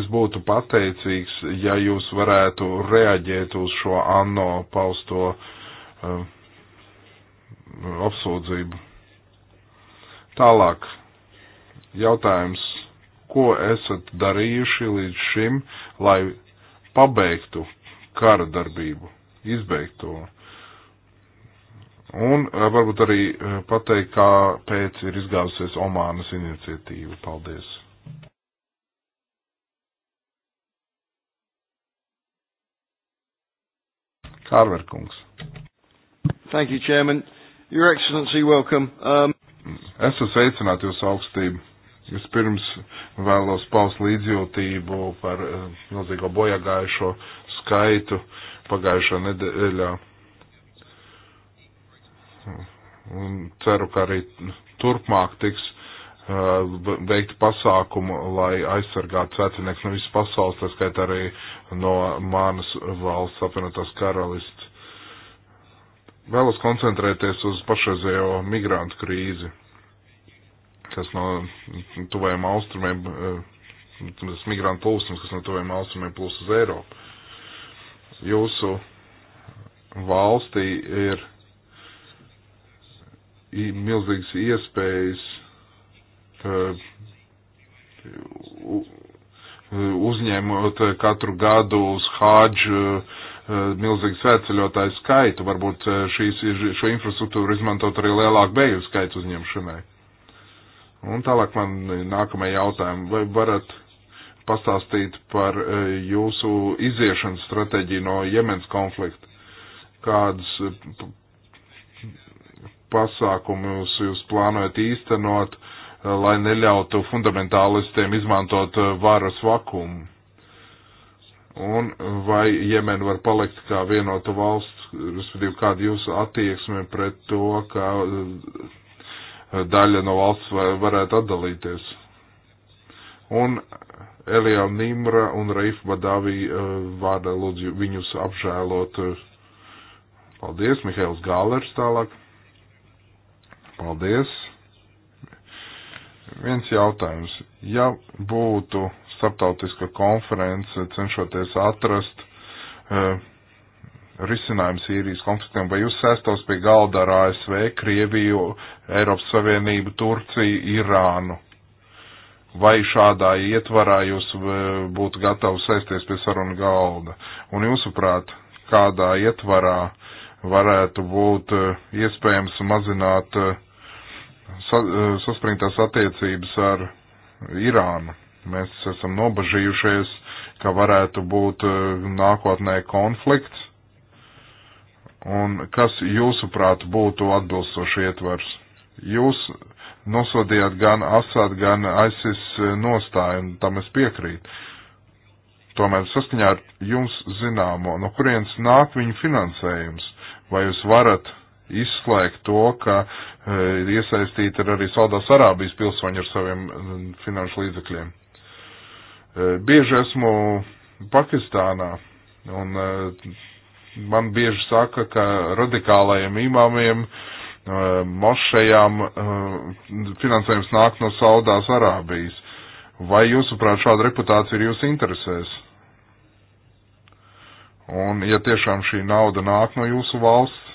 Es būtu pateicīgs, ja jūs varētu reaģēt uz šo anno pausto uh, apsūdzību. Tālāk jautājums, ko esat darījuši līdz šim, lai pabeigtu kara darbību, izbeigt to. Un eh, varbūt arī eh, pateikt, kāpēc ir izgāzusies Omānas iniciatīva. Paldies! Kārverkungs. Thank you, Chairman. Your Excellency, welcome. Um... Es esmu sveicināti jūsu augstību. Vispirms vēlos paust līdzjūtību par eh, milzīgo bojāgājušo skaitu pagājušā nedēļā. Un ceru, ka arī turpmāk tiks uh, veikt pasākumu, lai aizsargātu svētinieks no visas pasaules, tā skaitā arī no manas valsts apvienotās karalists. Vēlos koncentrēties uz pašreizējo migrantu krīzi, kas no tuvējiem austrumiem, uh, tas migrantu plūsmas, kas no tuvējiem austrumiem plūs uz Eiropu jūsu valstī ir milzīgas iespējas e, uzņemot katru gadu uz hādžu e, milzīgu svētceļotāju skaitu. Varbūt e, šīs, šo infrastruktūru izmantot arī lielāku bēgļu skaitu uzņemšanai. Un tālāk man nākamajai jautājumu. Vai varat pastāstīt par e, jūsu iziešanas stratēģiju no Jemens konflikta. Kādus e, pasākumus jūs plānojat īstenot, e, lai neļautu fundamentālistiem izmantot varas vakumu? Un vai Jemen var palikt kā vienota valsts, respektīvi kāda jūsu attieksme pret to, ka daļa no valsts varētu atdalīties? Un Elijā Nimra un Raifa Badavī eh, vārdā lūdzu viņus apžēlot. Paldies, Mihails Gālers tālāk. Paldies. Viens jautājums. Ja būtu starptautiska konference cenšoties atrast uh, eh, risinājumu Sīrijas konfliktiem, vai jūs sēstos pie galda ar ASV, Krieviju, Eiropas Savienību, Turciju, Irānu? vai šādā ietvarā jūs e, būtu gatavi sēsties pie sarunu galda? Un jūsuprāt, kādā ietvarā varētu būt e, iespējams mazināt e, saspringtās attiecības ar Irānu? Mēs esam nobažījušies, ka varētu būt nākotnē konflikts. Un kas jūsuprāt būtu atbilstoši ietvars? Jūs nosodījāt gan Asad, gan ISIS eh, nostāju, un tam es piekrītu. Tomēr saskaņā ar jums zināmo, no kurienes nāk viņu finansējums, vai jūs varat izslēgt to, ka e, iesaistīti ir arī Saudās Arābijas pilsoņi ar saviem e, finanšu līdzekļiem. E, bieži esmu Pakistānā, un e, man bieži saka, ka radikālajiem imāmiem e, Eh, mošejām eh, finansējums nāk no Saudās Arābijas. Vai jūsuprāt šāda reputācija ir jūsu interesēs? Un ja tiešām šī nauda nāk no jūsu valsts,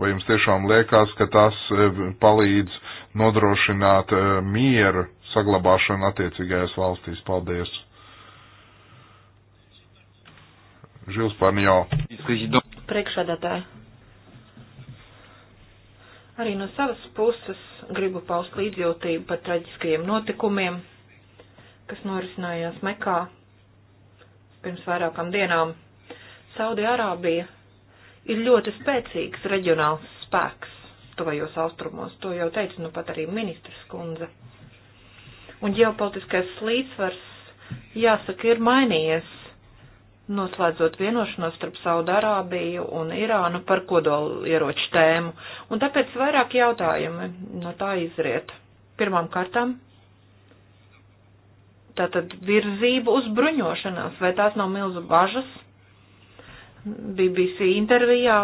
vai jums tiešām liekas, ka tas eh, palīdz nodrošināt mieru saglabāšanu attiecīgajās valstīs? Paldies! Žils Parnjo. Priekšādātāji, Arī no savas puses gribu paust līdzjūtību par traģiskajiem notikumiem, kas norisinājās Mekā pirms vairākām dienām. Saudi-Arābija ir ļoti spēcīgs reģionāls spēks tuvajos austrumos, to jau teica nu pat arī ministrs kundze. Un ģeopolitiskais līdzsvars, jāsaka, ir mainījies noslēdzot vienošanos starp Saudārābiju un Irānu par kodolu ieroču tēmu. Un tāpēc vairāk jautājumi no tā izriet. Pirmām kārtām, tātad virzība uz bruņošanās, vai tās nav milzu bažas? BBC intervijā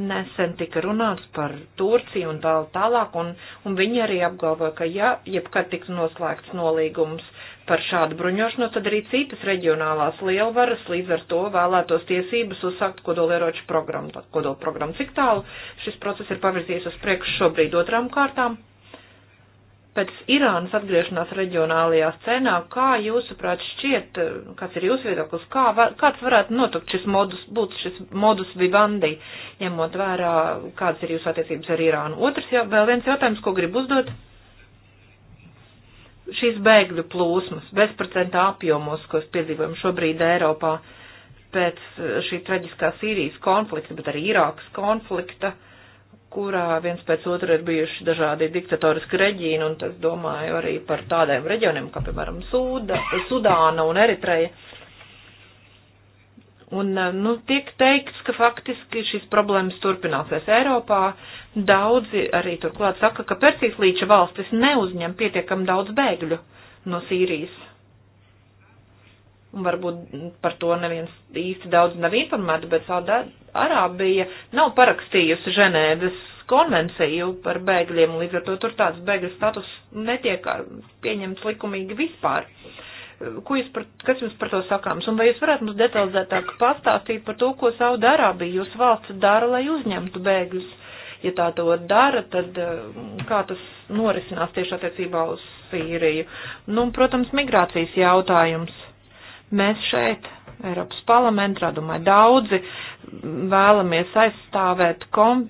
nesen tika runāts par Turciju un tā tālāk, un, un viņi arī apgalvoja, ka ja jebkad tiks noslēgts nolīgums par šādu bruņošanos, tad arī citas reģionālās lielvaras līdz ar to vēlētos tiesības uzsākt kodolieroču programmu, kodolprogrammu. Cik tālu šis process ir pavirzies uz priekšu šobrīd otrām kārtām? Pēc Irānas atgriešanās reģionālajā scenā, kā jūsuprāt šķiet, kāds ir jūsu viedoklis, kā, var, kāds varētu notukt šis modus, būt šis modus vivandi, ņemot vērā, kādas ir jūsu attiecības ar Irānu? Otrs, jā, vēl viens jautājums, ko gribu uzdot šīs bēgļu plūsmas, bezprocentā apjomos, ko piedzīvojam šobrīd Eiropā pēc eh, šī traģiskā Sīrijas konflikta, bet arī Irākas konflikta, kurā viens pēc otra ir bijuši dažādi diktatoriski reģīni, un tas domāju arī par tādiem reģioniem, kā piemēram Sūda, Sudāna un Eritreja Un, eh, nu, tiek teikts, ka faktiski šīs problēmas turpināsies Eiropā. Daudzi arī turklāt saka, ka Persijas līča valstis neuzņem pietiekam daudz bēgļu no Sīrijas. Un varbūt par to neviens īsti daudz nav informēta, bet Saudā Arābija nav parakstījusi Ženēdas konvenciju par bēgļiem, līdz ar to tur tāds bēgļu status netiek pieņemts likumīgi vispār. Uh, Ko jūs par, kas jums par to sakāms? Un vai jūs varētu mums detalizētāk pastāstīt par to, ko Saudārābija jūs valsts dara, lai uzņemtu bēgļus? Ja tā to dara, tad eh, kā tas norisinās tieši attiecībā uz Sīriju? Nu, un, protams, migrācijas jautājums. Mēs šeit Eiropas parlamentā, domāju, daudzi vēlamies aizstāvēt, kom,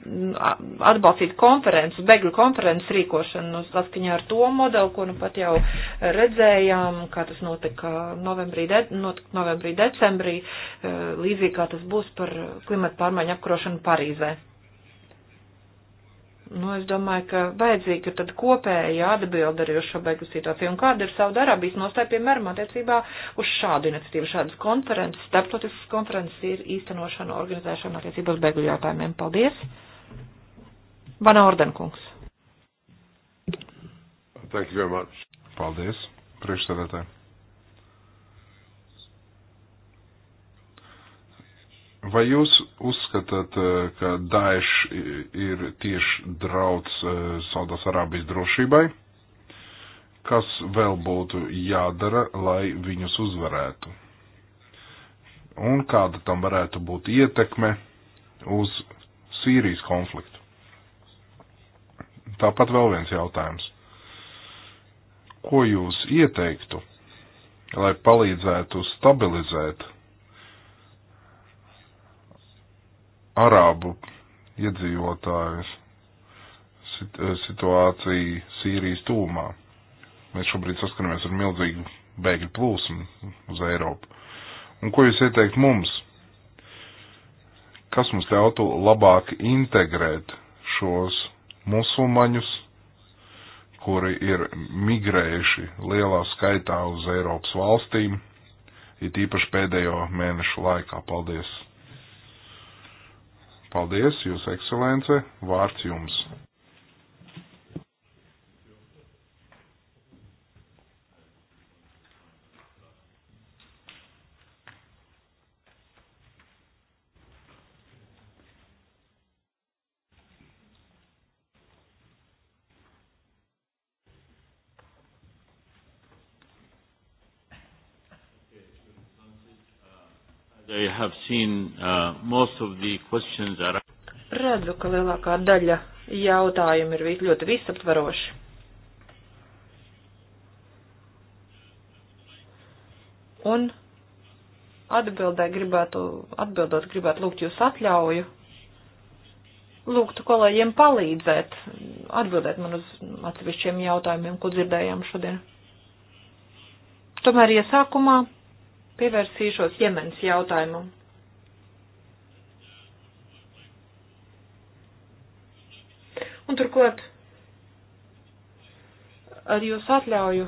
atbalstīt konferences, bēgļu konferences rīkošanu saskaņā ar to modeli, ko nu pat jau redzējām, kā tas notika novembrī, de, notika novembrī decembrī, e, līdzīgi kā tas būs par klimatu pārmaiņu apkarošanu Parīzē. Nu, es domāju, ka vajadzīga tad kopēja atbilda arī uz šo beigu situāciju. Un kāda ir Sauda Arābijas nostāja, piemēram, attiecībā uz šādu iniciatīvu, šādas konferences, starptautiskas konferences ir īstenošana, organizēšana attiecībā uz beigu jautājumiem. Paldies! Vana Ordenkungs. Thank you very much. Paldies, priekšsēdētāji. Vai jūs uzskatāt, eh, ka Daesh ir tieši drauds eh, Saudas Arābijas drošībai? Kas vēl būtu jādara, lai viņus uzvarētu? Un kāda tam varētu būt ietekme uz Sīrijas konfliktu? Tāpat vēl viens jautājums. Ko jūs ieteiktu, lai palīdzētu stabilizēt arābu iedzīvotājus eh, situāciju Sīrijas tūmā. Mēs šobrīd saskaramies ar milzīgu bēgļu plūsmu uz Eiropu. Un ko jūs ieteikt mums? Kas mums ļautu labāk integrēt šos musulmaņus, kuri ir migrējuši lielā skaitā uz Eiropas valstīm, it īpaši pēdējo mēnešu laikā? Paldies! Paldies, Jūs ekscelence, vārds jums! I have seen uh, most of the questions are. Redzu, ka lielākā daļa jautājumu ir ļoti visaptvaroši. Un atbildē gribētu, atbildot gribētu lūgt jūs atļauju, lūgtu kolēģiem palīdzēt, atbildēt man uz atsevišķiem jautājumiem, ko dzirdējām šodien. Tomēr iesākumā. Ja Pievērsīšos Jemenas jautājumam. Un turklāt, ar jūs atļauju,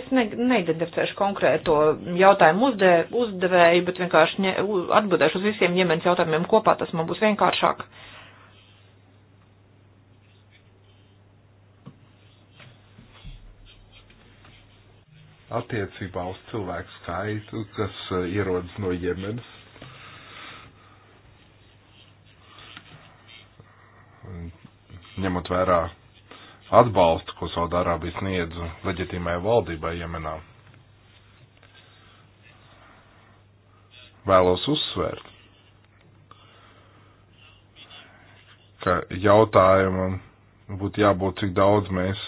es ne, neidentificēšu konkrēto jautājumu uzdē, uzdevēju, bet vienkārši ne, atbildēšu uz visiem Jemenas jautājumiem kopā, tas man būs vienkāršāk. Uh, attiecībā uz cilvēku skaitu, kas uh, ierodas no Jemenas. ņemot vērā atbalstu, ko Saudārābija sniedz leģitīmai valdībai Jemenā. Vēlos uzsvērt, ka jautājumam būtu jābūt, cik daudz mēs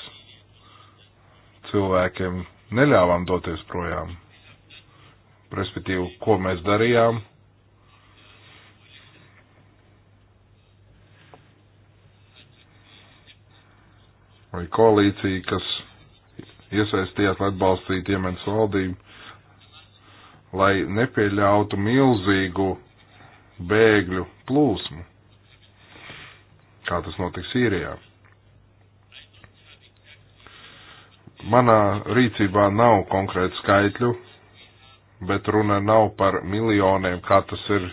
cilvēkiem neļāvām doties projām. Respektīvi, ko mēs darījām? Vai koalīcija, kas iesaistījās, lai atbalstītu Jemenas valdību, lai nepieļautu milzīgu bēgļu plūsmu, kā tas notiks Sīrijā. Manā rīcībā nav konkrētu skaitļu, bet runa nav par miljoniem, kā tas ir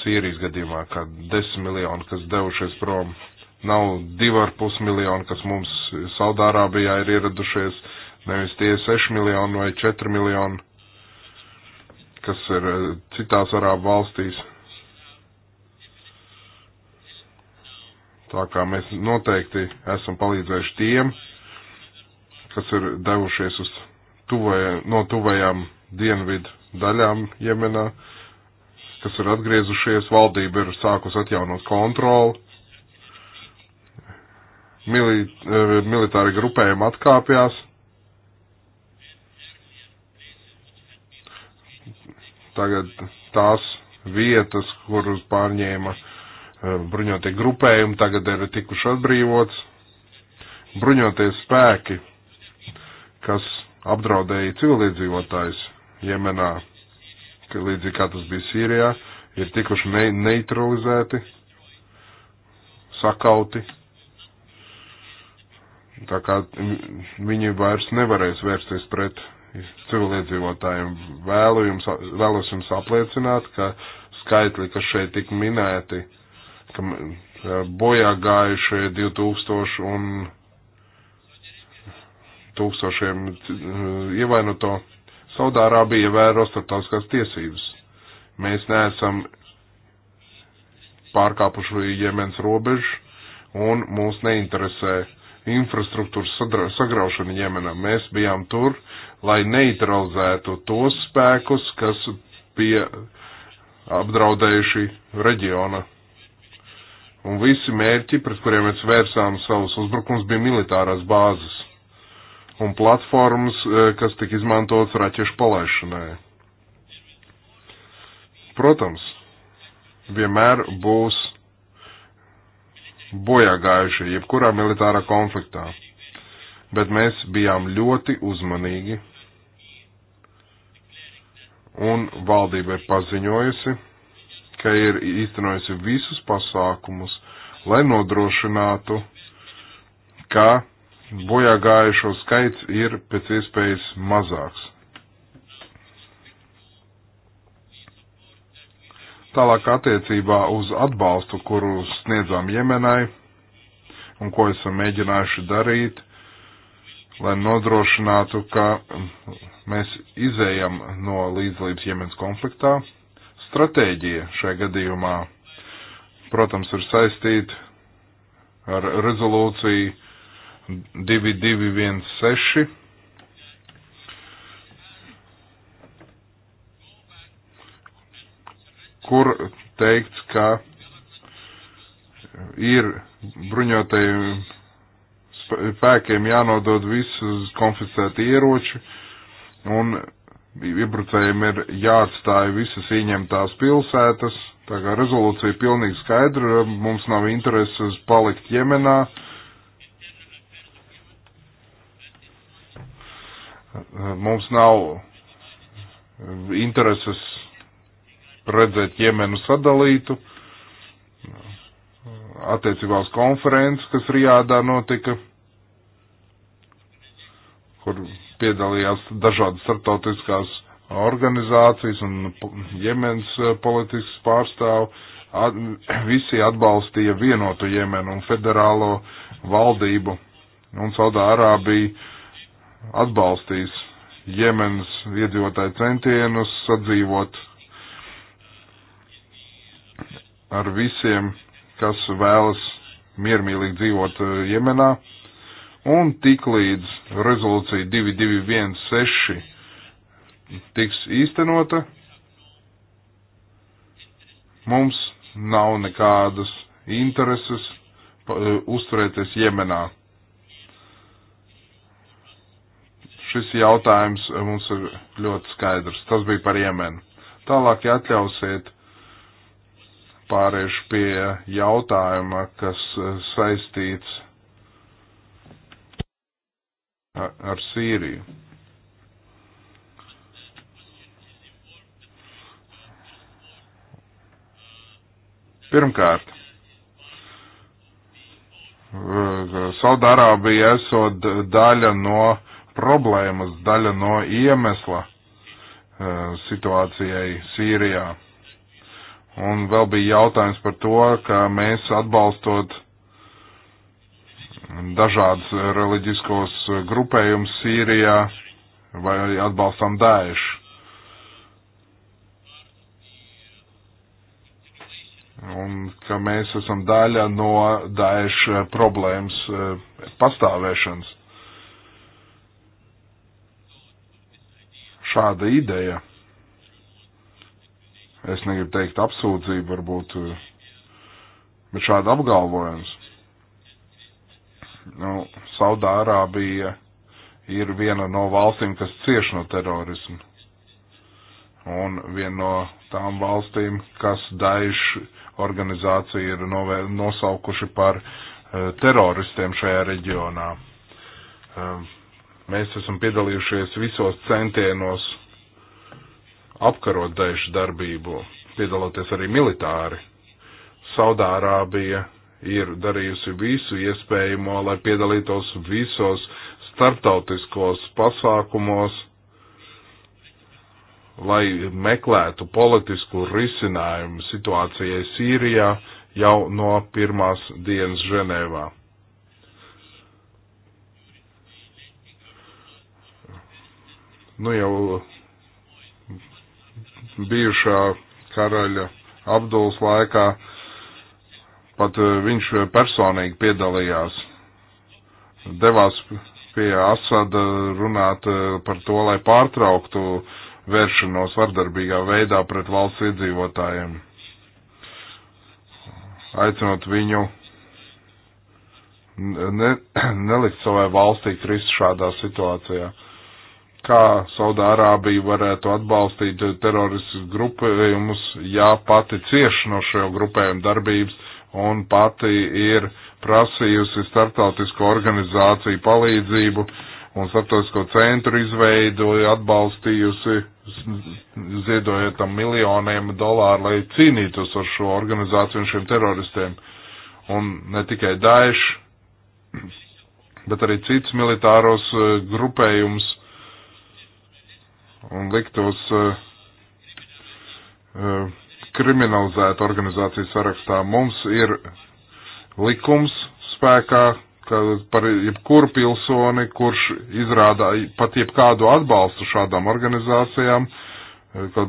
Sīrijas gadījumā, kad desmit miljoni, kas devušies prom, nav divi ar pus miljoni, kas mums Saudārābijā ir ieradušies, nevis tie seši miljoni vai četri miljoni, kas ir eh, citās arābu valstīs. Tā kā mēs noteikti esam palīdzējuši tiem, kas ir devušies uz tuvajā, no tuvajām dienvidu daļām Jemenā, kas ir atgriezušies, valdība ir sākus atjaunot kontroli, Mili, eh, militāri grupējumi atkāpjās, tagad tās vietas, kuras pārņēma eh, bruņotie grupējumi, tagad ir tikuši atbrīvots. Bruņoties spēki kas apdraudēja civiliedzīvotājus Jemenā, ka līdzīgi kā tas bija Sīrijā, ir tikuši ne neutralizēti, sakauti. Tā kā viņi vairs nevarēs vērsties pret civiliedzīvotājiem. Vēlu jums, vēlos jums apliecināt, ka skaitļi, kas šeit tik minēti, ka bojā gājušie 2000 un tūkstošiem eh, ievainoto. Saudārābija vēro starptautiskās tiesības. Mēs neesam pārkāpuši Jemens robežu un mūs neinteresē infrastruktūras sagraušana Jemenā. Mēs bijām tur, lai neutralizētu tos spēkus, kas bija apdraudējuši reģiona. Un visi mērķi, pret kuriem mēs vērsām savus uzbrukums, bija militārās bāzes un platformas, e, kas tika izmantotas raķešu palaišanai. Protams, vienmēr būs bojāgājušie jebkurā militārā konfliktā, bet mēs bijām ļoti uzmanīgi un valdība ir paziņojusi, ka ir īstenojusi visus pasākumus, lai nodrošinātu, ka bojā gājušo skaits ir pēc iespējas mazāks. Tālāk attiecībā uz atbalstu, kuru sniedzām Jemenai un ko esam mēģinājuši darīt, lai nodrošinātu, ka mēs izējam no līdzlības Jemens konfliktā. Stratēģija šajā gadījumā, protams, ir saistīta ar rezolūciju 2216. kur teikts, ka ir bruņotajiem spēkiem jānodod visus konfiscēti ieroči, un iebrucējiem ir jāatstāja visas ieņemtās pilsētas. Tā kā rezolūcija pilnīgi skaidra, mums nav intereses palikt Jemenā, uh, Mums nav intereses redzēt Jemenu sadalītu attiecībā uz konferences, kas Rijādā notika, kur piedalījās dažādas startautiskās organizācijas un Jemens eh, politisks pārstāv, at, [clears throat] visi atbalstīja vienotu Jemenu un federālo valdību. Un Saudā Arābija atbalstīs Jemenas iedzīvotāju centienus sadzīvot ar visiem, kas vēlas miermīlīgi dzīvot eh, Jemenā. Un tik līdz rezolūcija 2216 tiks īstenota, mums nav nekādas intereses eh, uzturēties Jemenā. Šis jautājums mums ir ļoti skaidrs. Tas bija par Jemenu. Tālāk, ja atļausiet, pāriešu pie jautājuma, kas eh, saistīts ar Sīriju. Pirmkārt, eh, Saudārābija esot daļa no problēmas daļa no iemesla eh, situācijai Sīrijā. Un vēl bija jautājums par to, ka mēs atbalstot dažādas reliģiskos grupējumus Sīrijā vai atbalstam Dēšu. Un ka mēs esam daļa no Dēša eh, problēmas eh, pastāvēšanas. šāda ideja. Es negribu teikt apsūdzību, varbūt, bet šāda apgalvojums. Nu, Saudārābija ir viena no valstīm, kas cieš no terorismu. Un viena no tām valstīm, kas Daišu organizācija ir novē, nosaukuši par uh, teroristiem šajā reģionā. Uh, Mēs esam piedalījušies visos centienos apkarot daļu darbību, piedaloties arī militāri. Saudārābija ir darījusi visu iespējamo, lai piedalītos visos starptautiskos pasākumos, lai meklētu politisku risinājumu situācijai Sīrijā jau no pirmās dienas Ženēvā. nu jau bijušā karaļa Abduls laikā pat eh, viņš personīgi piedalījās, devās pie Asada runāt eh, par to, lai pārtrauktu vēršanos vardarbīgā veidā pret valsts iedzīvotājiem, aicinot viņu ne, nelikt savai valstī krist šādā situācijā kā Saudārābija varētu atbalstīt teroristu grupējumus, ja pati cieš no šo grupējumu darbības un pati ir prasījusi starptautisko organizāciju palīdzību un starptautisko centru izveidu, atbalstījusi, ziedojot tam miljoniem dolāru, lai cīnītos ar šo organizāciju un šiem teroristiem. Un ne tikai Daesh, [clears throat] bet arī cits militāros eh, grupējums un liktos uh, eh, uh, eh, kriminalizēt organizāciju sarakstā. Mums ir likums spēkā ka par jebkuru pilsoni, kurš izrādā pat jebkādu atbalstu šādām organizācijām, eh, ka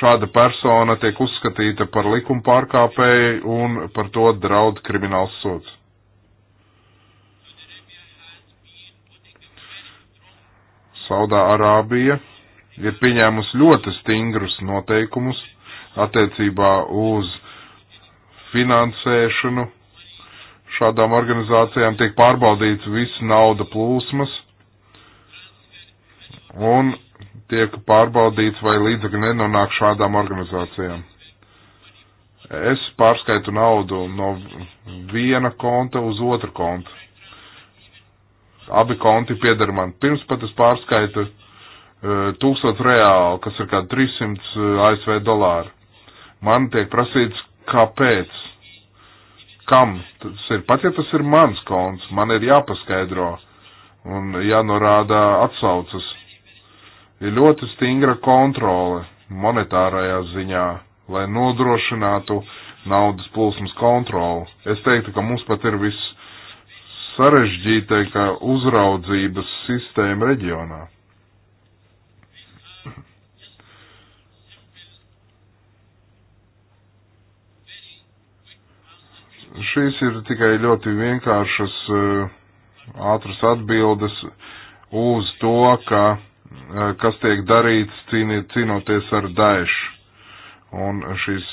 šāda persona tiek uzskatīta par likuma pārkāpēju un par to draud krimināls sots. Saudā Arābija ir pieņēmusi ļoti stingrus noteikumus attiecībā uz finansēšanu. Šādām organizācijām tiek pārbaudīts visu nauda plūsmas un tiek pārbaudīts, vai līdzekļi nenonāk šādām organizācijām. Es pārskaitu naudu no viena konta uz otru kontu. Abi konti pieder man. Pirms pat es pārskaitu uh, 1000 eh, reāli, kas ir kā 300 ASV dolāri. Man tiek prasīts, kāpēc, kam tas ir. Pat ja tas ir mans konts, man ir jāpaskaidro un jānorāda atsaucas. Ir ļoti stingra kontrole monetārajā ziņā, lai nodrošinātu naudas plūsmas kontroli. Es teiktu, ka mums pat ir viss sarežģītākā uzraudzības sistēma reģionā. Šīs ir tikai ļoti vienkāršas, eh, ātras atbildes uz to, ka, eh, kas tiek darīts cīnī, cīnoties ar Daešu un šīs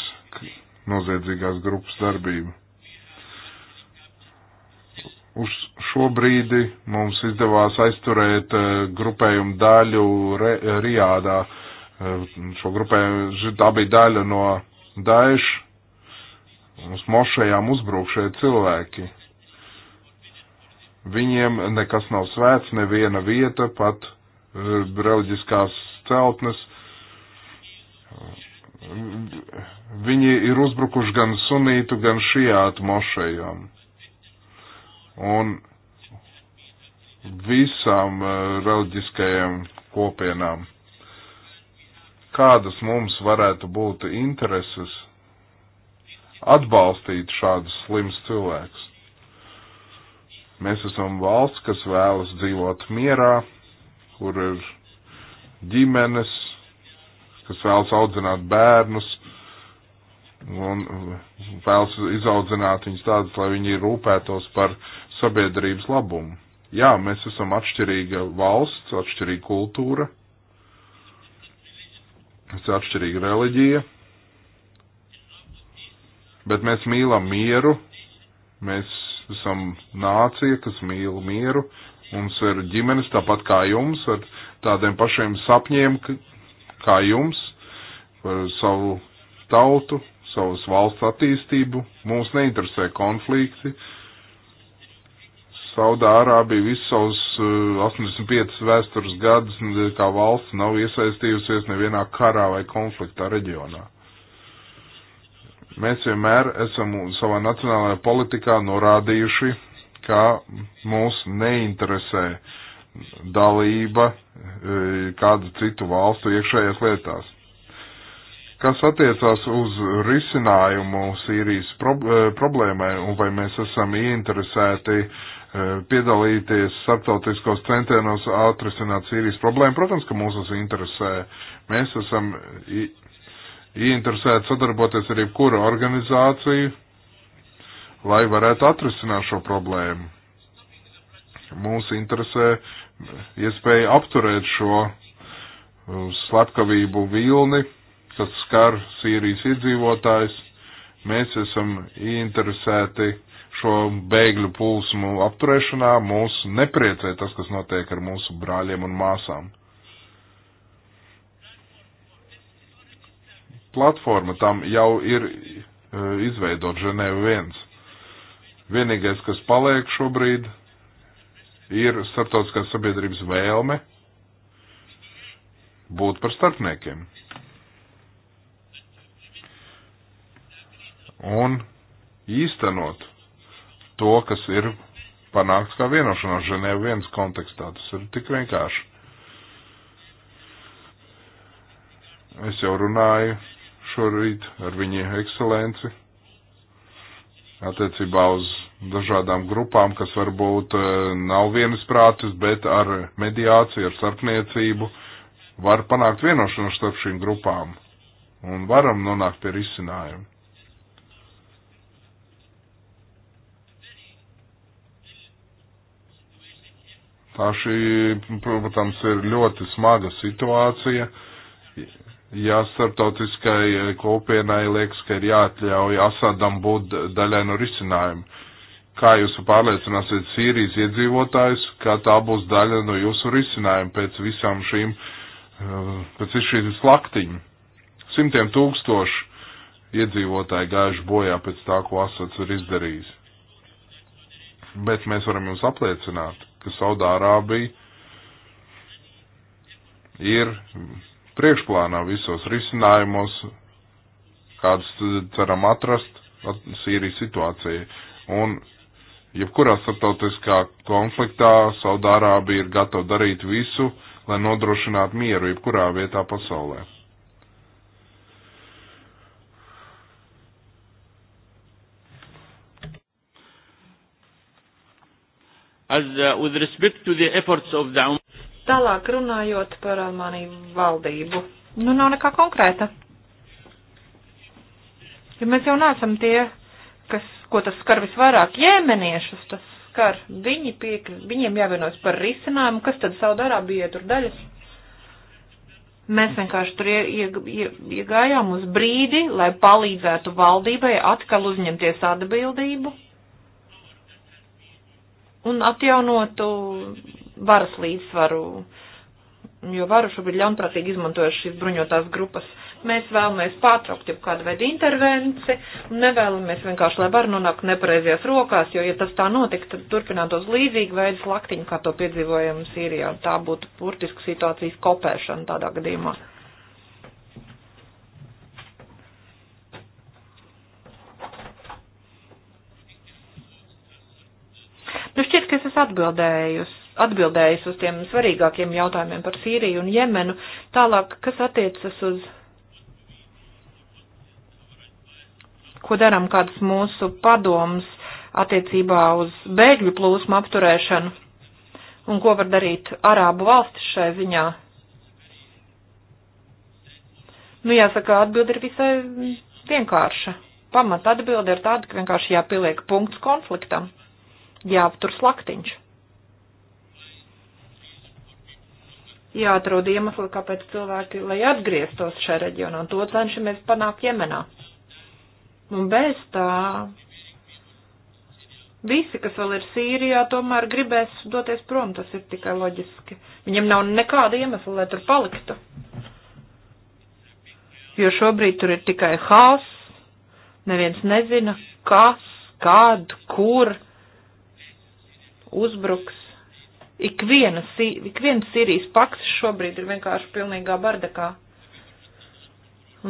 noziedzīgās grupas darbību. Uz šo brīdi mums izdevās aizturēt eh, grupējumu daļu re, Rijādā. Šo grupējumu, tā bija daļa no Daešu Uz mošajām uzbrūk šie cilvēki. Viņiem nekas nav svēts, neviena vieta, pat eh, reliģiskās celtnes. Viņi ir uzbrukuši gan sunītu, gan šijātu mošajām. Un visām eh, reliģiskajām kopienām. Kādas mums varētu būt intereses atbalstīt šādus slims cilvēkus. Mēs esam valsts, kas vēlas dzīvot mierā, kur ir ģimenes, kas vēlas audzināt bērnus un vēlas izaudzināt viņus tādus, lai viņi rūpētos par sabiedrības labumu. Jā, mēs esam atšķirīga valsts, atšķirīga kultūra, atšķirīga reliģija bet mēs mīlam mieru, mēs esam nācija, kas mīl mieru, mums ir ģimenes tāpat kā jums, ar tādiem pašiem sapņiem kā jums, par savu tautu, savas valsts attīstību, mūs neinteresē konflikti. Saudārābija visus savus 85 eh, vēstures gadus kā valsts nav iesaistījusies nevienā karā vai konfliktā reģionā. Mēs vienmēr esam savā nacionālajā politikā norādījuši, ka mūs neinteresē dalība e, kādu citu valstu iekšējās lietās. Kas attiecās uz risinājumu Sīrijas e, problēmai un vai mēs esam ieinteresēti uh, piedalīties starptautiskos centienos atrisināt Sīrijas problēmu. Protams, ka mūs tas interesē. Mēs esam ieinteresēti sadarboties ar jebkuru organizāciju, lai varētu atrisināt šo problēmu. Mūs interesē iespēja apturēt šo uh, slepkavību vilni, kas skar Sīrijas iedzīvotājs. Mēs esam ieinteresēti šo bēgļu plūsmu apturēšanā. Mūs nepriecē tas, kas notiek ar mūsu brāļiem un māsām. platforma tam jau ir e, izveidot Ženēva 1. Vienīgais, kas paliek šobrīd, ir starptautiskās sabiedrības vēlme būt par starpniekiem. Un īstenot to, kas ir panākts kā vienošanās Ženēva viens kontekstā. Tas ir tik vienkārši. Es jau runāju šorīt ar viņu ekscelenci attiecībā uz dažādām grupām, kas varbūt e, nav vienisprātis, bet ar mediāciju, ar starpniecību var panākt vienošanos starp šīm grupām un varam nonākt pie risinājuma. Tā šī, protams, ir ļoti smaga situācija ja starptautiskai eh, kopienai liekas, ka ir jāatļauj Asadam būt daļai no risinājuma. Kā jūs pārliecināsiet Sīrijas iedzīvotājus, ka tā būs daļa no jūsu risinājuma pēc visām šīm, eh, pēc šīs slaktiņa? Simtiem tūkstoši iedzīvotāji gājuši bojā pēc tā, ko Asads ir izdarījis. Bet mēs varam jums apliecināt, ka Saudārābija ir priekšplānā visos risinājumos, kādas ceram atrast Sīrijas situācijai. Un jebkurā starptautiskā konfliktā Saudārābija ir gatava darīt visu, lai nodrošinātu mieru jebkurā vietā pasaulē. As uh, with respect to the efforts of the Tālāk runājot par Almāniju valdību. Nu, nav nekā konkrēta. Ja mēs jau neesam tie, kas, ko tas skar visvairāk jēmeniešus, tas skar viņi piekri, viņiem jāvienojas par risinājumu, kas tad Saudārābija tur daļas. Mēs vienkārši tur iegājām uz brīdi, lai palīdzētu valdībai atkal uzņemties atbildību un atjaunotu varas līdzsvaru, jo varu šobrīd ļaunprātīgi izmantojuši šīs bruņotās grupas. Mēs vēlamies pārtraukt jau kādu veidu intervenci un nevēlamies vienkārši, lai varu nonāk nepareizajās rokās, jo, ja tas tā notika, tad turpinātos līdzīgi veids laktiņu, kā to piedzīvojam Sīrijā. Tā būtu burtiska situācijas kopēšana tādā gadījumā. Nu, šķiet, ka es esmu atbildējusi atbildējis uz tiem svarīgākiem jautājumiem par Sīriju un Jemenu. Tālāk, kas attiecas uz. Ko darām, kādas mūsu padomas attiecībā uz bēgļu plūsmu apturēšanu un ko var darīt Arābu valstis šai ziņā? Nu, jāsaka, atbildi ir visai vienkārša. Pamata atbildi ir tāda, ka vienkārši jāpieliek punkts konfliktam, jāaptur slaktiņš. jāatrod iemesli, kāpēc cilvēki, lai atgrieztos šajā reģionā, un to cenšamies panākt Jemenā. Un bez tā visi, kas vēl ir Sīrijā, tomēr gribēs doties prom, tas ir tikai loģiski. Viņam nav nekāda iemesla, lai tur paliktu. Jo šobrīd tur ir tikai haoss, neviens nezina, kas, kad, kur uzbruks Ikvienas, ikvienas Sīrijas paks šobrīd ir vienkārši pilnīgā bardakā.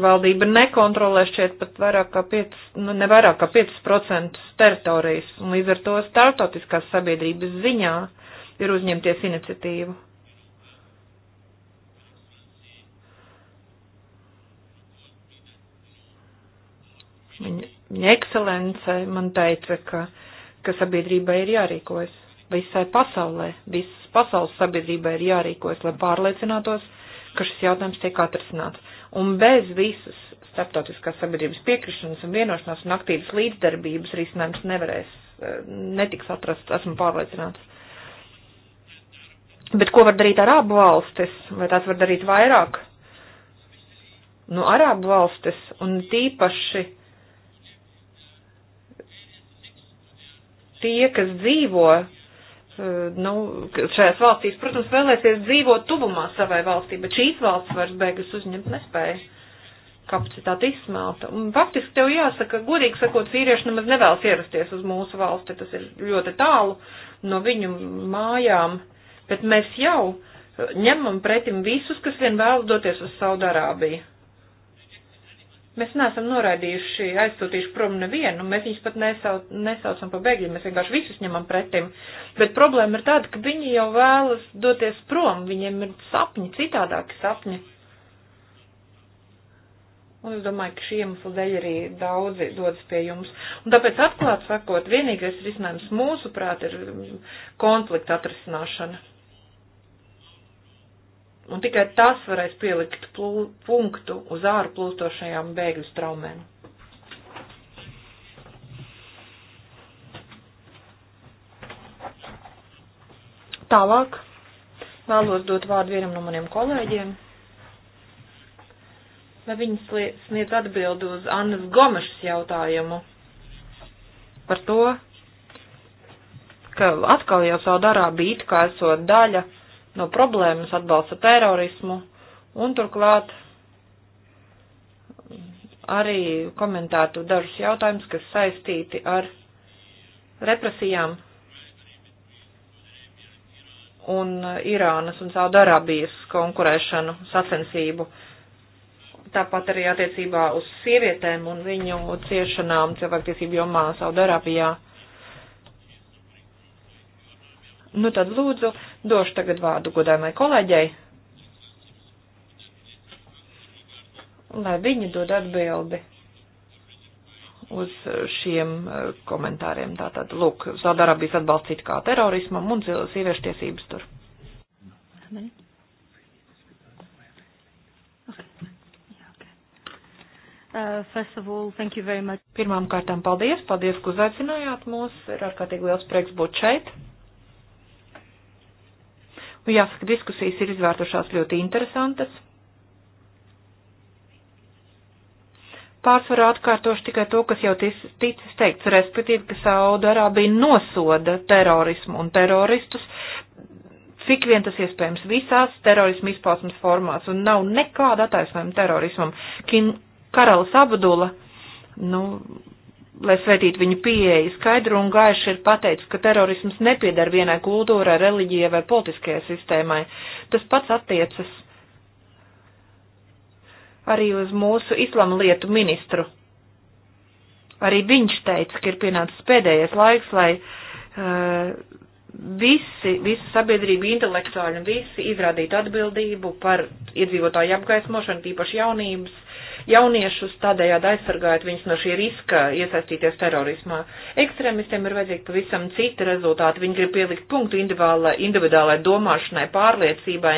Valdība nekontrolē šķiet pat vairāk kā 5, nu, ne vairāk kā 5% teritorijas, un līdz ar to startautiskās sabiedrības ziņā ir uzņemties iniciatīvu. Viņa, viņa ekscelence man teica, ka, ka sabiedrībai ir jārīkojas visai pasaulē. Visas pasaules sabiedrībai ir jārīkojas, lai pārliecinātos, ka šis jautājums tiek atrisināts. Un bez visas starptautiskās sabiedrības piekrišanas un vienošanās un aktīvas līdzdarbības risinājums nevarēs, eh, netiks atrasts, esmu pārliecināts. Bet ko var darīt arābu valstis? Vai tās var darīt vairāk? Nu, arābu valstis un tīpaši tie, kas dzīvo Eh, nu, šajās valstīs, protams, vēlēsies dzīvot tuvumā savai valstī, bet šīs valsts vairs beigas uzņemt nespēja kapacitāti izsmelta. Un faktiski tev jāsaka, godīgi sakot, vīrieši nemaz nevēlas ierasties uz mūsu valsti, tas ir ļoti tālu no viņu mājām, bet mēs jau ņemam pretim visus, kas vien vēlas doties uz Saudārābiju. Mēs neesam noraidījuši, aizsūtījuši prom nevienu, mēs viņus pat nesau, nesaucam pa bēgļiem, mēs vienkārši visus ņemam pretim. Bet problēma ir tāda, ka viņi jau vēlas doties prom, viņiem ir sapņi, citādāki sapņi. Un es domāju, ka šī iemesla dēļ arī daudzi dodas pie jums. Un tāpēc atklāt sakot, vienīgais risinājums mūsuprāt ir konflikta atrisināšana. Un tikai tas varēs pielikt plū, punktu uz āru plūstošajām bēgļu straumēm. Tālāk vēlos dot vārdu vienam no maniem kolēģiem, lai viņi sniedz atbildi uz Annas Gomešas jautājumu par to, ka atkal jau Saudārābija it kā esot daļa no problēmas atbalsta terorismu un turklāt arī komentētu dažus jautājumus, kas saistīti ar represijām un Irānas un Saudarābijas konkurēšanu sacensību. Tāpat arī attiecībā uz sievietēm un viņu ciešanām cilvēktiesību jomā Saudarābijā Nu tad lūdzu, došu tagad vārdu godājumai kolēģei, lai viņi dod atbildi uz šiem eh, komentāriem. Tātad, lūk, Saudarābijas atbalsts it kā terorismam un sieviešu tiesības tur. Amen. Uh, first of all, thank you very much. Pirmām kārtām paldies, paldies, ka uzaicinājāt mūs. Ir ārkārtīgi liels prieks būt šeit. Nu, jāsaka, diskusijas ir izvērtušās ļoti interesantas. Pārsvarā atkārtošu tikai to, kas jau ticis teikts, respektīvi, ka Sauda Arābija nosoda terorismu un teroristus, cik vien tas iespējams visās terorismu izpausmes formās, un nav nekāda attaisnojuma terorismam. Kim, karalis Abdula, nu, lai svētītu viņu pieeja, skaidru un gaišu ir pateicis, ka terorisms nepiedara vienai kultūrai, reliģijai vai politiskajai sistēmai. Tas pats attiecas arī uz mūsu islama lietu ministru. Arī viņš teica, ka ir pienācis pēdējais laiks, lai uh, visi, visa sabiedrība, intelektuāļi un visi izrādītu atbildību par iedzīvotāju apgaismošanu, tīpaši jaunības jauniešus, tādējādi aizsargājot viņus no šī riska iesaistīties terorismā. Ekstrēmistiem ir vajadzīgi pavisam citi rezultāti. Viņi grib pielikt punktu individuālai, individuālai domāšanai, pārliecībai,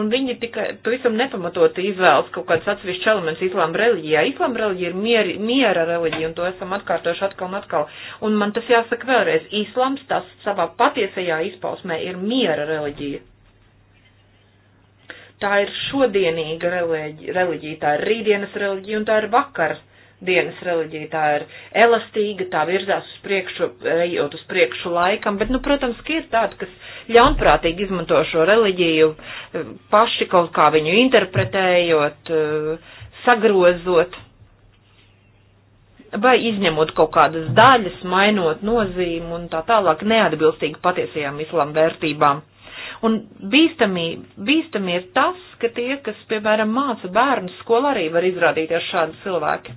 un viņi tikai pavisam nepamatoti izvēlas kaut kāds atsevišķs elements islāma reliģijā. Islāma reliģija ir mieri, miera reliģija, un to esam atkārtojuši atkal un atkal. Un man tas jāsaka vēlreiz, islāms tas savā patiesajā izpausmē ir miera reliģija tā ir šodienīga reliģija, tā ir rītdienas reliģija un tā ir vakar dienas reliģija, tā ir elastīga, tā virzās uz priekšu, ejot uz priekšu laikam, bet, nu, protams, ka ir tādi, kas ļaunprātīgi izmanto šo reliģiju, eh, paši kaut kā viņu interpretējot, eh, sagrozot, vai izņemot kaut kādas daļas, mainot nozīmi un tā tālāk neatbilstīgi patiesajām islām vērtībām. Un bīstamī, bīstami ir tas, ka tie, kas, piemēram, māca bērnu skolā, arī var izrādīties šādi cilvēki.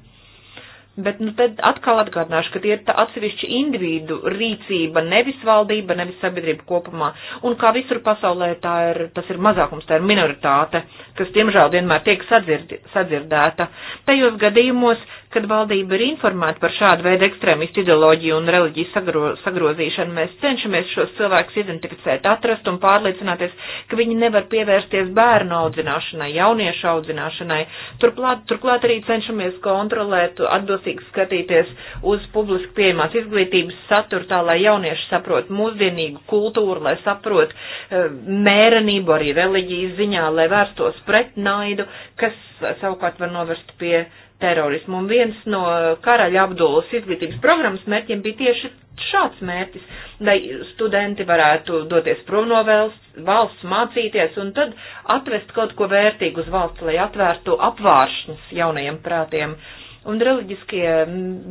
Bet, nu, tad atkal atgādināšu, ka tie ir atsevišķi individu rīcība, nevis valdība, nevis sabiedrība kopumā. Un kā visur pasaulē, tā ir, tas ir mazākums, tā ir minoritāte, kas, diemžēl, vienmēr tiek sadzird, sadzirdēta. Tajos gadījumos, Kad valdība ir informēta par šādu veidu ekstrēmistu ideoloģiju un reliģiju sagro, sagrozīšanu, mēs cenšamies šos cilvēkus identificēt, atrast un pārliecināties, ka viņi nevar pievērsties bērnu audzināšanai, jauniešu audzināšanai. Turklāt, turklāt arī cenšamies kontrolēt, atbilstīgi skatīties uz publiski pieejamās izglītības saturu, tā lai jaunieši saprot mūsdienīgu kultūru, lai saprot uh, mērenību arī reliģijas ziņā, lai vērstos pret naidu, kas savukārt var novest pie uh, terorismu. Un viens no karaļa apdulas izglītības programmas mērķiem bija tieši šāds mērķis, lai studenti varētu doties prom no valsts, mācīties un tad atvest kaut ko vērtīgu uz valsts, lai atvērtu apvāršņus jaunajiem prātiem. Uh, Un reliģiskie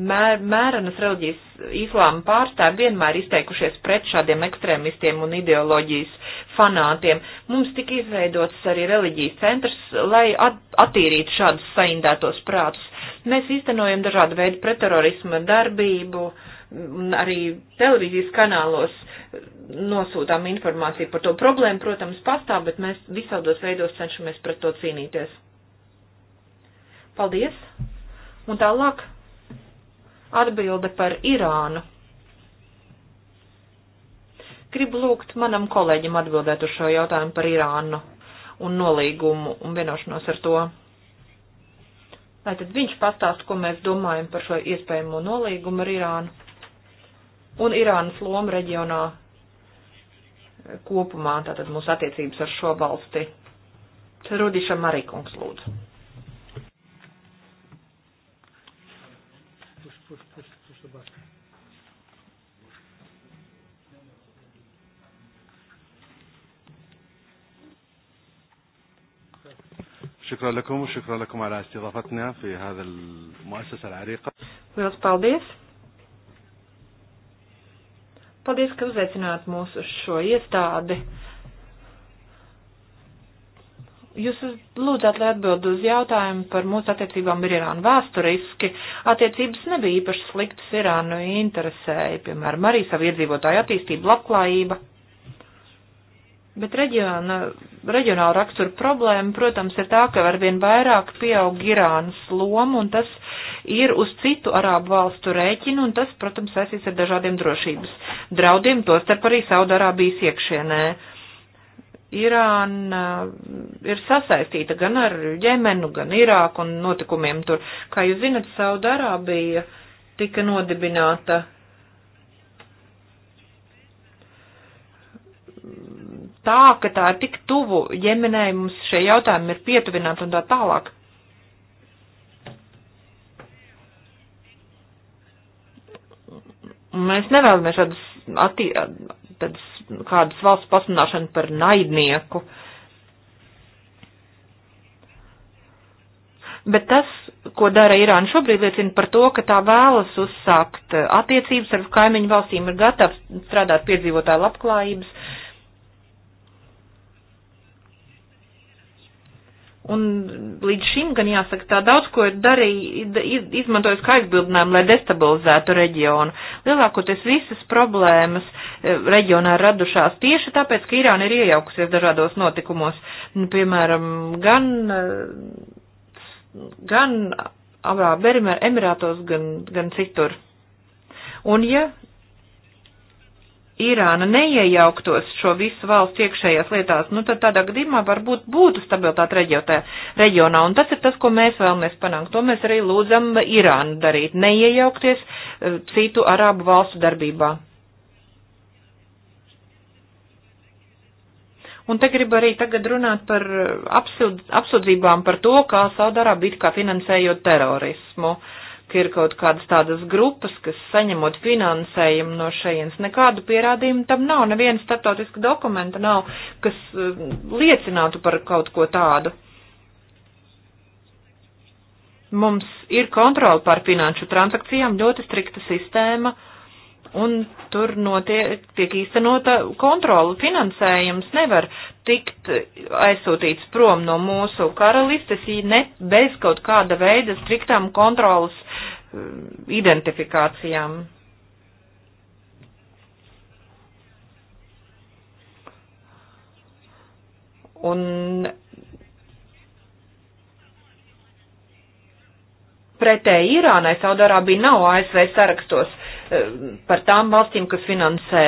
mēr, mērenas reliģijas islāma pārstāvi vienmēr izteikušies pret šādiem ekstrēmistiem un ideoloģijas fanātiem. Mums tika izveidots arī reliģijas centrs, lai at attīrītu šādus saindētos prātus. Mēs īstenojam dažādu veidu pretterorisma darbību, arī televīzijas kanālos nosūtām informāciju par to problēmu, protams, pastāv, bet mēs visādos veidos cenšamies pret to cīnīties. Paldies! Un tālāk atbilde par Irānu. Gribu lūgt manam kolēģim atbildēt uz šo jautājumu par Irānu un nolīgumu un vienošanos ar to. Lai tad viņš pastāst, ko mēs domājam par šo iespējamo nolīgumu ar Irānu un Irānas lomu reģionā kopumā, tātad mūsu attiecības ar šo valsti. Rudišam arī kungs lūdzu. push, push, push the button. شكرا لكم وشكرا لكم على استضافتنا في هذا المؤسسة العريقة. Liels paldies! Paldies, ka uzaicinājāt mūs uz šo iestādi Jūs lūdzāt, lai atbild uz jautājumu par mūsu attiecībām ar Irānu. Vēsturiski attiecības nebija īpaši sliktas Irānu interesēja, piemēram, arī savu iedzīvotāju attīstību, labklājība. Bet reģiona, reģionāla rakstura problēma, protams, ir tā, ka arvien vairāk pieaug Irānas loma, un tas ir uz citu arābu valstu rēķinu, un tas, protams, saistīts ar dažādiem drošības draudiem, tostarp arī Saudarābijas iekšienē. Uh, Irāna eh, ir sasaistīta gan ar Jemenu, gan Irāku un notikumiem tur. Kā jūs zinat, Saudarābija tika nodibināta tā, ka tā ir tik tuvu Jemenai, mums šie jautājumi ir pietuvināti un tā tālāk. Mēs nevēlamies tādas kādas valsts pasunāšanu par naidnieku. Bet tas, ko dara Irāna šobrīd, liecina par to, ka tā vēlas uzsākt attiecības ar kaimiņu valstīm, ir gatava strādāt piedzīvotāju labklājības Un līdz šim, gan jāsaka, tā daudz ko ir darīja, izmantojis kā aizbildinājumu, lai destabilizētu reģionu. Lielākoties visas problēmas e, reģionā radušās tieši tāpēc, ka Irāna ir iejaukusies dažādos notikumos, nu, piemēram, gan, e, gan Arābu Emirātos, gan, gan citur. Un ja Irāna neiejauktos šo visu valstu iekšējās lietās, nu tad tādā gadījumā varbūt būtu stabilitāte reģiotē, reģionā. Un tas ir tas, ko mēs vēlamies panākt. To mēs arī lūdzam Irānu darīt, neiejaukties eh, citu arābu valstu darbībā. Un te gribu arī tagad runāt par eh, apsūdzībām par to, kā Saudārābija it kā finansējot terorismu. Uh, ka ir kaut kādas tādas grupas, kas saņemot finansējumu no šajienas. Nekādu pierādījumu tam nav, neviena startautiska dokumenta nav, kas eh, liecinātu par kaut ko tādu. Mums ir kontrola pār finanšu transakcijām, ļoti strikta sistēma. Uh, un tur notiek, tiek īstenota kontrola. Finansējums nevar tikt aizsūtīts prom no mūsu karalistes, ne bez kaut kāda veida striktām kontrolas eh, identifikācijām. Un Pretēji Irānai Saudārābija nav ASV sarakstos eh, par tām valstīm, kas finansē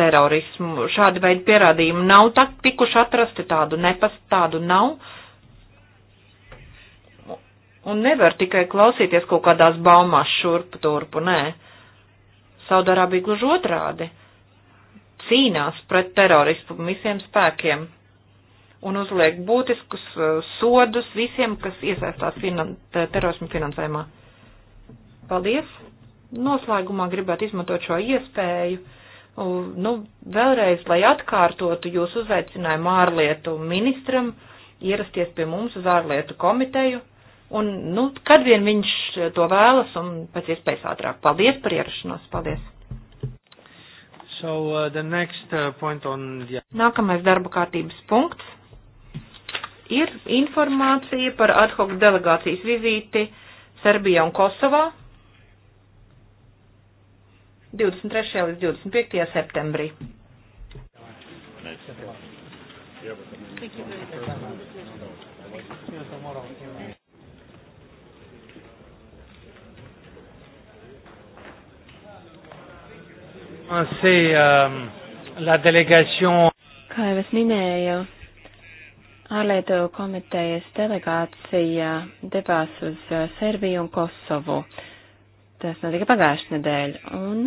terorismu. Šādi veidi pierādījumi nav tak, tikuši atrasti, tādu nepast, tādu nav. Un nevar tikai klausīties kaut kādās baumās šurp turpu, nē. Saudārābija gluži otrādi cīnās pret terorismu visiem spēkiem un uzliek būtiskus uh, sodus visiem, kas iesaistās finan terorismu finansējumā. Paldies! Noslēgumā gribētu izmantot šo iespēju. Nu, vēlreiz, lai atkārtotu jūsu uzaicinājumu ārlietu ministram ierasties pie mums uz ārlietu komiteju, un, nu, kad vien viņš to vēlas un pēc iespējas ātrāk. Paldies par ierašanos! Paldies! So, uh, the next, uh, point on the... Nākamais darba kārtības punkts ir informācija par ad hoc delegācijas vizīti Serbijā un Kosovā 23. līdz 25. septembrī. Thank you very much. C'est euh, la délégation. Kā jau es minēju, ārlietu komitejas delegācija devās uz uh, Serbiju un Kosovu. Tas notika pagājušajā nedēļā. Un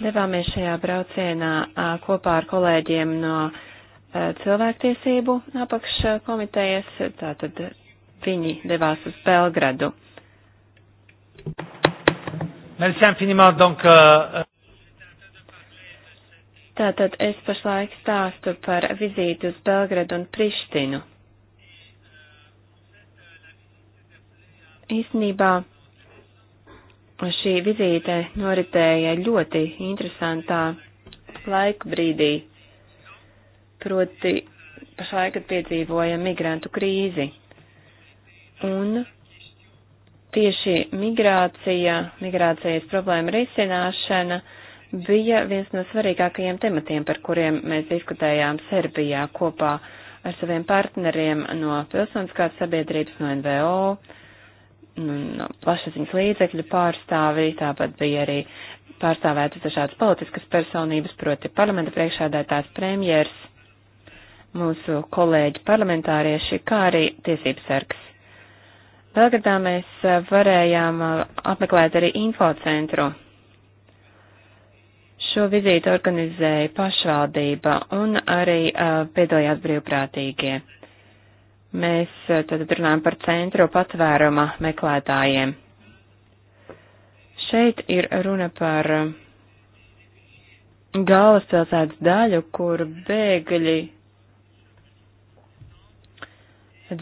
devāmies šajā braucienā uh, kopā ar kolēģiem no uh, cilvēktiesību apakškomitejas. Tātad viņi devās uz Belgradu. Merci infiniment. Donc, euh... Tātad es pašlaik stāstu par vizīti uz Belgradu un Prištinu. Īsnībā šī vizīte noritēja ļoti interesantā laika brīdī, proti pašlaik, kad piedzīvoja migrantu krīzi. Un tieši migrācija, migrācijas problēma risināšana bija viens no svarīgākajiem tematiem, par kuriem mēs diskutējām Serbijā kopā ar saviem partneriem no pilsoniskās sabiedrības, no NVO, nu, no plašsaziņas līdzekļu pārstāvī, tāpat bija arī pārstāvētas dažādas politiskas personības, proti parlamenta priekšādētājs premjers, mūsu kolēģi parlamentārieši, kā arī tiesības sargs. Belgradā mēs eh, varējām eh, apmeklēt arī infocentru, Šo vizīti organizēja pašvaldība un arī uh, piedalījās brīvprātīgie. Mēs uh, tad runājam par centru patvēruma meklētājiem. Šeit ir runa par uh, galvaspilsētas daļu, kur bēgļi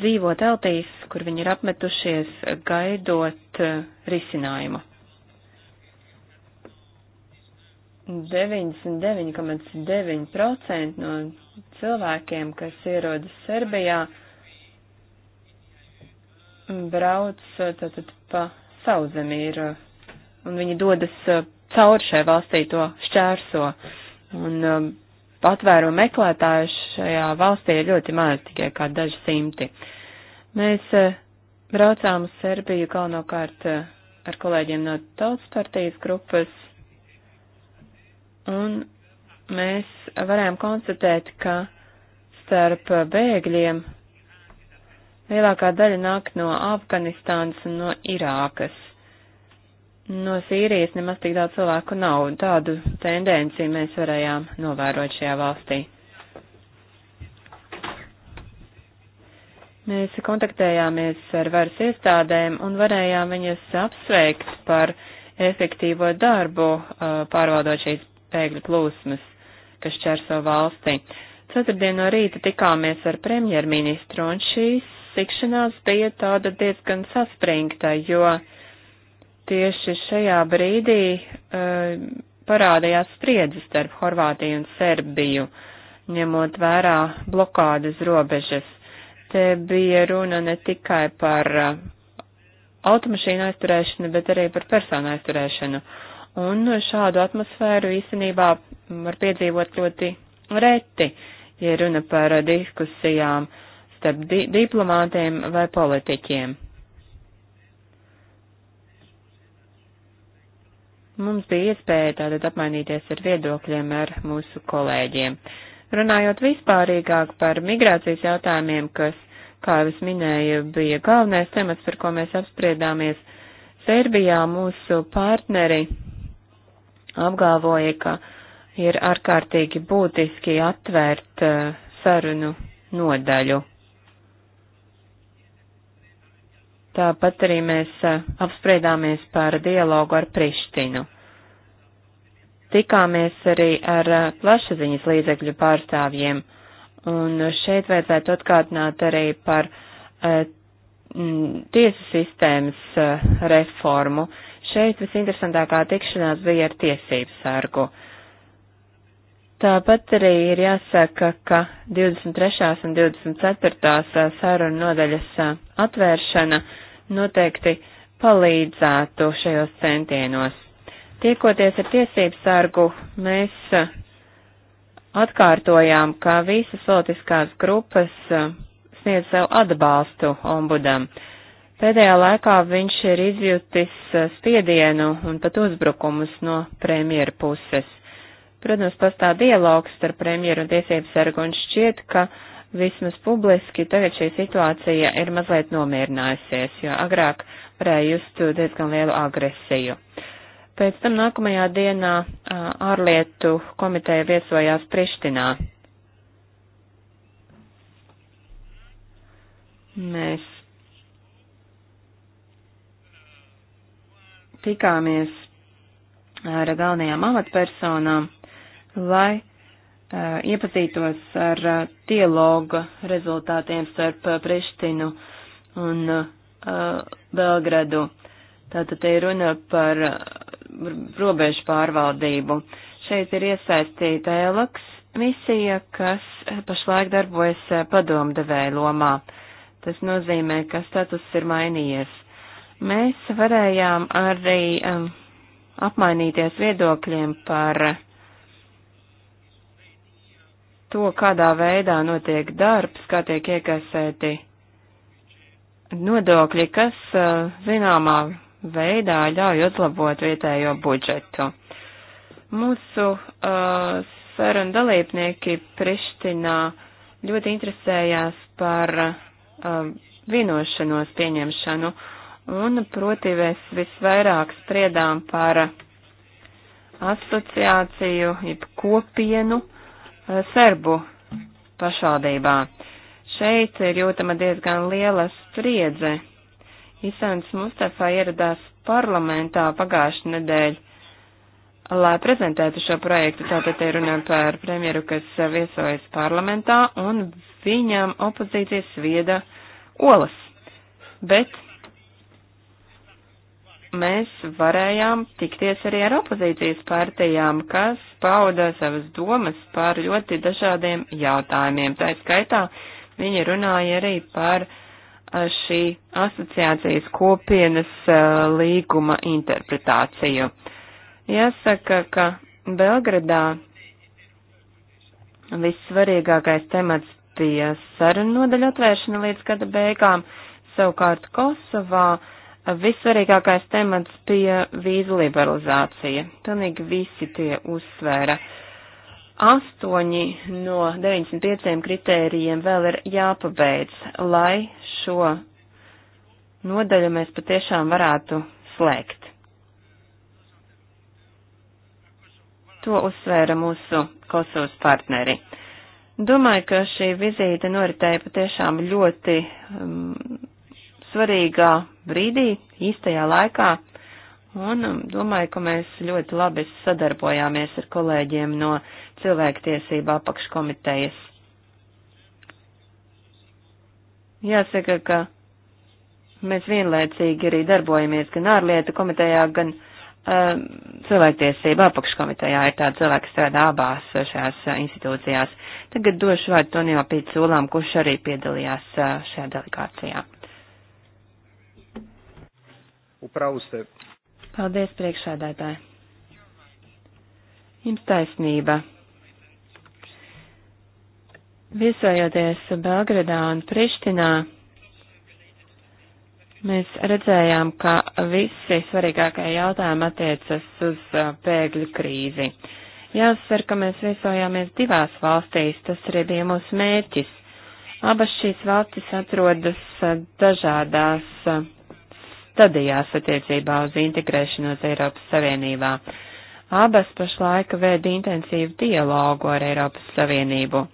dzīvo teltīs, kur viņi ir apmetušies gaidot uh, risinājumu. 99,9% no cilvēkiem, kas ierodas Serbijā, brauc eh, tātad pa sauzemīru, un viņi dodas eh, cauri šai valstī to šķērso, un eh, patvēru meklētāju šajā valstī ir ļoti maz, tikai kā daži simti. Mēs braucām uz Serbiju galvenokārt ar kolēģiem no tautas partijas grupas, un mēs varējām konstatēt, ka starp bēgļiem lielākā daļa nāk no Afganistānas un no Irākas. No Sīrijas nemaz tik daudz cilvēku nav. Tādu tendenciju mēs varējām novērot šajā valstī. Mēs kontaktējāmies ar varas iestādēm un varējām viņas apsveikt par efektīvo darbu pārvaldot šīs bēgļu plūsmas, kas čērso valstī. Ceturtdien no rīta tikāmies ar premjerministru, un šīs tikšanās bija tāda diezgan saspringta, jo tieši šajā brīdī uh, parādījās spriedzes starp Horvātiju un Serbiju, ņemot vērā blokādes robežas. Te bija runa ne tikai par uh, automašīnu aizturēšanu, bet arī par personu aizturēšanu. Uh, un šādu atmosfēru īstenībā var piedzīvot ļoti reti, ja runa par diskusijām starp di diplomātiem vai politiķiem. Mums bija iespēja tātad apmainīties ar viedokļiem ar mūsu kolēģiem. Runājot vispārīgāk par migrācijas jautājumiem, kas, kā jau es minēju, bija galvenais temats, par ko mēs apspriedāmies, Serbijā mūsu partneri apgalvoja, ka ir ārkārtīgi būtiski atvērt uh, sarunu nodaļu. Tāpat arī mēs uh, apspriedāmies par dialogu ar Prištinu. Tikāmies arī ar uh, plašsaziņas līdzekļu pārstāvjiem, un šeit vajadzētu atkārtināt arī par tiesu sistēmas reformu. Šeit visinteresantākā tikšanās bija ar tiesību sargu. Tāpat arī ir jāsaka, ka 23. un 24. saruna nodaļas atvēršana noteikti palīdzētu šajos centienos. Tiekoties ar tiesību sargu, mēs atkārtojām, ka visas politiskās grupas sniedz sev atbalstu ombudam. Uh, Pēdējā laikā viņš ir izjutis eh, spiedienu un pat uzbrukumus no premjera puses. Protams, pastāv dialogs starp premjeru un tiesību sargu un šķiet, ka vismaz publiski tagad šī situācija ir mazliet nomierinājusies, jo agrāk varēja just diezgan lielu agresiju. Pēc tam nākamajā dienā ārlietu komiteja viesojās Prištinā. Mēs tikāmies ar galvenajām amatpersonām, lai uh, iepazītos ar uh, dialoga rezultātiem starp Prištinu un uh, Belgradu. Tātad te ir runa par robežu pārvaldību. Šeit ir iesaistīta ELAKS misija, kas pašlaik darbojas padomdevēja lomā. Tas nozīmē, ka status ir mainījies. Mēs varējām arī um, apmainīties viedokļiem par to, kādā veidā notiek darbs, kā tiek iekasēti nodokļi, kas uh, zināmā veidā ļauj uzlabot vietējo budžetu. Mūsu uh, saruna dalībnieki Prištinā ļoti interesējās par uh, vienošanos pieņemšanu un proti mēs visvairāk spriedām par asociāciju, jeb kopienu eh, serbu pašvaldībā. Šeit ir jūtama diezgan liela spriedze. Isants Mustafa ieradās parlamentā pagājušajā nedēļā, lai prezentētu šo projektu. Tātad te runā par premjeru, kas viesojas parlamentā, un viņam opozīcijas vieda olas. Bet mēs varējām tikties arī ar opozīcijas partijām, kas pauda savas domas par ļoti dažādiem jautājumiem. Tā skaitā viņi runāja arī par šī asociācijas kopienas līguma interpretāciju. Jāsaka, ka Belgradā vissvarīgākais temats bija sarunu nodaļu atvēršana līdz gada beigām, savukārt Kosovā uh, Vissvarīgākais temats bija vīzu liberalizācija. Pilnīgi visi tie uzsvēra. Astoņi no 95 kritērijiem vēl ir jāpabeidz, lai šo nodaļu mēs patiešām varētu slēgt. To uzsvēra mūsu Kosovas partneri. Domāju, ka šī vizīte noritēja patiešām ļoti um, svarīgā brīdī, īstajā laikā, un um, domāju, ka mēs ļoti labi sadarbojāmies ar kolēģiem no cilvēktiesība apakškomitejas. Jāsaka, ka mēs vienlaicīgi arī darbojamies gan ārlietu komitejā, gan uh, cilvēktiesība apakškomitejā. Ir tāda cilvēka strādā abās šajās uh, institūcijās. Tagad došu vārdu Tonijā Pīcūlām, kurš arī piedalījās uh, šajā delegācijā. Upravu ste. Paldies, priekšsēdētāji. Jums taisnība. Viesojoties Belgradā un Prištinā, mēs redzējām, ka visi svarīgākie jautājumi attiecas uz bēgļu krīzi. Jāsver, ka mēs viesojāmies divās valstīs, tas arī bija mūsu mērķis. Abas šīs valstis atrodas dažādās stadijās attiecībā uz integrēšanos Eiropas Savienībā. Abas pašlaika vēd intensīvu dialogu ar Eiropas Savienību.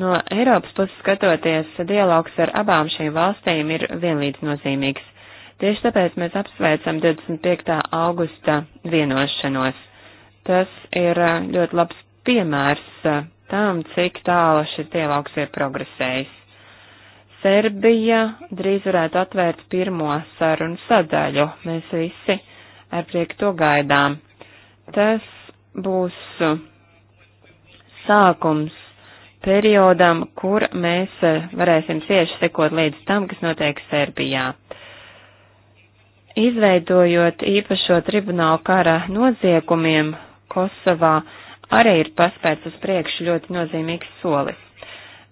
No Eiropas puses skatoties, dialogs ar abām šīm valstīm ir vienlīdz nozīmīgs. Tieši tāpēc mēs apsveicam 25. augusta vienošanos. Tas ir eh, ļoti labs piemērs eh, tam, cik tālu šis dialogs ir progresējis. Serbija drīz varētu atvērt pirmo sarunu sadaļu. Mēs visi ar prieku to gaidām. Tas būs sākums periodam, kur mēs varēsim cieši sekot līdz tam, kas notiek Serbijā. Izveidojot īpašo tribunālu kara noziegumiem Kosovā, arī ir paspērts uz priekšu ļoti nozīmīgs solis.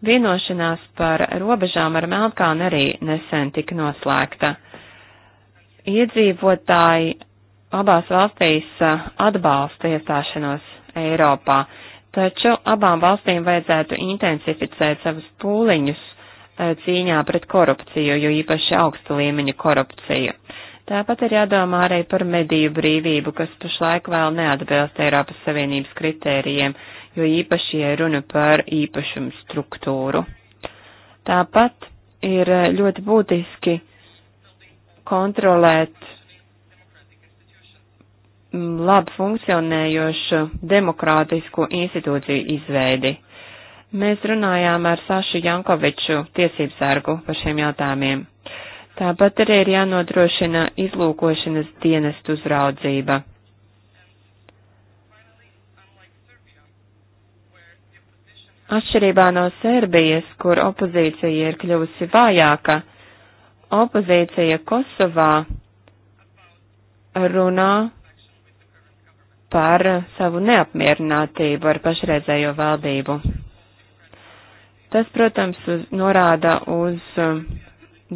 Vienošanās par robežām ar Melkānu arī nesen tika noslēgta. Iedzīvotāji abās valstīs atbalsta iestāšanos Eiropā, taču abām valstīm vajadzētu intensificēt savus pūliņus cīņā pret korupciju, jo īpaši augsta līmeņa korupciju. Tāpat ir jādomā arī par mediju brīvību, kas pašlaik vēl neatbilst Eiropas Savienības kritērijiem, jo īpaši, ja runa par īpašumu struktūru. Tāpat ir eh, ļoti būtiski kontrolēt mm, labi funkcionējošu demokrātisku institūciju izveidi. Mēs runājām ar Sašu Jankoviču tiesību sargu par šiem jautājumiem. Tāpat arī ir jānodrošina izlūkošanas dienestu uzraudzība. Atšķirībā no Serbijas, kur opozīcija ir kļuvusi vājāka, opozīcija Kosovā runā par savu neapmierinātību ar pašreizējo valdību. Tas, protams, uz, norāda uz um,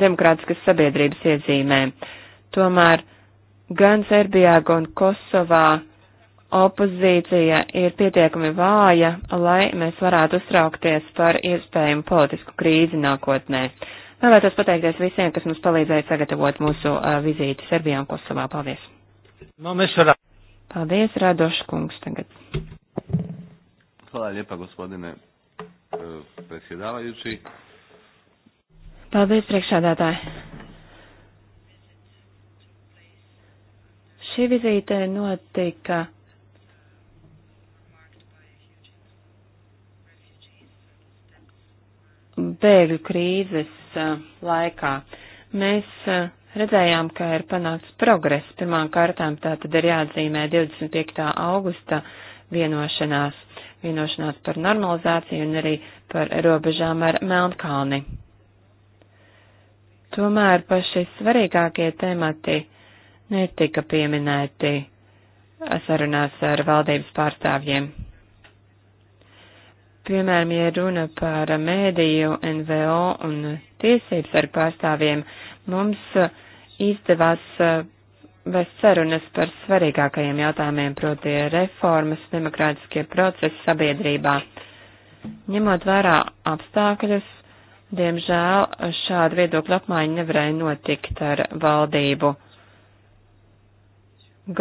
demokrātiskas sabiedrības iezīmēm. Tomēr gan Serbijā, gan Kosovā opozīcija ir pietiekami vāja, lai mēs varētu uztraukties par iespējumu politisku krīzi nākotnē. Vēlētos pateikties visiem, kas mums palīdzēja sagatavot mūsu uh, vizīti Serbijā un Kosovā. Paldies! No, ra... Paldies, Radošs kungs tagad. Hvala lijepa, gospodine uh, predsjedavajući. Paldies, priekšādātāji. Šī vizīte notika bēgļu krīzes eh, laikā. Mēs eh, redzējām, ka ir panākts progress. Pirmām kārtām tā tad ir jāatzīmē 25. augusta vienošanās, vienošanās par normalizāciju un arī par robežām ar Melnkalni. Tomēr paši svarīgākie temati netika pieminēti sarunās ar valdības pārstāvjiem. Piemēram, ja runa par mēdīju, NVO un tiesības ar pārstāvjiem, mums eh, izdevās eh, vest sarunas par svarīgākajiem jautājumiem, proti reformas, demokrātiskie procesi sabiedrībā. Ņemot vērā apstākļus, diemžēl šāda viedokļa apmaiņa nevarēja notikt ar valdību.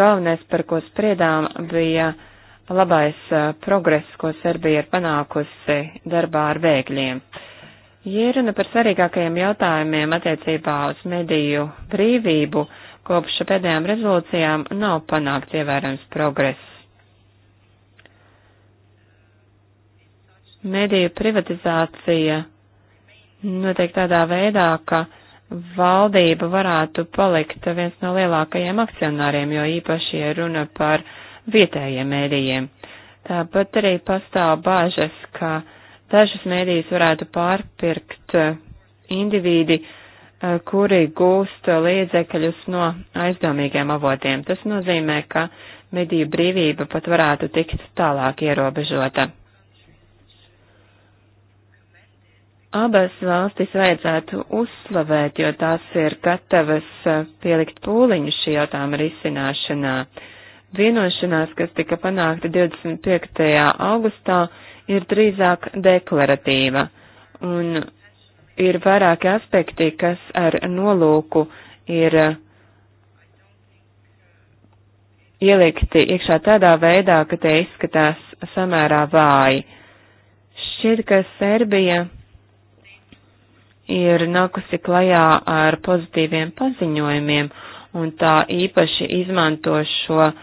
Galvenais, par ko spriedām, bija labais progress, ko Serbija ir panākusi darbā ar bēgļiem. Ja runa par svarīgākajiem jautājumiem attiecībā uz mediju brīvību, kopš pēdējām rezolūcijām nav panākts ievērojams progress. Mediju privatizācija notiek tādā veidā, ka valdība varētu palikt viens no lielākajiem akcionāriem, jo īpaši, ja runa par uh, vietējiem mēdījiem. Tāpat arī pastāv bāžas, ka dažas mēdījus varētu pārpirkt eh, indivīdi, eh, kuri gūst līdzekļus no aizdomīgiem avotiem. Tas nozīmē, ka mediju brīvība pat varētu tikt tālāk ierobežota. Abas valstis vajadzētu uzslavēt, jo tās ir gatavas eh, pielikt pūliņu šī jautājuma risināšanā. Uh, Vienošanās, kas tika panākta 25. augustā, ir drīzāk deklaratīva, un ir vairāki aspekti, kas ar nolūku ir ielikti iekšā tādā veidā, ka tie izskatās samērā vāji. Šķiet, ka Serbija ir nākusi klajā ar pozitīviem paziņojumiem, un tā īpaši izmanto šo uh,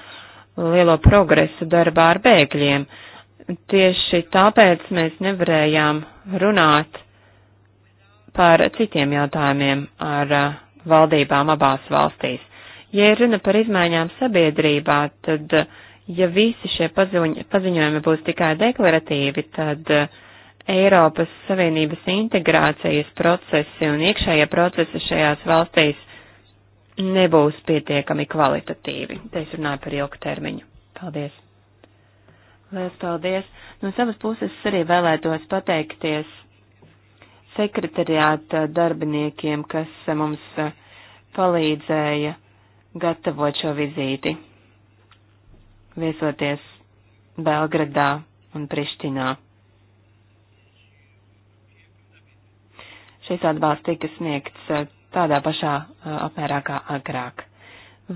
lielo progresu darbā ar bēgļiem. Tieši tāpēc mēs nevarējām runāt par citiem jautājumiem ar uh, valdībām abās valstīs. Ja runa par izmaiņām sabiedrībā, tad, uh, ja visi šie paziņ paziņojumi būs tikai deklaratīvi, tad uh, Eiropas Savienības integrācijas procesi un iekšējie procesi šajās valstīs nebūs pietiekami kvalitatīvi. Te es runāju par ilgu termiņu. Paldies! Lielas paldies! No savas puses arī vēlētos pateikties sekretariāta darbiniekiem, kas mums eh, palīdzēja gatavot šo vizīti, viesoties Belgradā un Prištinā. Šis atbalsts tika sniegts eh, tādā pašā apmērā kā agrāk.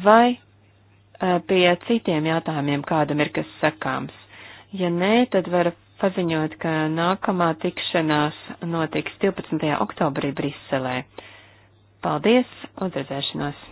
Vai pie citiem jautājumiem kādam ir kas sakāms? Ja nē, tad varu paziņot, ka nākamā tikšanās notiks 12. oktobrī Briselē. Paldies, uz redzēšanos!